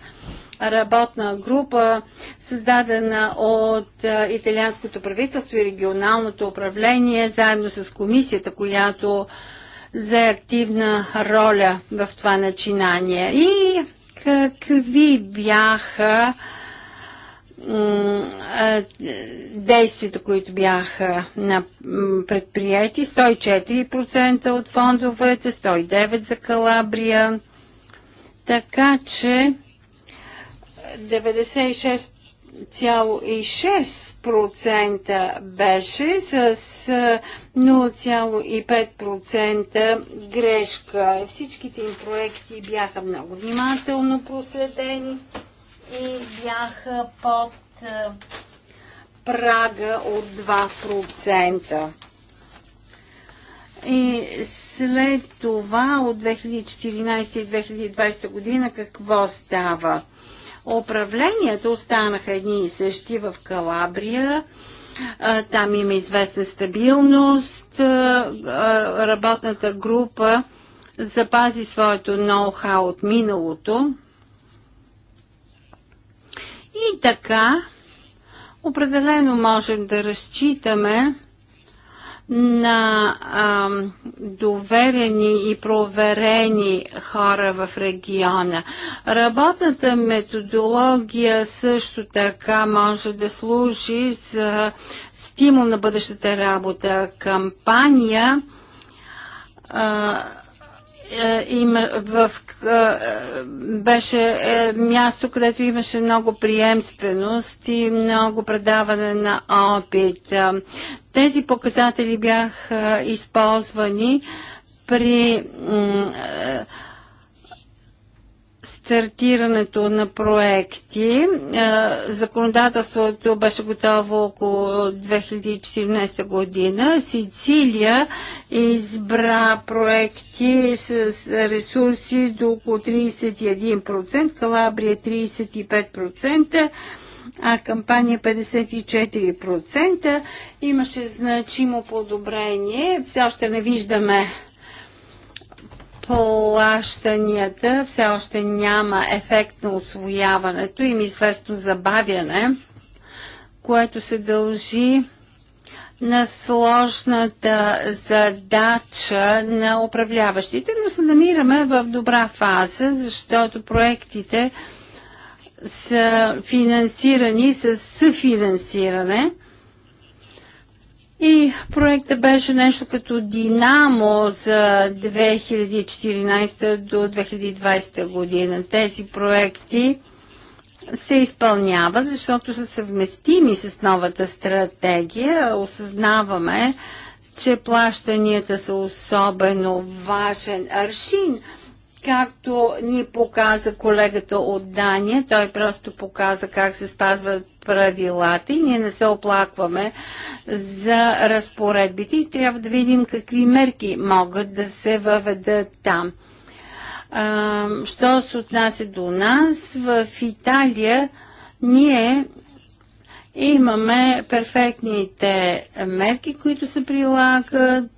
работна група, създадена от италианското правителство и регионалното управление, заедно с комисията, която взе активна роля в това начинание. И Какви бяха действията, които бяха предприяти? 104% от фондовете, 109% за Калабрия. Така че 96 0,6% беше с 0,5% грешка. Всичките им проекти бяха много внимателно проследени и бяха под прага от 2%. И след това от 2014 и 2020 година какво става? управлението останаха едни и същи в Калабрия. Там има известна стабилност. Работната група запази своето ноу-хау от миналото. И така, определено можем да разчитаме на а, доверени и проверени хора в региона. Работната методология също така може да служи за стимул на бъдещата работа. Кампания а, е, има, в, е, беше е, място, където имаше много приемственост и много предаване на опит. Тези показатели бяха използвани при стартирането на проекти. Е, законодателството беше готово около 2014 година. Сицилия избра проекти с ресурси до около 31%, Калабрия 35%, а кампания 54%. Имаше значимо подобрение. Все още не виждаме плащанията все още няма ефект на освояването, има известно забавяне, което се дължи на сложната задача на управляващите, но се намираме в добра фаза, защото проектите са финансирани с съфинансиране – и проектът беше нещо като динамо за 2014 до 2020 година. Тези проекти се изпълняват, защото са съвместими с новата стратегия. Осъзнаваме, че плащанията са особено важен аршин. Както ни показа колегата от Дания, той просто показа как се спазват правилата и ние не се оплакваме за разпоредбите и трябва да видим какви мерки могат да се въведат там. А, що се отнася до нас, в Италия ние имаме перфектните мерки, които се прилагат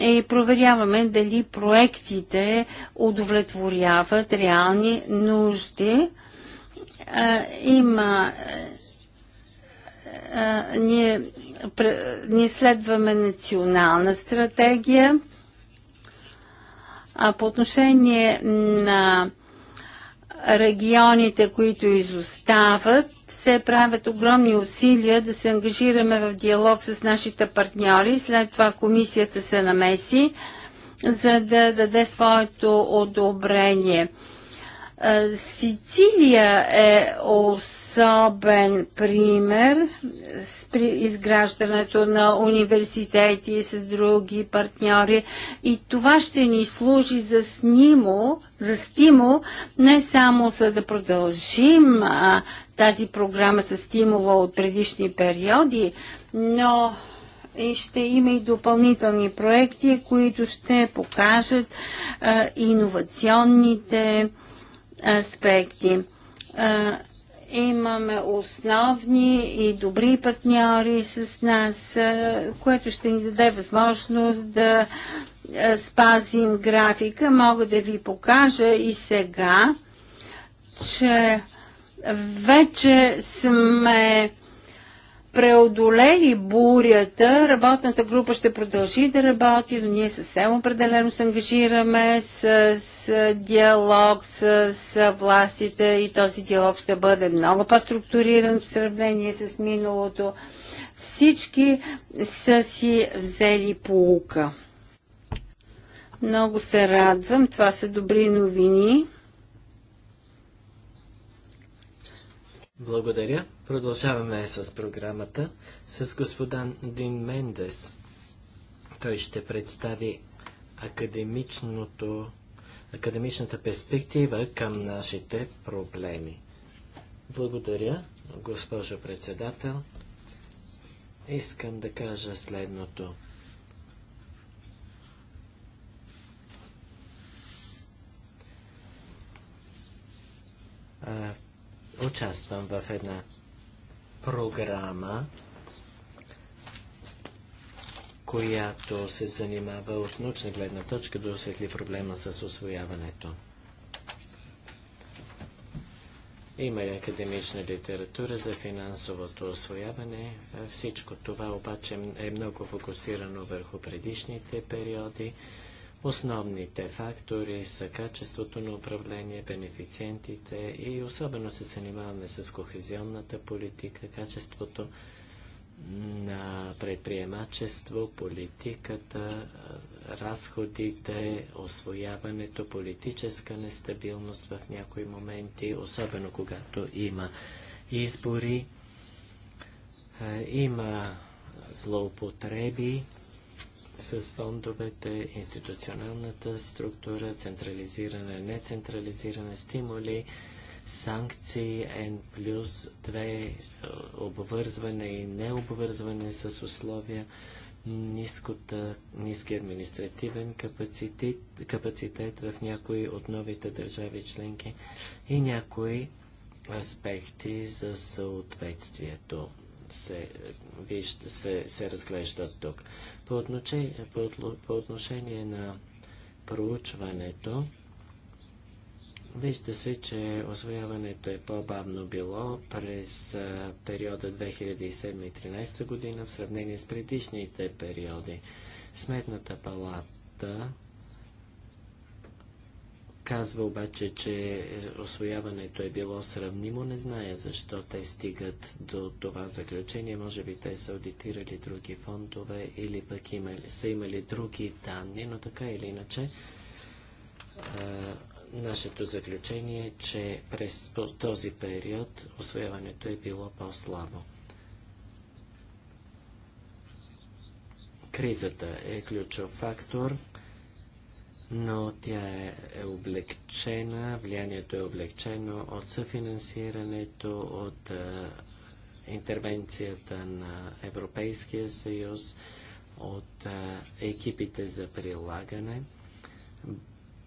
и проверяваме дали проектите удовлетворяват реални нужди има ние, ние следваме национална стратегия а по отношение на регионите, които изостават, се правят огромни усилия да се ангажираме в диалог с нашите партньори. След това комисията се намеси, за да даде своето одобрение. Сицилия е особен пример при изграждането на университети с други партньори и това ще ни служи за снимо, за стимул, не само за да продължим а, тази програма с стимула от предишни периоди, но и ще има и допълнителни проекти, които ще покажат а, иновационните аспекти. Имаме основни и добри партньори с нас, което ще ни даде възможност да спазим графика. Мога да ви покажа и сега, че вече сме преодолели бурята, работната група ще продължи да работи, но ние съвсем определено се ангажираме с, с диалог с, с властите и този диалог ще бъде много по-структуриран в сравнение с миналото. Всички са си взели поука. Много се радвам, това са добри новини. Благодаря. Продължаваме с програмата с господан Дин Мендес. Той ще представи академичното, академичната перспектива към нашите проблеми. Благодаря, госпожо председател. Искам да кажа следното. А, участвам в една програма, която се занимава от научна гледна точка да осветли проблема с освояването. Има и академична литература за финансовото освояване. Всичко това обаче е много фокусирано върху предишните периоди. Основните фактори са качеството на управление, бенефициентите и особено се занимаваме с кохезионната политика, качеството на предприемачество, политиката, разходите, освояването, политическа нестабилност в някои моменти, особено когато има избори, е, има злоупотреби с фондовете, институционалната структура, централизиране, нецентрализиране, стимули, санкции, N плюс 2, обвързване и необвързване с условия, ниската, ниски административен капацитет, капацитет в някои от новите държави членки и някои аспекти за съответствието се, виж, се, се разглеждат тук. По отношение, по, по отношение на проучването, Вижда се, че освояването е по-бавно било през периода 2007-2013 година в сравнение с предишните периоди. Сметната палата казва обаче, че освояването е било сравнимо. Не знае защо те стигат до това заключение. Може би те са аудитирали други фондове или пък имали, са имали други данни, но така или иначе а, нашето заключение е, че през този период освояването е било по-слабо. Кризата е ключов фактор – но тя е, е облегчена, влиянието е облегчено от съфинансирането, от интервенцията на Европейския съюз, от екипите за прилагане,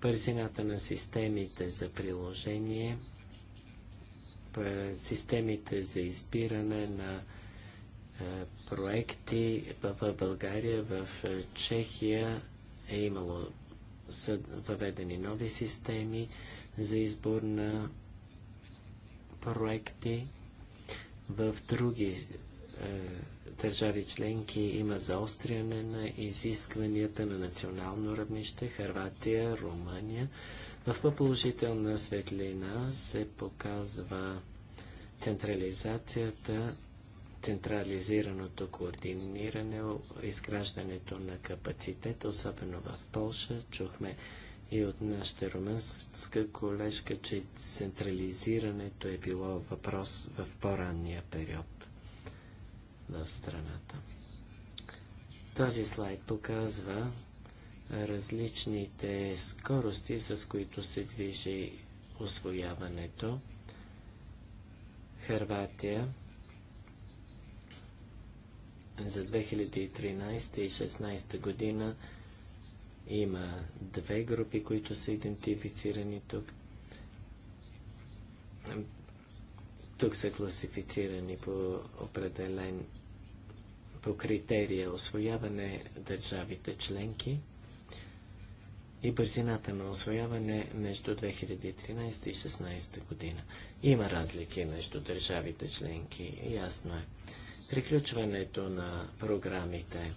бързината на системите за приложение, системите за избиране на проекти в България, в Чехия е имало са въведени нови системи за избор на проекти. В други е, държави членки има заостряне на изискванията на национално равнище Харватия, Румъния. В по-положителна светлина се показва централизацията централизираното координиране, изграждането на капацитет, особено в Польша. Чухме и от нашата румънска колежка, че централизирането е било въпрос в по-ранния период в страната. Този слайд показва различните скорости, с които се движи освояването. Хърватия за 2013 и 2016 година има две групи, които са идентифицирани тук. Тук са класифицирани по определен по критерия освояване държавите членки и бързината на освояване между 2013 и 2016 година. Има разлики между държавите членки, ясно е приключването на програмите.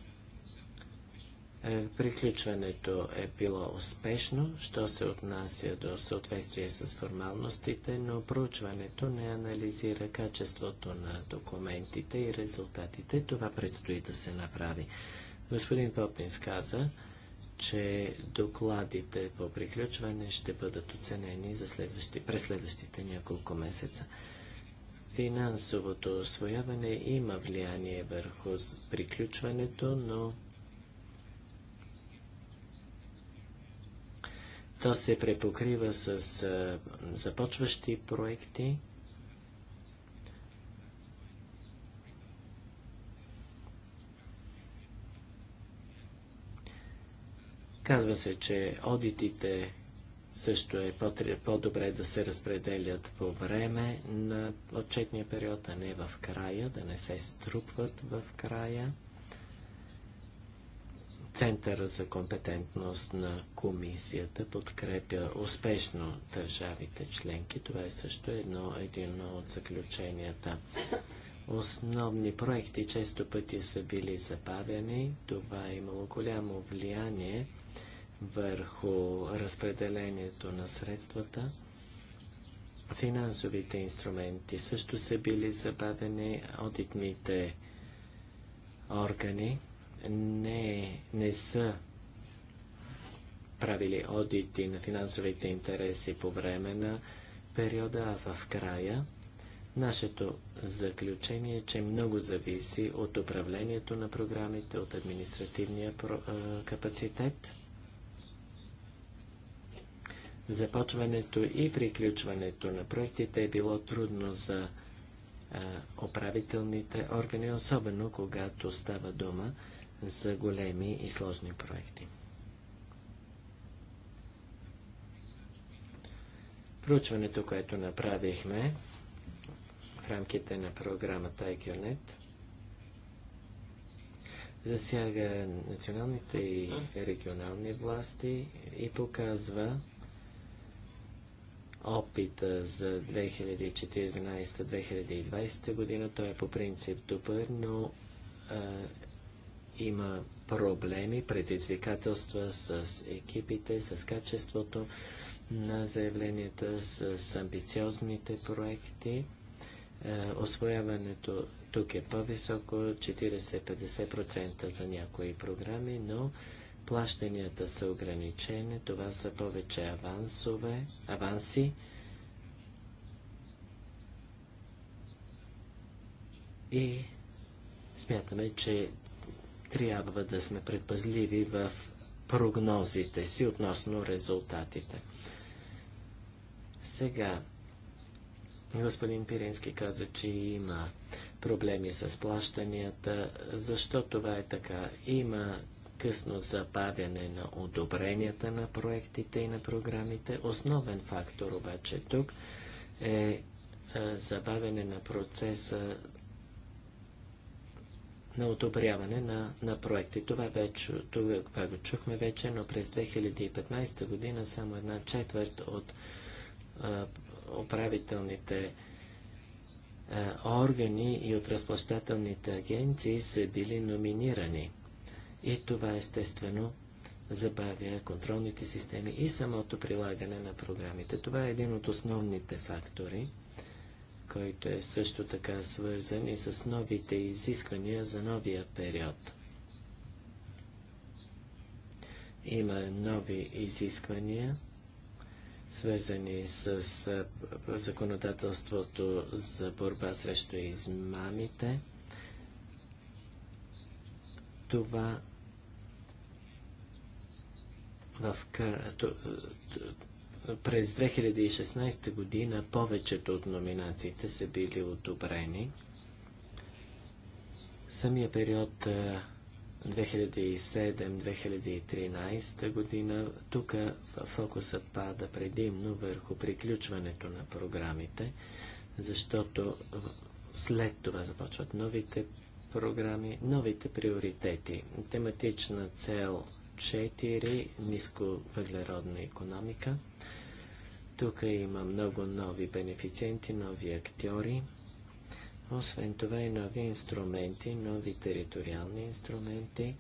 Е, приключването е било успешно, що се отнася до съответствие с формалностите, но проучването не анализира качеството на документите и резултатите. Това предстои да се направи. Господин Попинс каза, че докладите по приключване ще бъдат оценени за следващи, през следващите няколко месеца. Финансовото освояване има влияние върху приключването, но то се препокрива с започващи проекти. Казва се, че одитите също е по-добре да се разпределят по време на отчетния период, а не в края, да не се струпват в края. Центъра за компетентност на комисията подкрепя успешно държавите членки. Това е също едно, едно от заключенията. Основни проекти често пъти са били забавени. Това е имало голямо влияние върху разпределението на средствата. Финансовите инструменти също са били забавени, одитните органи не, не са правили одити на финансовите интереси по време на периода, а в края нашето заключение е, че много зависи от управлението на програмите, от административния капацитет започването и приключването на проектите е било трудно за а, управителните органи, особено когато става дума за големи и сложни проекти. Проучването, което направихме в рамките на програмата IQNet, засяга националните и регионални власти и показва опита за 2014-2020 година. Той е по принцип добър, но а, има проблеми, предизвикателства с екипите, с качеството на заявленията, с, с амбициозните проекти. А, освояването тук е по-високо, 40-50% за някои програми, но Плащанията са ограничени, това са повече авансове, аванси. И смятаме, че трябва да сме предпазливи в прогнозите си относно резултатите. Сега, господин Пирински каза, че има проблеми с плащанията. Защо това е така? Има късно забавяне на одобренията на проектите и на програмите. Основен фактор обаче тук е, е забавяне на процеса на одобряване на, на проекти. Това, вече, това го чухме вече, но през 2015 година само една четвърт от а, управителните а, органи и от разплащателните агенции са били номинирани и това естествено забавя контролните системи и самото прилагане на програмите. Това е един от основните фактори, който е също така свързан и с новите изисквания за новия период. Има нови изисквания, свързани с законодателството за борба срещу измамите. Това в, през 2016 година повечето от номинациите са били одобрени. Самия период 2007-2013 година, тук фокусът пада предимно върху приключването на програмите, защото след това започват новите програми, новите приоритети. Тематична цел 4 нисковъглеродна економика. Тук има много нови бенефициенти, нови актьори. Освен това и нови инструменти, нови териториални инструменти,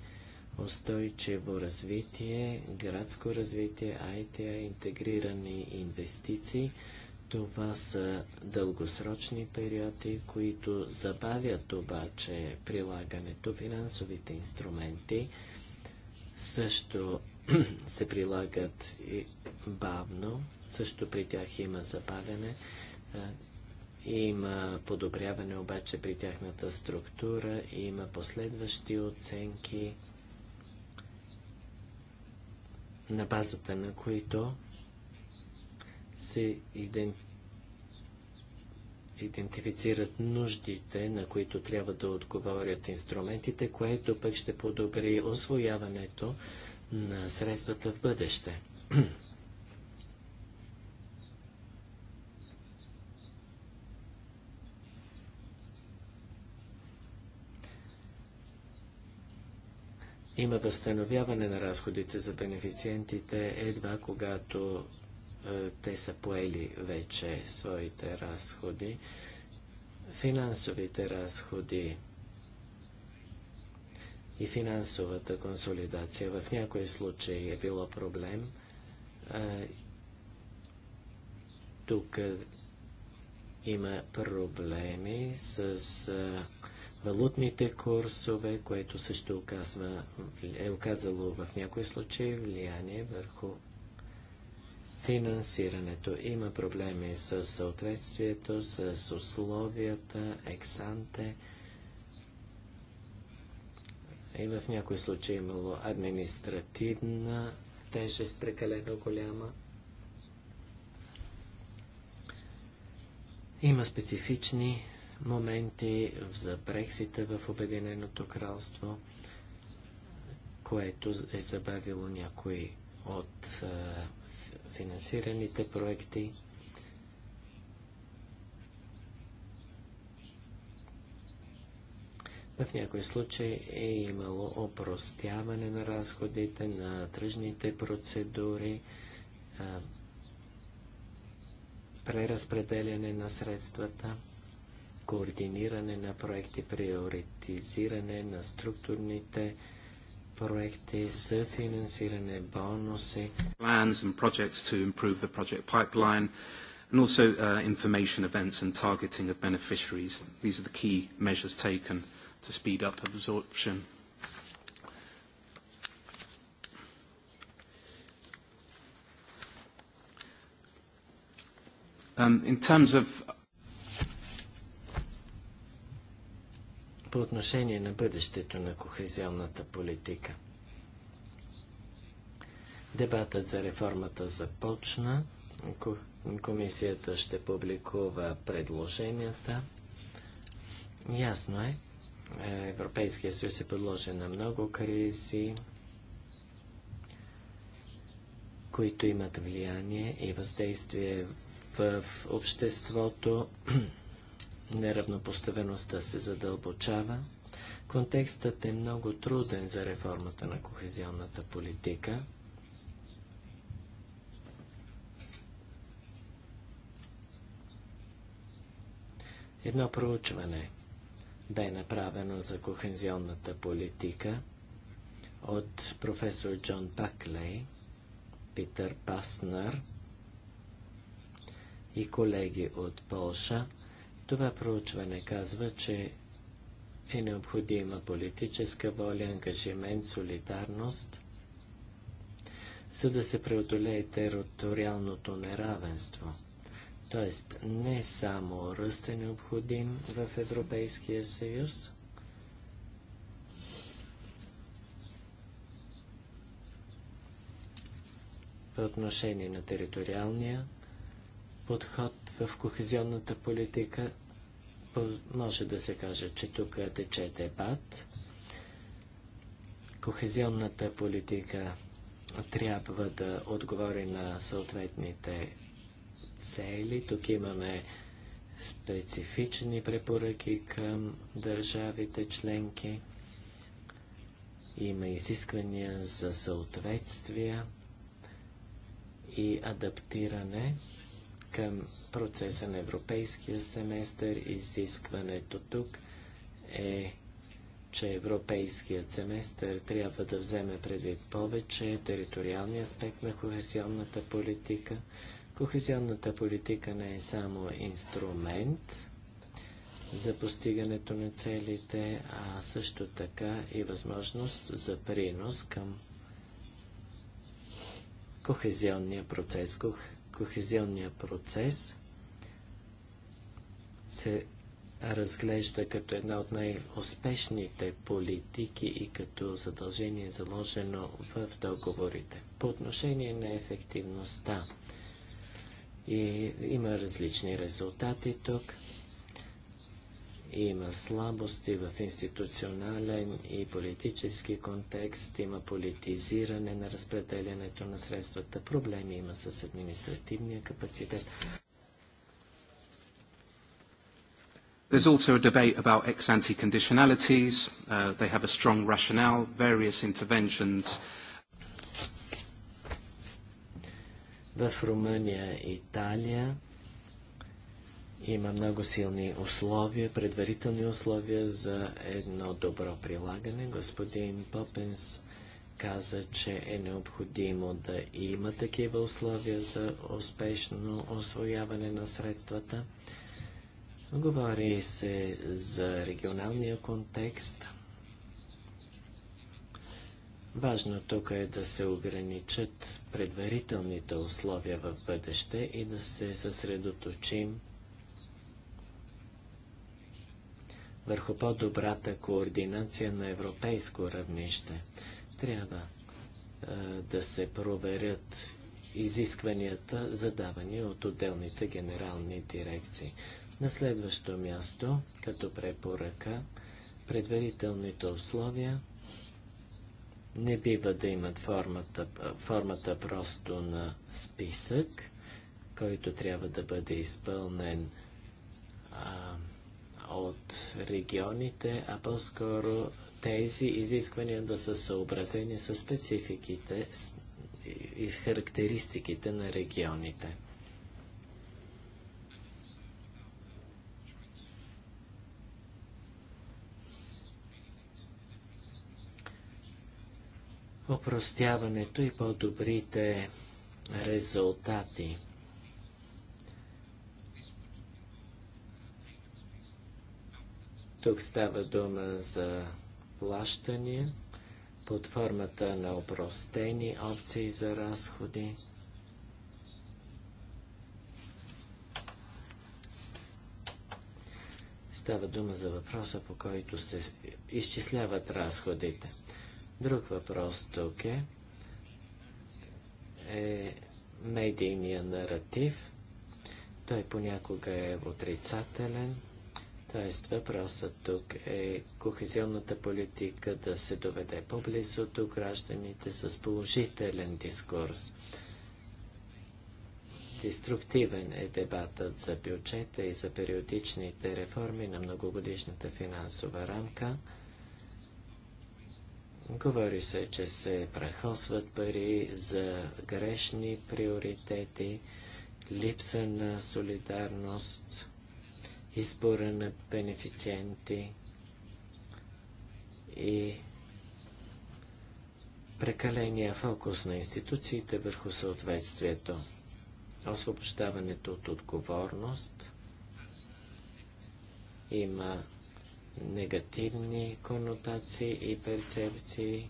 устойчиво развитие, градско развитие, IT, интегрирани инвестиции. Това са дългосрочни периоди, които забавят обаче прилагането финансовите инструменти също се прилагат и бавно, също при тях има забавяне, има подобряване обаче при тяхната структура, има последващи оценки, на базата на които се идентифицира идентифицират нуждите, на които трябва да отговорят инструментите, което пък ще подобри освояването на средствата в бъдеще. Има възстановяване на разходите за бенефициентите едва когато е, те са поели вече своите разходи. Финансовите разходи и финансовата консолидация в някои случаи е било проблем. Е, тук има проблеми с е, валутните курсове, което също оказва, е оказало в някои случаи влияние върху финансирането. Има проблеми с съответствието, с условията, ексанте. И в някои случаи е имало административна тежест прекалено голяма. Има специфични моменти за Брексита в Обединеното кралство, което е забавило някои от е, финансираните проекти. В някои случаи е имало опростяване на разходите, на тръжните процедури, преразпределяне на средствата, координиране на проекти, приоритизиране на структурните проекти, съфинансиране, бонуси. Plans and projects to improve the project pipeline and also uh, information events and targeting of beneficiaries. These are the key measures taken to speed up absorption. Um, in terms of по отношение на бъдещето на кохезионната политика. Дебатът за реформата започна. Комисията ще публикува предложенията. Ясно е, е, Европейския съюз е подложен на много кризи, които имат влияние и въздействие в обществото неравнопоставеността се задълбочава. Контекстът е много труден за реформата на кохезионната политика. Едно проучване да е направено за кохезионната политика от професор Джон Баклей, Питър Паснар и колеги от Полша това проучване казва, че е необходима политическа воля, ангажимент, солидарност, за да се преодолее териториалното неравенство. Тоест, не само ръст е необходим в Европейския съюз, по отношение на териториалния подход в кохезионната политика, може да се каже, че тук тече дебат. Кохезионната политика трябва да отговори на съответните цели. Тук имаме специфични препоръки към държавите членки. Има изисквания за съответствия и адаптиране към процеса на европейския семестър. Изискването тук е, че европейският семестър трябва да вземе предвид повече териториалния аспект на кохезионната политика. Кохезионната политика не е само инструмент за постигането на целите, а също така и възможност за принос към кохезионния процес кохезионния процес се разглежда като една от най-успешните политики и като задължение заложено в договорите. По отношение на ефективността и има различни резултати тук – има слабости в институционален и политически контекст, има политизиране на разпределянето на средствата, проблеми има с административния капацитет. There's also a debate about ex-ante conditionalities. Uh, they have a strong rationale, various interventions. В Румъния и Италия има много силни условия, предварителни условия за едно добро прилагане. Господин Попенс каза, че е необходимо да има такива условия за успешно освояване на средствата. Говори се за регионалния контекст. Важно тук е да се ограничат предварителните условия в бъдеще и да се съсредоточим върху по-добрата координация на европейско равнище. Трябва е, да се проверят изискванията, задавани от отделните генерални дирекции. На следващо място, като препоръка, предварителните условия не бива да имат формата, формата просто на списък, който трябва да бъде изпълнен а, от регионите, а по-скоро тези изисквания да са съобразени с спецификите и характеристиките на регионите. Опростяването и по-добрите резултати Тук става дума за плащания под формата на опростени опции за разходи. Става дума за въпроса, по който се изчисляват разходите. Друг въпрос тук е, е медийния наратив. Той понякога е отрицателен, Тоест въпросът тук е кохезионната политика да се доведе по-близо до гражданите с положителен дискурс. Деструктивен е дебатът за бюджета и за периодичните реформи на многогодишната финансова рамка. Говори се, че се прахосват пари за грешни приоритети, липса на солидарност, избора на бенефициенти и прекаления фокус на институциите върху съответствието, освобождаването от отговорност има негативни конотации и перцепции,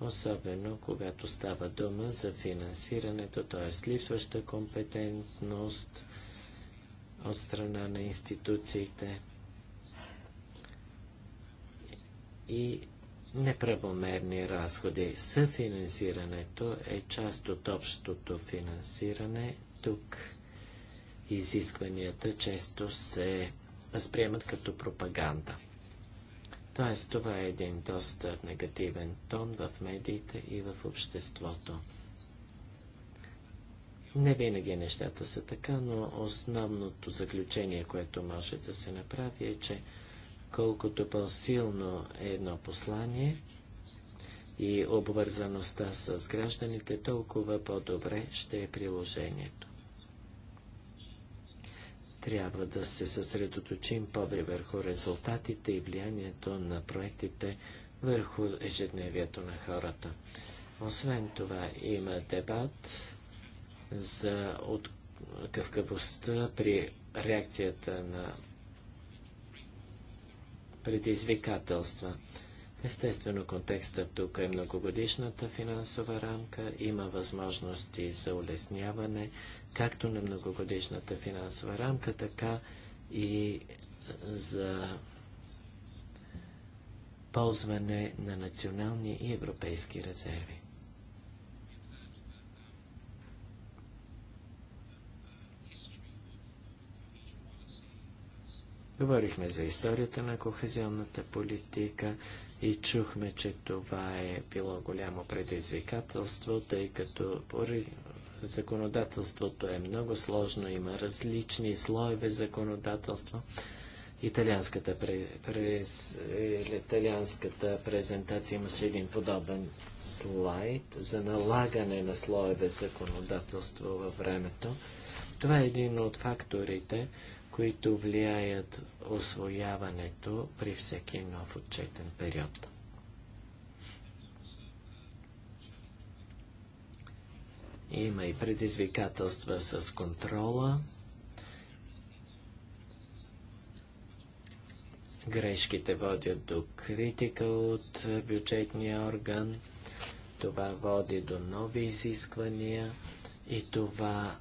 особено когато става дума за финансирането, т.е. липсваща компетентност – от страна на институциите и неправомерни разходи. Съфинансирането е част от общото финансиране. Тук изискванията често се възприемат като пропаганда. Тоест, това е един доста негативен тон в медиите и в обществото. Не винаги нещата са така, но основното заключение, което може да се направи е, че колкото по-силно е едно послание и обвързаността с гражданите, толкова по-добре ще е приложението. Трябва да се съсредоточим повече върху резултатите и влиянието на проектите върху ежедневието на хората. Освен това има дебат за от къвкавостта при реакцията на предизвикателства. Естествено, контекстът тук е многогодишната финансова рамка, има възможности за улесняване както на многогодишната финансова рамка, така и за ползване на национални и европейски резерви. Говорихме за историята на кохезионната политика и чухме, че това е било голямо предизвикателство, тъй като законодателството е много сложно, има различни слоеве законодателство. Италианската, през, италианската презентация имаше един подобен слайд за налагане на слоеве законодателство във времето. Това е един от факторите, които влияят освояването при всеки нов отчетен период. Има и предизвикателства с контрола, грешките водят до критика от бюджетния орган, това води до нови изисквания и това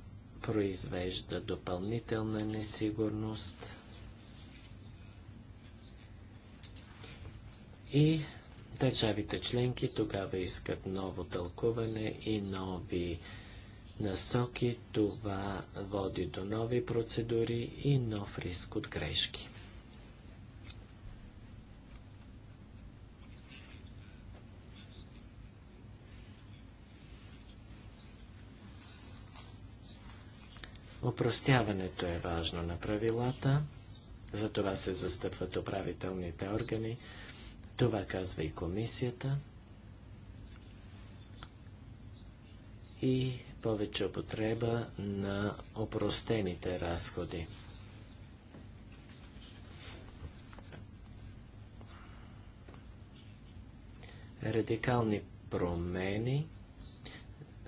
произвежда допълнителна несигурност и държавите членки тогава искат ново тълкуване и нови насоки. Това води до нови процедури и нов риск от грешки. Опростяването е важно на правилата, за това се застъпват управителните органи, това казва и комисията. И повече употреба на опростените разходи. Радикални промени –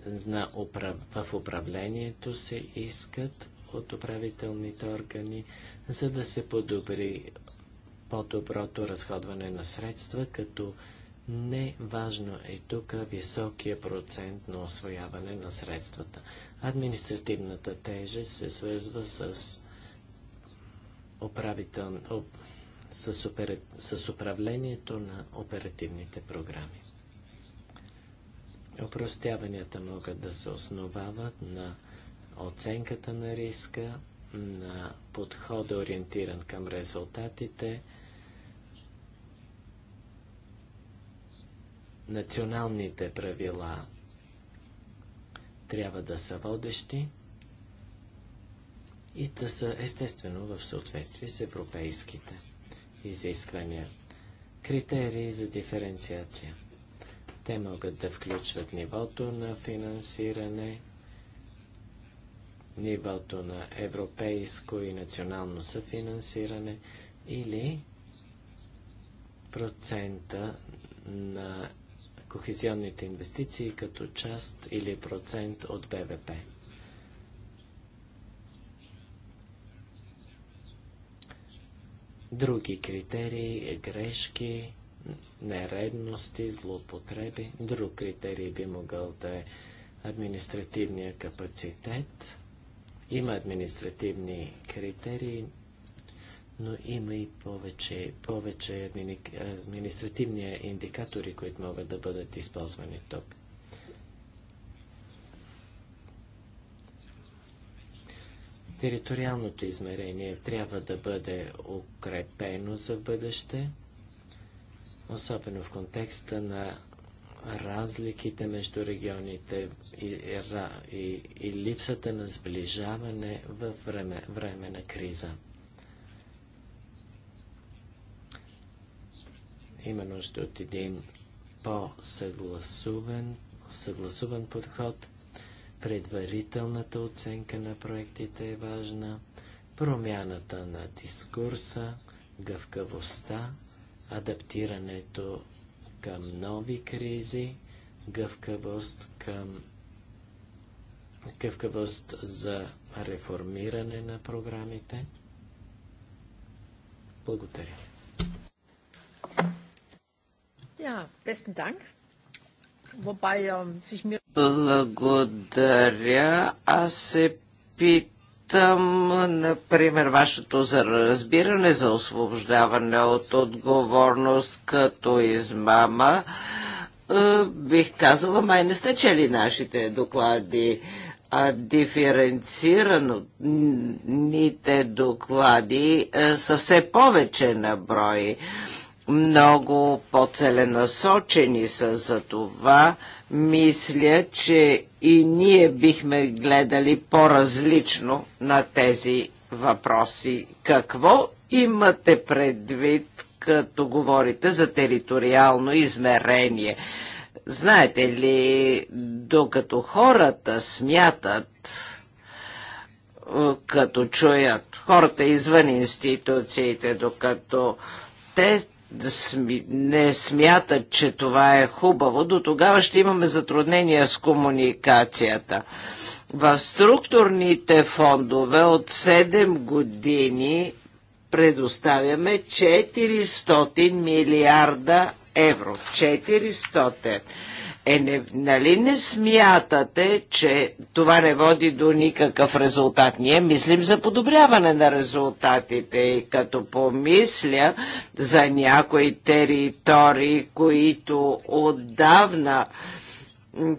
в управлението се искат от управителните органи, за да се подобри по-доброто разходване на средства, като не важно е тук високия процент на освояване на средствата. Административната тежест се свързва с, управител... с, с управлението на оперативните програми. Опростяванията могат да се основават на оценката на риска, на подхода ориентиран към резултатите, националните правила трябва да са водещи и да са естествено в съответствие с европейските изисквания. Критерии за диференциация – те могат да включват нивото на финансиране, нивото на европейско и национално съфинансиране или процента на кохезионните инвестиции като част или процент от БВП. Други критерии, грешки, нередности, злоупотреби. Друг критерий би могъл да е административния капацитет. Има административни критерии, но има и повече, повече административни индикатори, които могат да бъдат използвани тук. Териториалното измерение трябва да бъде укрепено за бъдеще – особено в контекста на разликите между регионите и, и, и, и липсата на сближаване в време, време на криза. Има нужда от един по-съгласуван съгласуван подход. Предварителната оценка на проектите е важна. Промяната на дискурса, гъвкавостта адаптирането към нови кризи, гъвкавост към гъвкавост за реформиране на програмите. Благодаря. Ja, besten Dank. Wobei ähm, sich mir... Благодаря. Аз се питам Питам, например, вашето за разбиране за освобождаване от отговорност като измама. Е, бих казала, май не сте чели нашите доклади а диференцирано ните доклади е, са все повече на брои много по-целенасочени са за това. Мисля, че и ние бихме гледали по-различно на тези въпроси. Какво имате предвид, като говорите за териториално измерение? Знаете ли, докато хората смятат, като чуят хората извън институциите, докато те не смятат, че това е хубаво, до тогава ще имаме затруднения с комуникацията. В структурните фондове от 7 години предоставяме 400 милиарда евро. 400. Е, не, нали не смятате, че това не води до никакъв резултат? Ние мислим за подобряване на резултатите и като помисля за някои територии, които отдавна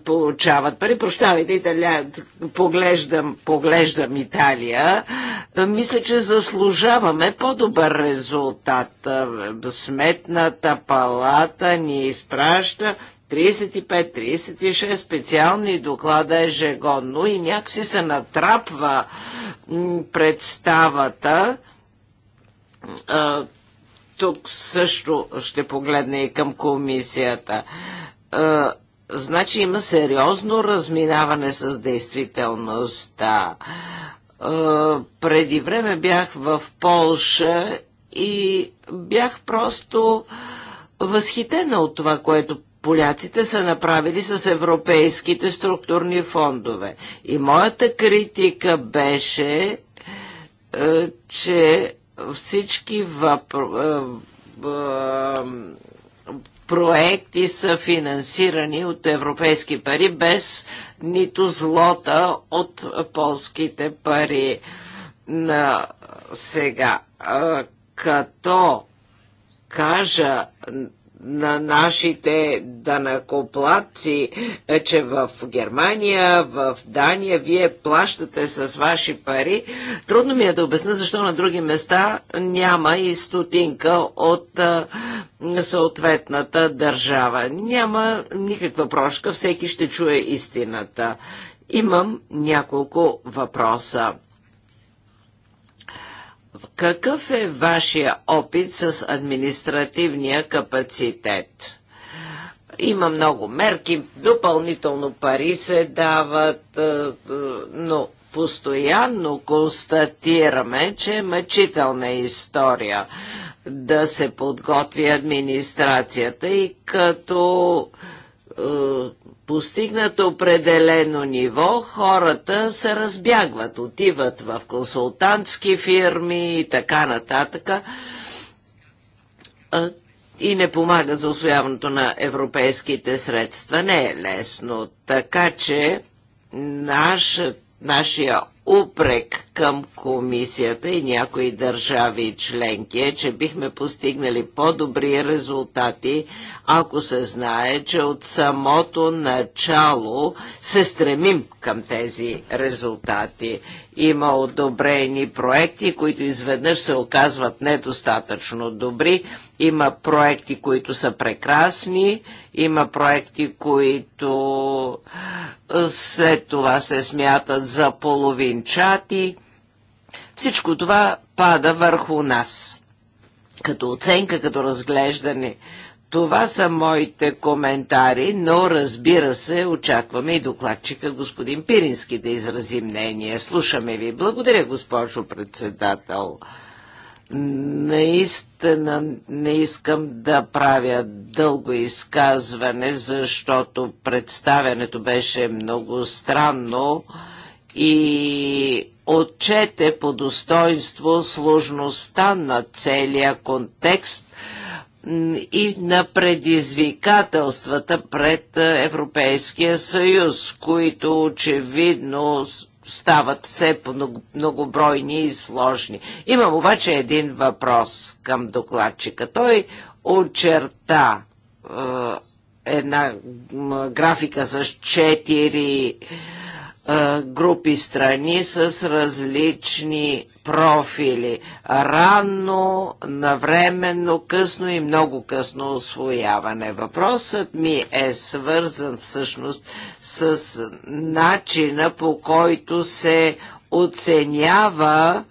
получават пари. Прощавайте, Италия, поглеждам, поглеждам Италия. Мисля, че заслужаваме по-добър резултат. Сметната палата ни изпраща 35-36 специални доклада ежегодно и някакси се натрапва представата. Тук също ще погледна и към комисията. Значи има сериозно разминаване с действителността. Преди време бях в Полша и бях просто възхитена от това, което поляците са направили с европейските структурни фондове. И моята критика беше, е, че всички въпро... Е, е, проекти са финансирани от европейски пари без нито злота от полските пари на сега. Като кажа на нашите данакоплатци, е, че в Германия, в Дания вие плащате с ваши пари. Трудно ми е да обясня защо на други места няма и стотинка от е, съответната държава. Няма никаква прошка, всеки ще чуе истината. Имам няколко въпроса. Какъв е вашия опит с административния капацитет? Има много мерки, допълнително пари се дават, е, е, но постоянно констатираме, че е мъчителна история да се подготви администрацията и като е, постигнат определено ниво, хората се разбягват, отиват в консултантски фирми и така нататък и не помагат за освояването на европейските средства. Не е лесно. Така че нашия упрек към комисията и някои държави членки е, че бихме постигнали по-добри резултати, ако се знае, че от самото начало се стремим към тези резултати. Има одобрени проекти, които изведнъж се оказват недостатъчно добри. Има проекти, които са прекрасни. Има проекти, които след това се смятат за половина клинчати. Всичко това пада върху нас. Като оценка, като разглеждане. Това са моите коментари, но разбира се, очакваме и докладчика господин Пирински да изрази мнение. Слушаме ви. Благодаря, госпожо председател. Наистина не искам да правя дълго изказване, защото представянето беше много странно и отчете по достоинство сложността на целия контекст и на предизвикателствата пред Европейския съюз, които очевидно стават все многобройни и сложни. Имам обаче един въпрос към докладчика. Той очерта е, една графика с четири 4 групи страни с различни профили. Ранно, навременно, късно и много късно освояване. Въпросът ми е свързан всъщност с начина по който се оценява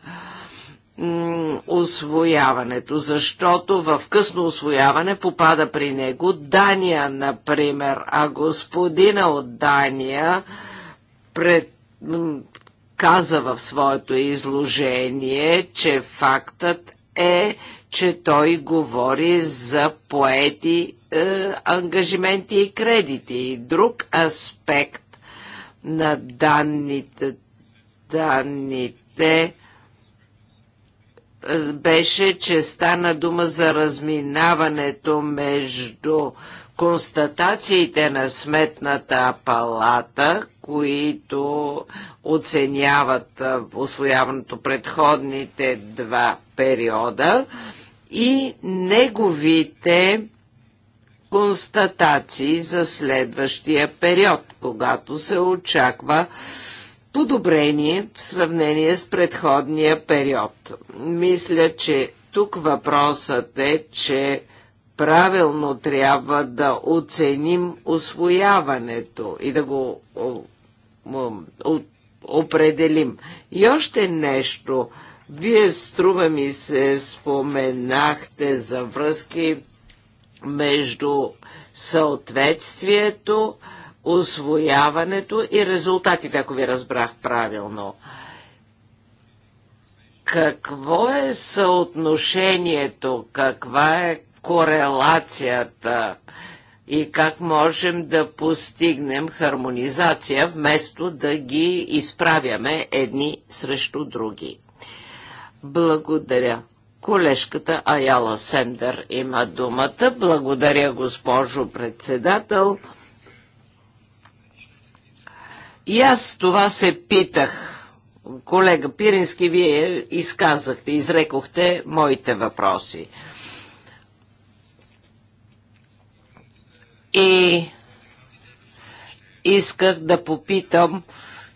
освояването, защото в късно освояване попада при него Дания, например, а господина от Дания пред каза в своето изложение, че фактът е, че той говори за поети е, ангажименти и кредити. И Друг аспект на данните, данните е, беше, че стана дума за разминаването между констатациите на сметната палата, които оценяват освояването предходните два периода и неговите констатации за следващия период, когато се очаква подобрение в сравнение с предходния период. Мисля, че тук въпросът е, че правилно трябва да оценим освояването и да го определим. И още нещо. Вие струва ми се споменахте за връзки между съответствието, освояването и резултатите, ако ви разбрах правилно. Какво е съотношението, каква е корелацията и как можем да постигнем хармонизация, вместо да ги изправяме едни срещу други. Благодаря. Колежката Аяла Сендер има думата. Благодаря, госпожо председател. И аз това се питах. Колега Пирински, вие изказахте, изрекохте моите въпроси. И исках да попитам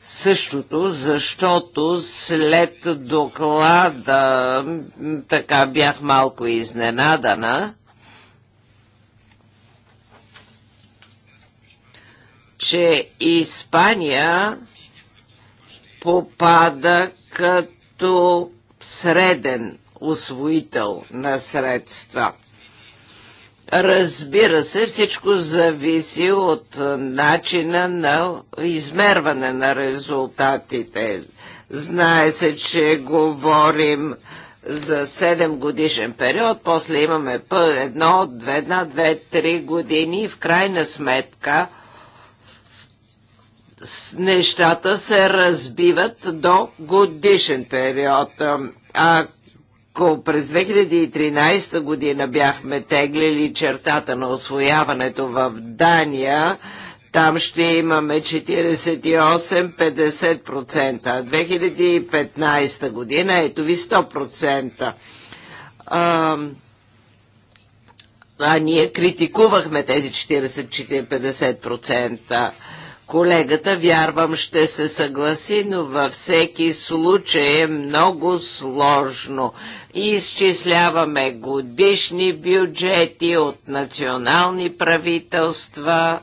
същото, защото след доклада така бях малко изненадана, че Испания попада като среден освоител на средства – Разбира се, всичко зависи от начина на измерване на резултатите. Знае се, че говорим за 7 годишен период, после имаме 1, 2, една, 3 години и в крайна сметка нещата се разбиват до годишен период. А ако през 2013 година бяхме теглили чертата на освояването в Дания, там ще имаме 48-50%. 2015 година, ето ви 100%. А, а ние критикувахме тези 40-50%. Колегата, вярвам, ще се съгласи, но във всеки случай е много сложно. Изчисляваме годишни бюджети от национални правителства.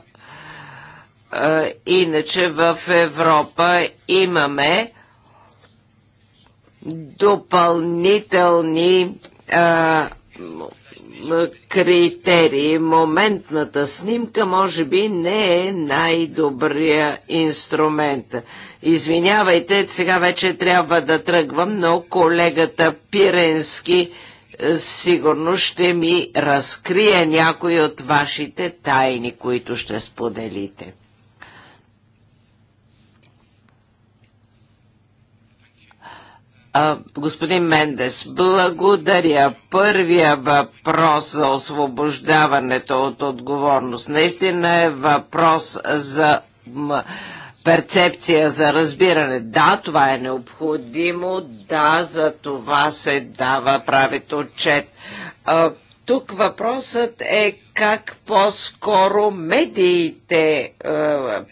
Иначе в Европа имаме допълнителни а, критерии. Моментната снимка може би не е най-добрия инструмент. Извинявайте, сега вече трябва да тръгвам, но колегата Пиренски е, сигурно ще ми разкрие някои от вашите тайни, които ще споделите. А, господин Мендес, благодаря. Първия въпрос за освобождаването от отговорност наистина е въпрос за перцепция, за разбиране. Да, това е необходимо, да, за това се дава правит отчет. А, тук въпросът е как по-скоро медиите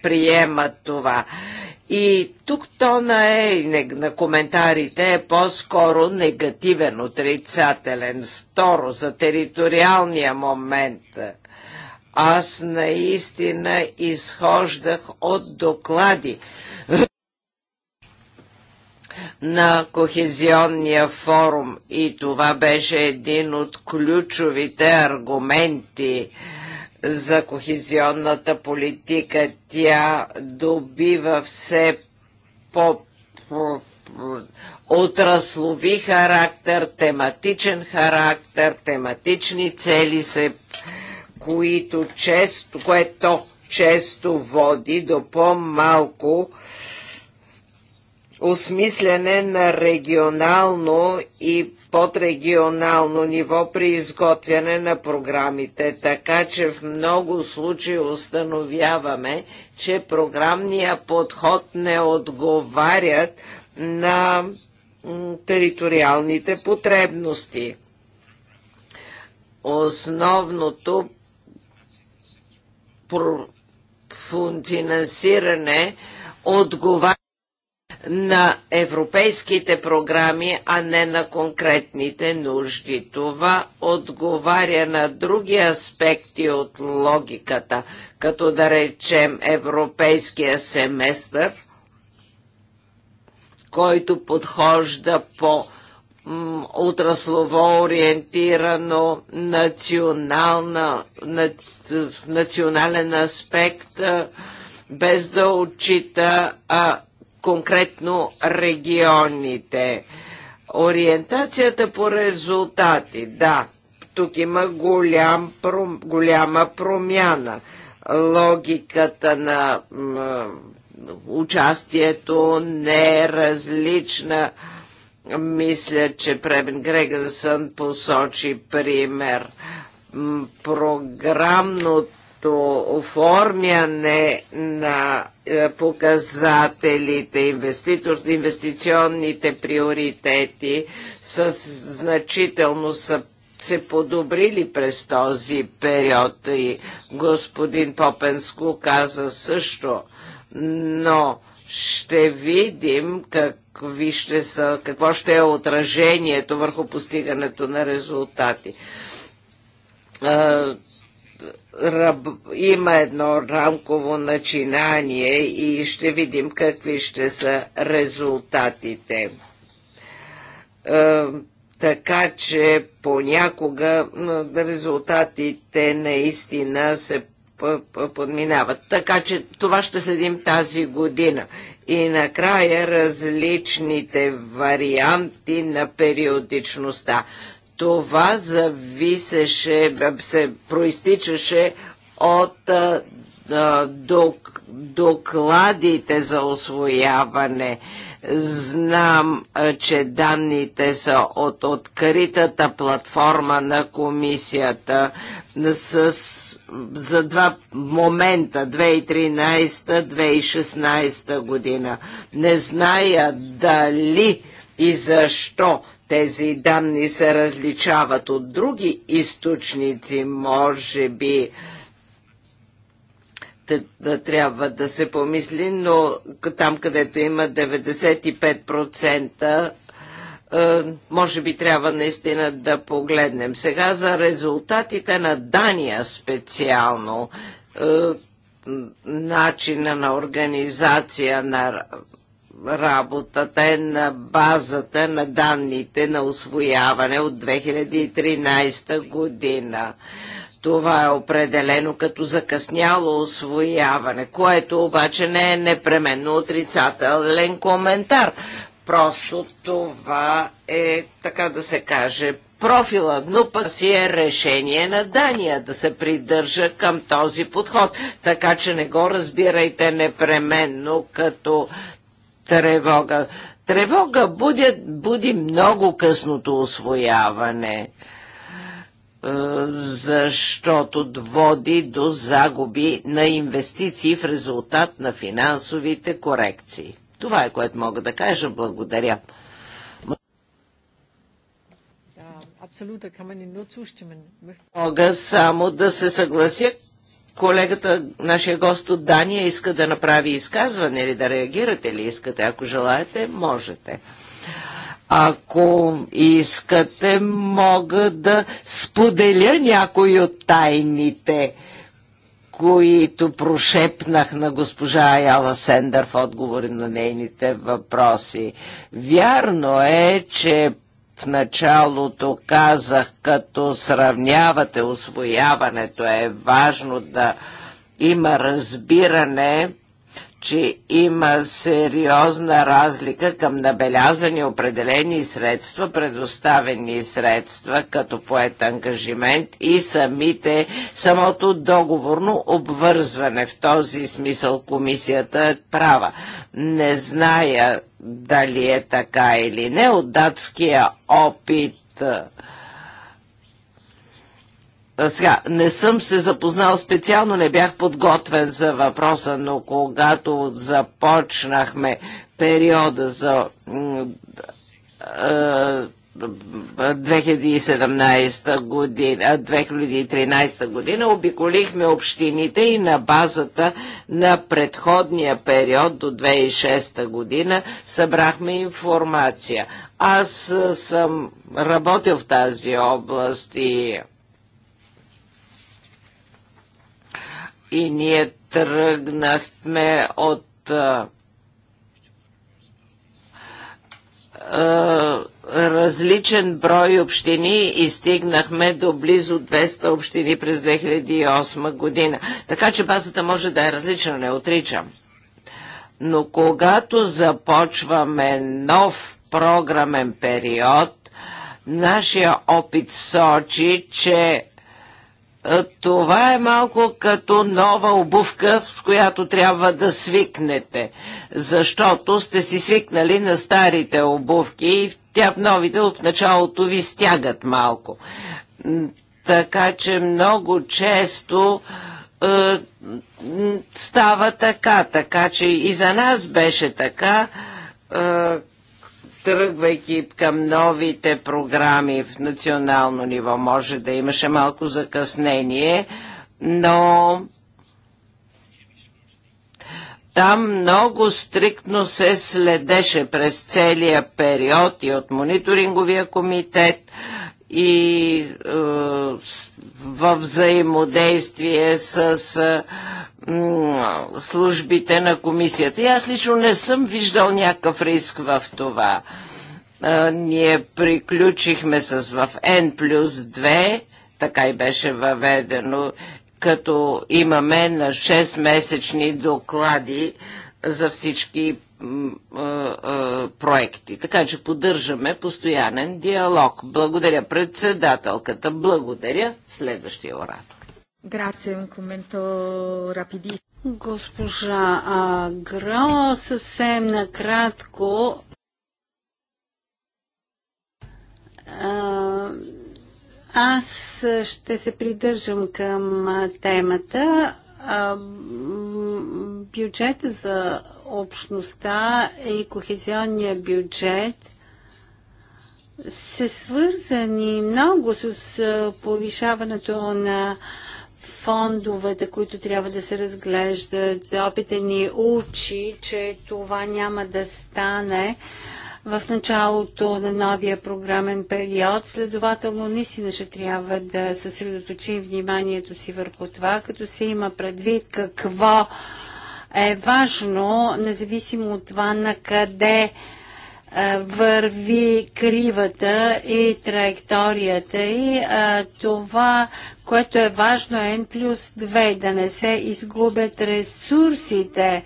приемат това и тук тона е на коментарите е по-скоро негативен, отрицателен. Второ, за териториалния момент. Аз наистина изхождах от доклади на Кохезионния форум и това беше един от ключовите аргументи за кохезионната политика. Тя добива все по отраслови характер, тематичен характер, тематични цели се, които често, което често води до по-малко осмислене на регионално и подрегионално ниво при изготвяне на програмите, така че в много случаи установяваме, че програмния подход не отговарят на териториалните потребности. Основното финансиране отговаря на европейските програми, а не на конкретните нужди. Това отговаря на други аспекти от логиката, като да речем европейския семестър, който подхожда по отраслово ориентирано национална, национален аспект, без да отчита а, конкретно регионите. Ориентацията по резултати, да, тук има голям, голяма промяна. Логиката на участието не е различна. Мисля, че Пребен Грегенсън посочи пример. Програмното като оформяне на е, показателите, инвеститор, инвестиционните приоритети с значително са се подобрили през този период и господин Попенско каза също, но ще видим какви ще са, какво ще е отражението върху постигането на резултати е, раб, има едно рамково начинание и ще видим какви ще са резултатите. Е, така че понякога резултатите наистина се подминават. Така че това ще следим тази година. И накрая различните варианти на периодичността това зависеше, се проистичаше от а, док, докладите за освояване. Знам, че данните са от откритата платформа на комисията с, за два момента, 2013-2016 година. Не зная дали и защо тези данни се различават от други източници, може би трябва да се помисли, но там, където има 95%, е, може би трябва наистина да погледнем. Сега за резултатите на Дания специално е, начина на организация на работата е на базата на данните на освояване от 2013 година. Това е определено като закъсняло освояване, което обаче не е непременно отрицателен коментар. Просто това е, така да се каже, профила, но пък си е решение на Дания да се придържа към този подход, така че не го разбирайте непременно като тревога. Тревога буди, буди много късното освояване е, защото води до загуби на инвестиции в резултат на финансовите корекции. Това е което мога да кажа. Благодаря. Мога само да се съглася колегата, нашия гост от Дания, иска да направи изказване или да реагирате ли искате. Ако желаете, можете. Ако искате, мога да споделя някои от тайните, които прошепнах на госпожа Аяла Сендър в отговори на нейните въпроси. Вярно е, че в началото казах, като сравнявате освояването, е важно да има разбиране че има сериозна разлика към набелязани определени средства, предоставени средства, като поет ангажимент и самите, самото договорно обвързване. В този смисъл комисията е права. Не зная дали е така или не от датския опит сега, не съм се запознал специално, не бях подготвен за въпроса, но когато започнахме периода за 2017 година, 2013 година обиколихме общините и на базата на предходния период до 2006 година събрахме информация. Аз съм работил в тази област и и ние тръгнахме от а, а, различен брой общини и стигнахме до близо 200 общини през 2008 година. Така че базата може да е различна, не отричам. Но когато започваме нов програмен период, нашия опит сочи, че е, това е малко като нова обувка, с която трябва да свикнете, защото сте си свикнали на старите обувки и тя в новите в началото ви стягат малко. Така че много често е, става така, така че и за нас беше така, е, тръгвайки към новите програми в национално ниво. Може да имаше малко закъснение, но там много стриктно се следеше през целия период и от мониторинговия комитет и е, във взаимодействие с е, службите на комисията. И аз лично не съм виждал някакъв риск в това. А, ние приключихме с в N плюс 2, така и беше въведено, като имаме на 6-месечни доклади за всички проекти. Така че поддържаме постоянен диалог. Благодаря председателката, благодаря следващия оратор un commento rapidissimo. Госпожа Гро, съвсем накратко. Аз ще се придържам към темата. Бюджета за общността и кохезионния бюджет се свързани много с повишаването на фондовете, които трябва да се разглеждат. Опита ни учи, че това няма да стане в началото на новия програмен период. Следователно, наистина ще трябва да съсредоточим вниманието си върху това, като се има предвид какво е важно, независимо от това на къде върви кривата и траекторията и а, това, което е важно е N плюс 2, да не се изгубят ресурсите,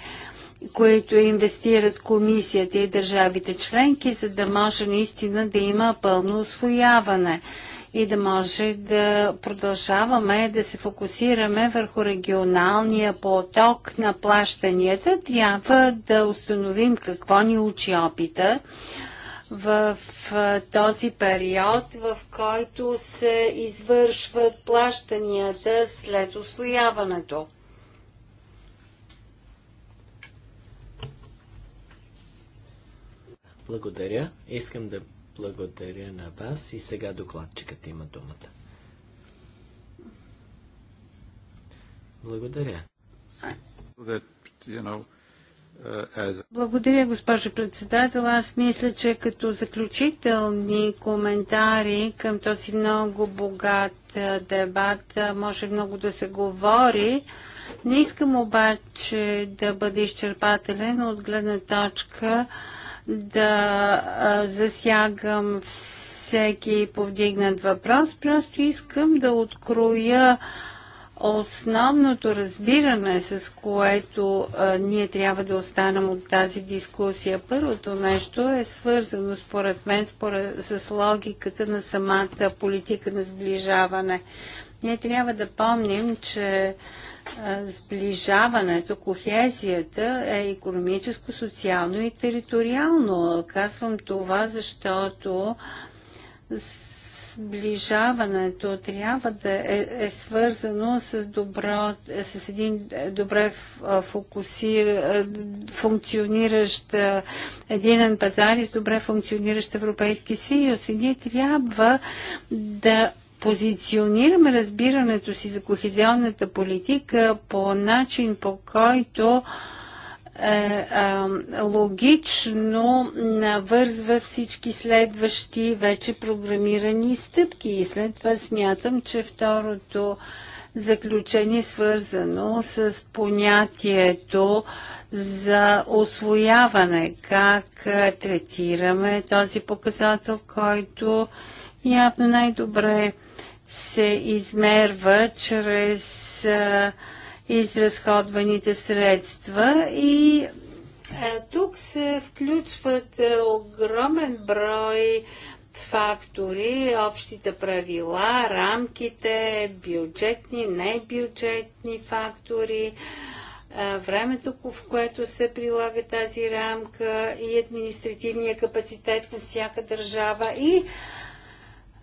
които инвестират комисията и държавите членки, за да може наистина да има пълно освояване и да може да продължаваме да се фокусираме върху регионалния поток на плащанията. Трябва да установим какво ни учи опита в този период, в който се извършват плащанията след освояването. Благодаря. Искам да благодаря на вас и сега докладчикът има думата. Благодаря. Благодаря, госпожо председател. Аз мисля, че като заключителни коментари към този много богат дебат може много да се говори. Не искам обаче да бъде изчерпателен от гледна точка да засягам всеки повдигнат въпрос, просто искам да откроя основното разбиране, с което а, ние трябва да останем от тази дискусия. Първото нещо е свързано, според мен, според, с логиката на самата политика на сближаване. Ние трябва да помним, че сближаването, кохезията е економическо, социално и териториално. Казвам това, защото сближаването трябва да е, е свързано с добро, с един добре фокусир, функциониращ единен пазар и с добре функциониращ Европейски съюз. И ние трябва да позиционираме разбирането си за кохезионната политика по начин, по който е, е, логично навързва всички следващи вече програмирани стъпки. И след това смятам, че второто заключение, свързано с понятието за освояване, как е, третираме този показател, който явно най-добре се измерва чрез изразходваните средства и тук се включват огромен брой фактори, общите правила, рамките, бюджетни, небюджетни фактори, времето, в което се прилага тази рамка и административния капацитет на всяка държава и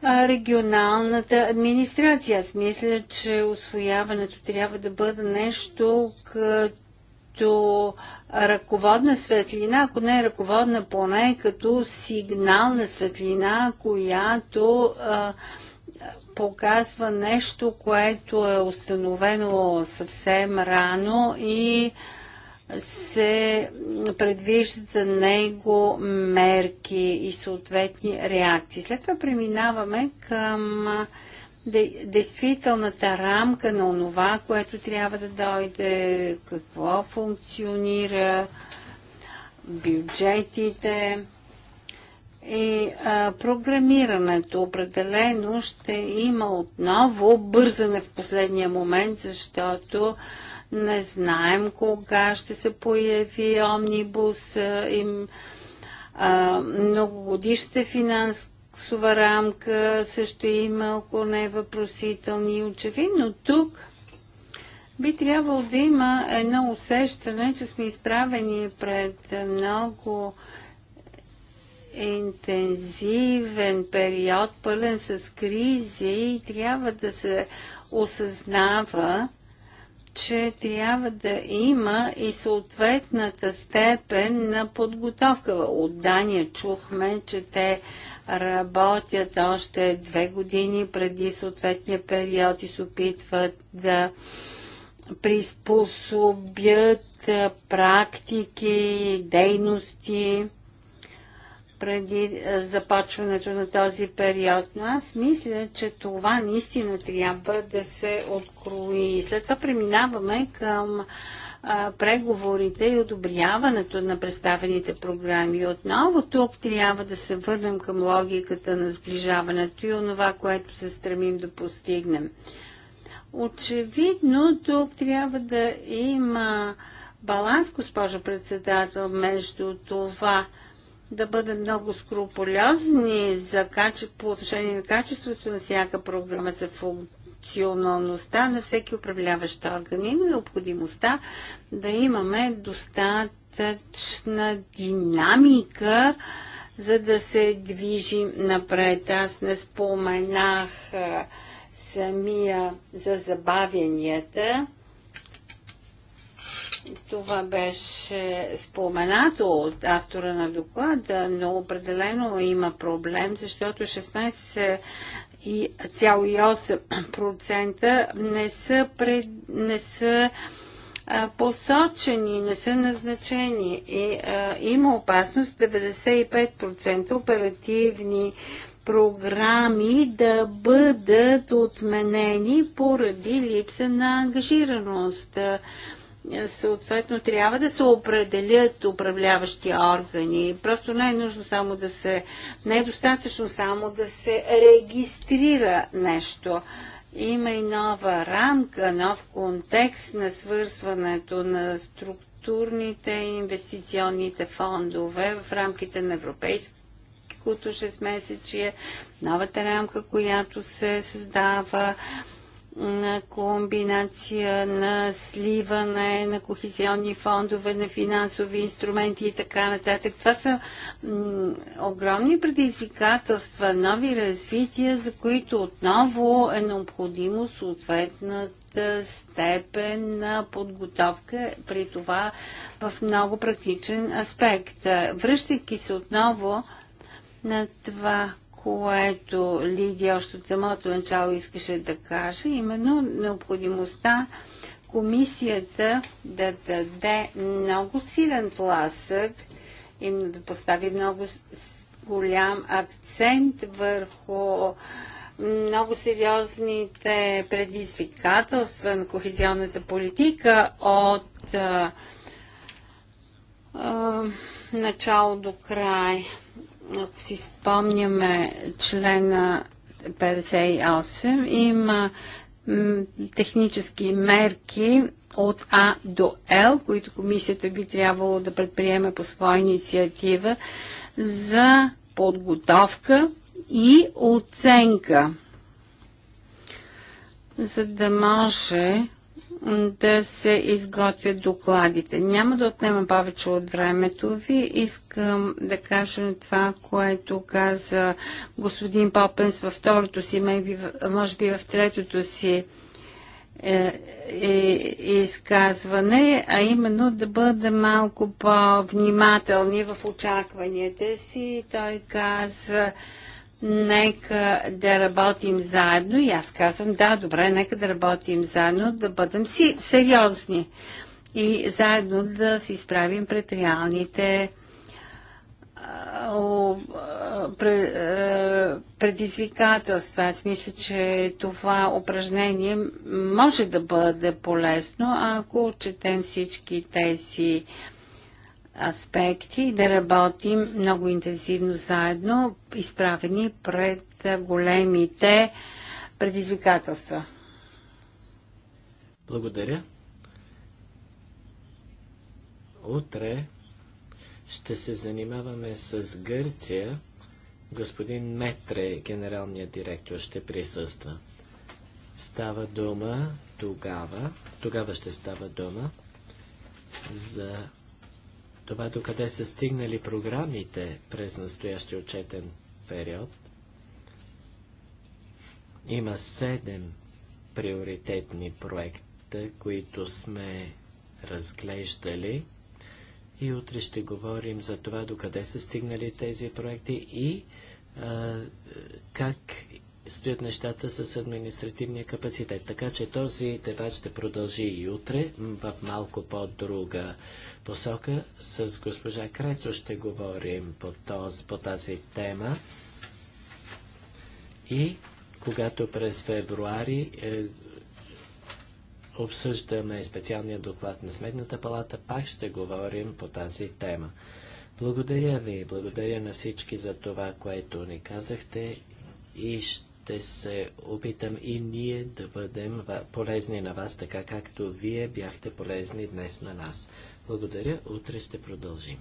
регионалната администрация. Аз мисля, че освояването трябва да бъде нещо като ръководна светлина, ако не е ръководна, поне като сигнална светлина, която а, показва нещо, което е установено съвсем рано и а, се предвиждат за него мерки и съответни реакции. След това преминаваме към действителната рамка на онова, което трябва да дойде, какво функционира, бюджетите и а, програмирането определено ще има отново бързане в последния момент, защото а, не знаем кога ще се появи омнибус. Им, а, многогодишната финансова рамка също има около нея въпросителни. Очевидно тук би трябвало да има едно усещане, че сме изправени пред много интензивен период, пълен с кризи и трябва да се осъзнава че трябва да има и съответната степен на подготовка. От Дания чухме, че те работят още две години преди съответния период и се опитват да приспособят практики, дейности преди е, започването на този период. Но аз мисля, че това наистина трябва да се открои. След това преминаваме към е, преговорите и одобряването на представените програми. Отново тук трябва да се върнем към логиката на сближаването и онова, което се стремим да постигнем. Очевидно тук трябва да има баланс, госпожо председател, между това, да бъдем много скрупулезни за каче... по отношение на качеството на всяка програма за функционалността на всеки управляващ орган и необходимостта да имаме достатъчна динамика за да се движим напред. Аз не споменах самия за забавянията. Това беше споменато от автора на доклада, но определено има проблем, защото 16,8% не са, пред, не са а, посочени, не са назначени. И, а, има опасност 95% оперативни програми да бъдат отменени поради липса на ангажираност съответно трябва да се определят управляващи органи. Просто не е нужно само да се, не е достатъчно само да се регистрира нещо. Има и нова рамка, нов контекст на свързването на структурните и инвестиционните фондове в рамките на европейското 6 месечие, новата рамка, която се създава на комбинация на сливане на кохезионни фондове, на финансови инструменти и така нататък. Това са огромни предизвикателства, нови развития, за които отново е необходимо съответната степен на подготовка, при това в много практичен аспект. Връщайки се отново на това, което Лидия още от самото начало искаше да каже, именно необходимостта комисията да даде много силен тласък и да постави много голям акцент върху много сериозните предизвикателства на кохезионната политика от а, а, начало до край ако си спомняме члена 58, има технически мерки от А до Л, които комисията би трябвало да предприеме по своя инициатива за подготовка и оценка, за да може да се изготвят докладите. Няма да отнема повече от времето ви. Искам да кажа това, което каза господин Попенс във второто си, може би в третото си е, е, изказване, а именно да бъде малко по-внимателни в очакванията си. Той каза, нека да работим заедно. И аз казвам, да, добре, нека да работим заедно, да бъдем си сериозни и заедно да се изправим пред реалните предизвикателства. Аз мисля, че това упражнение може да бъде полезно, ако четем всички тези аспекти да работим много интенсивно заедно, изправени пред големите предизвикателства. Благодаря. Утре ще се занимаваме с Гърция. Господин Метре, генералният директор, ще присъства. Става дума тогава, тогава ще става дума за това докъде са стигнали програмите през настоящия отчетен период. Има седем приоритетни проекта, които сме разглеждали и утре ще говорим за това докъде са стигнали тези проекти и а, как стоят нещата с административния капацитет. Така че този дебат ще продължи и утре в малко по-друга посока. С госпожа Крецо ще говорим по, този, по тази тема. И когато през февруари е, обсъждаме специалния доклад на Сметната палата, пак ще говорим по тази тема. Благодаря ви, благодаря на всички за това, което ни казахте и ще ще се опитам и ние да бъдем полезни на вас, така както вие бяхте полезни днес на нас. Благодаря, утре ще продължим.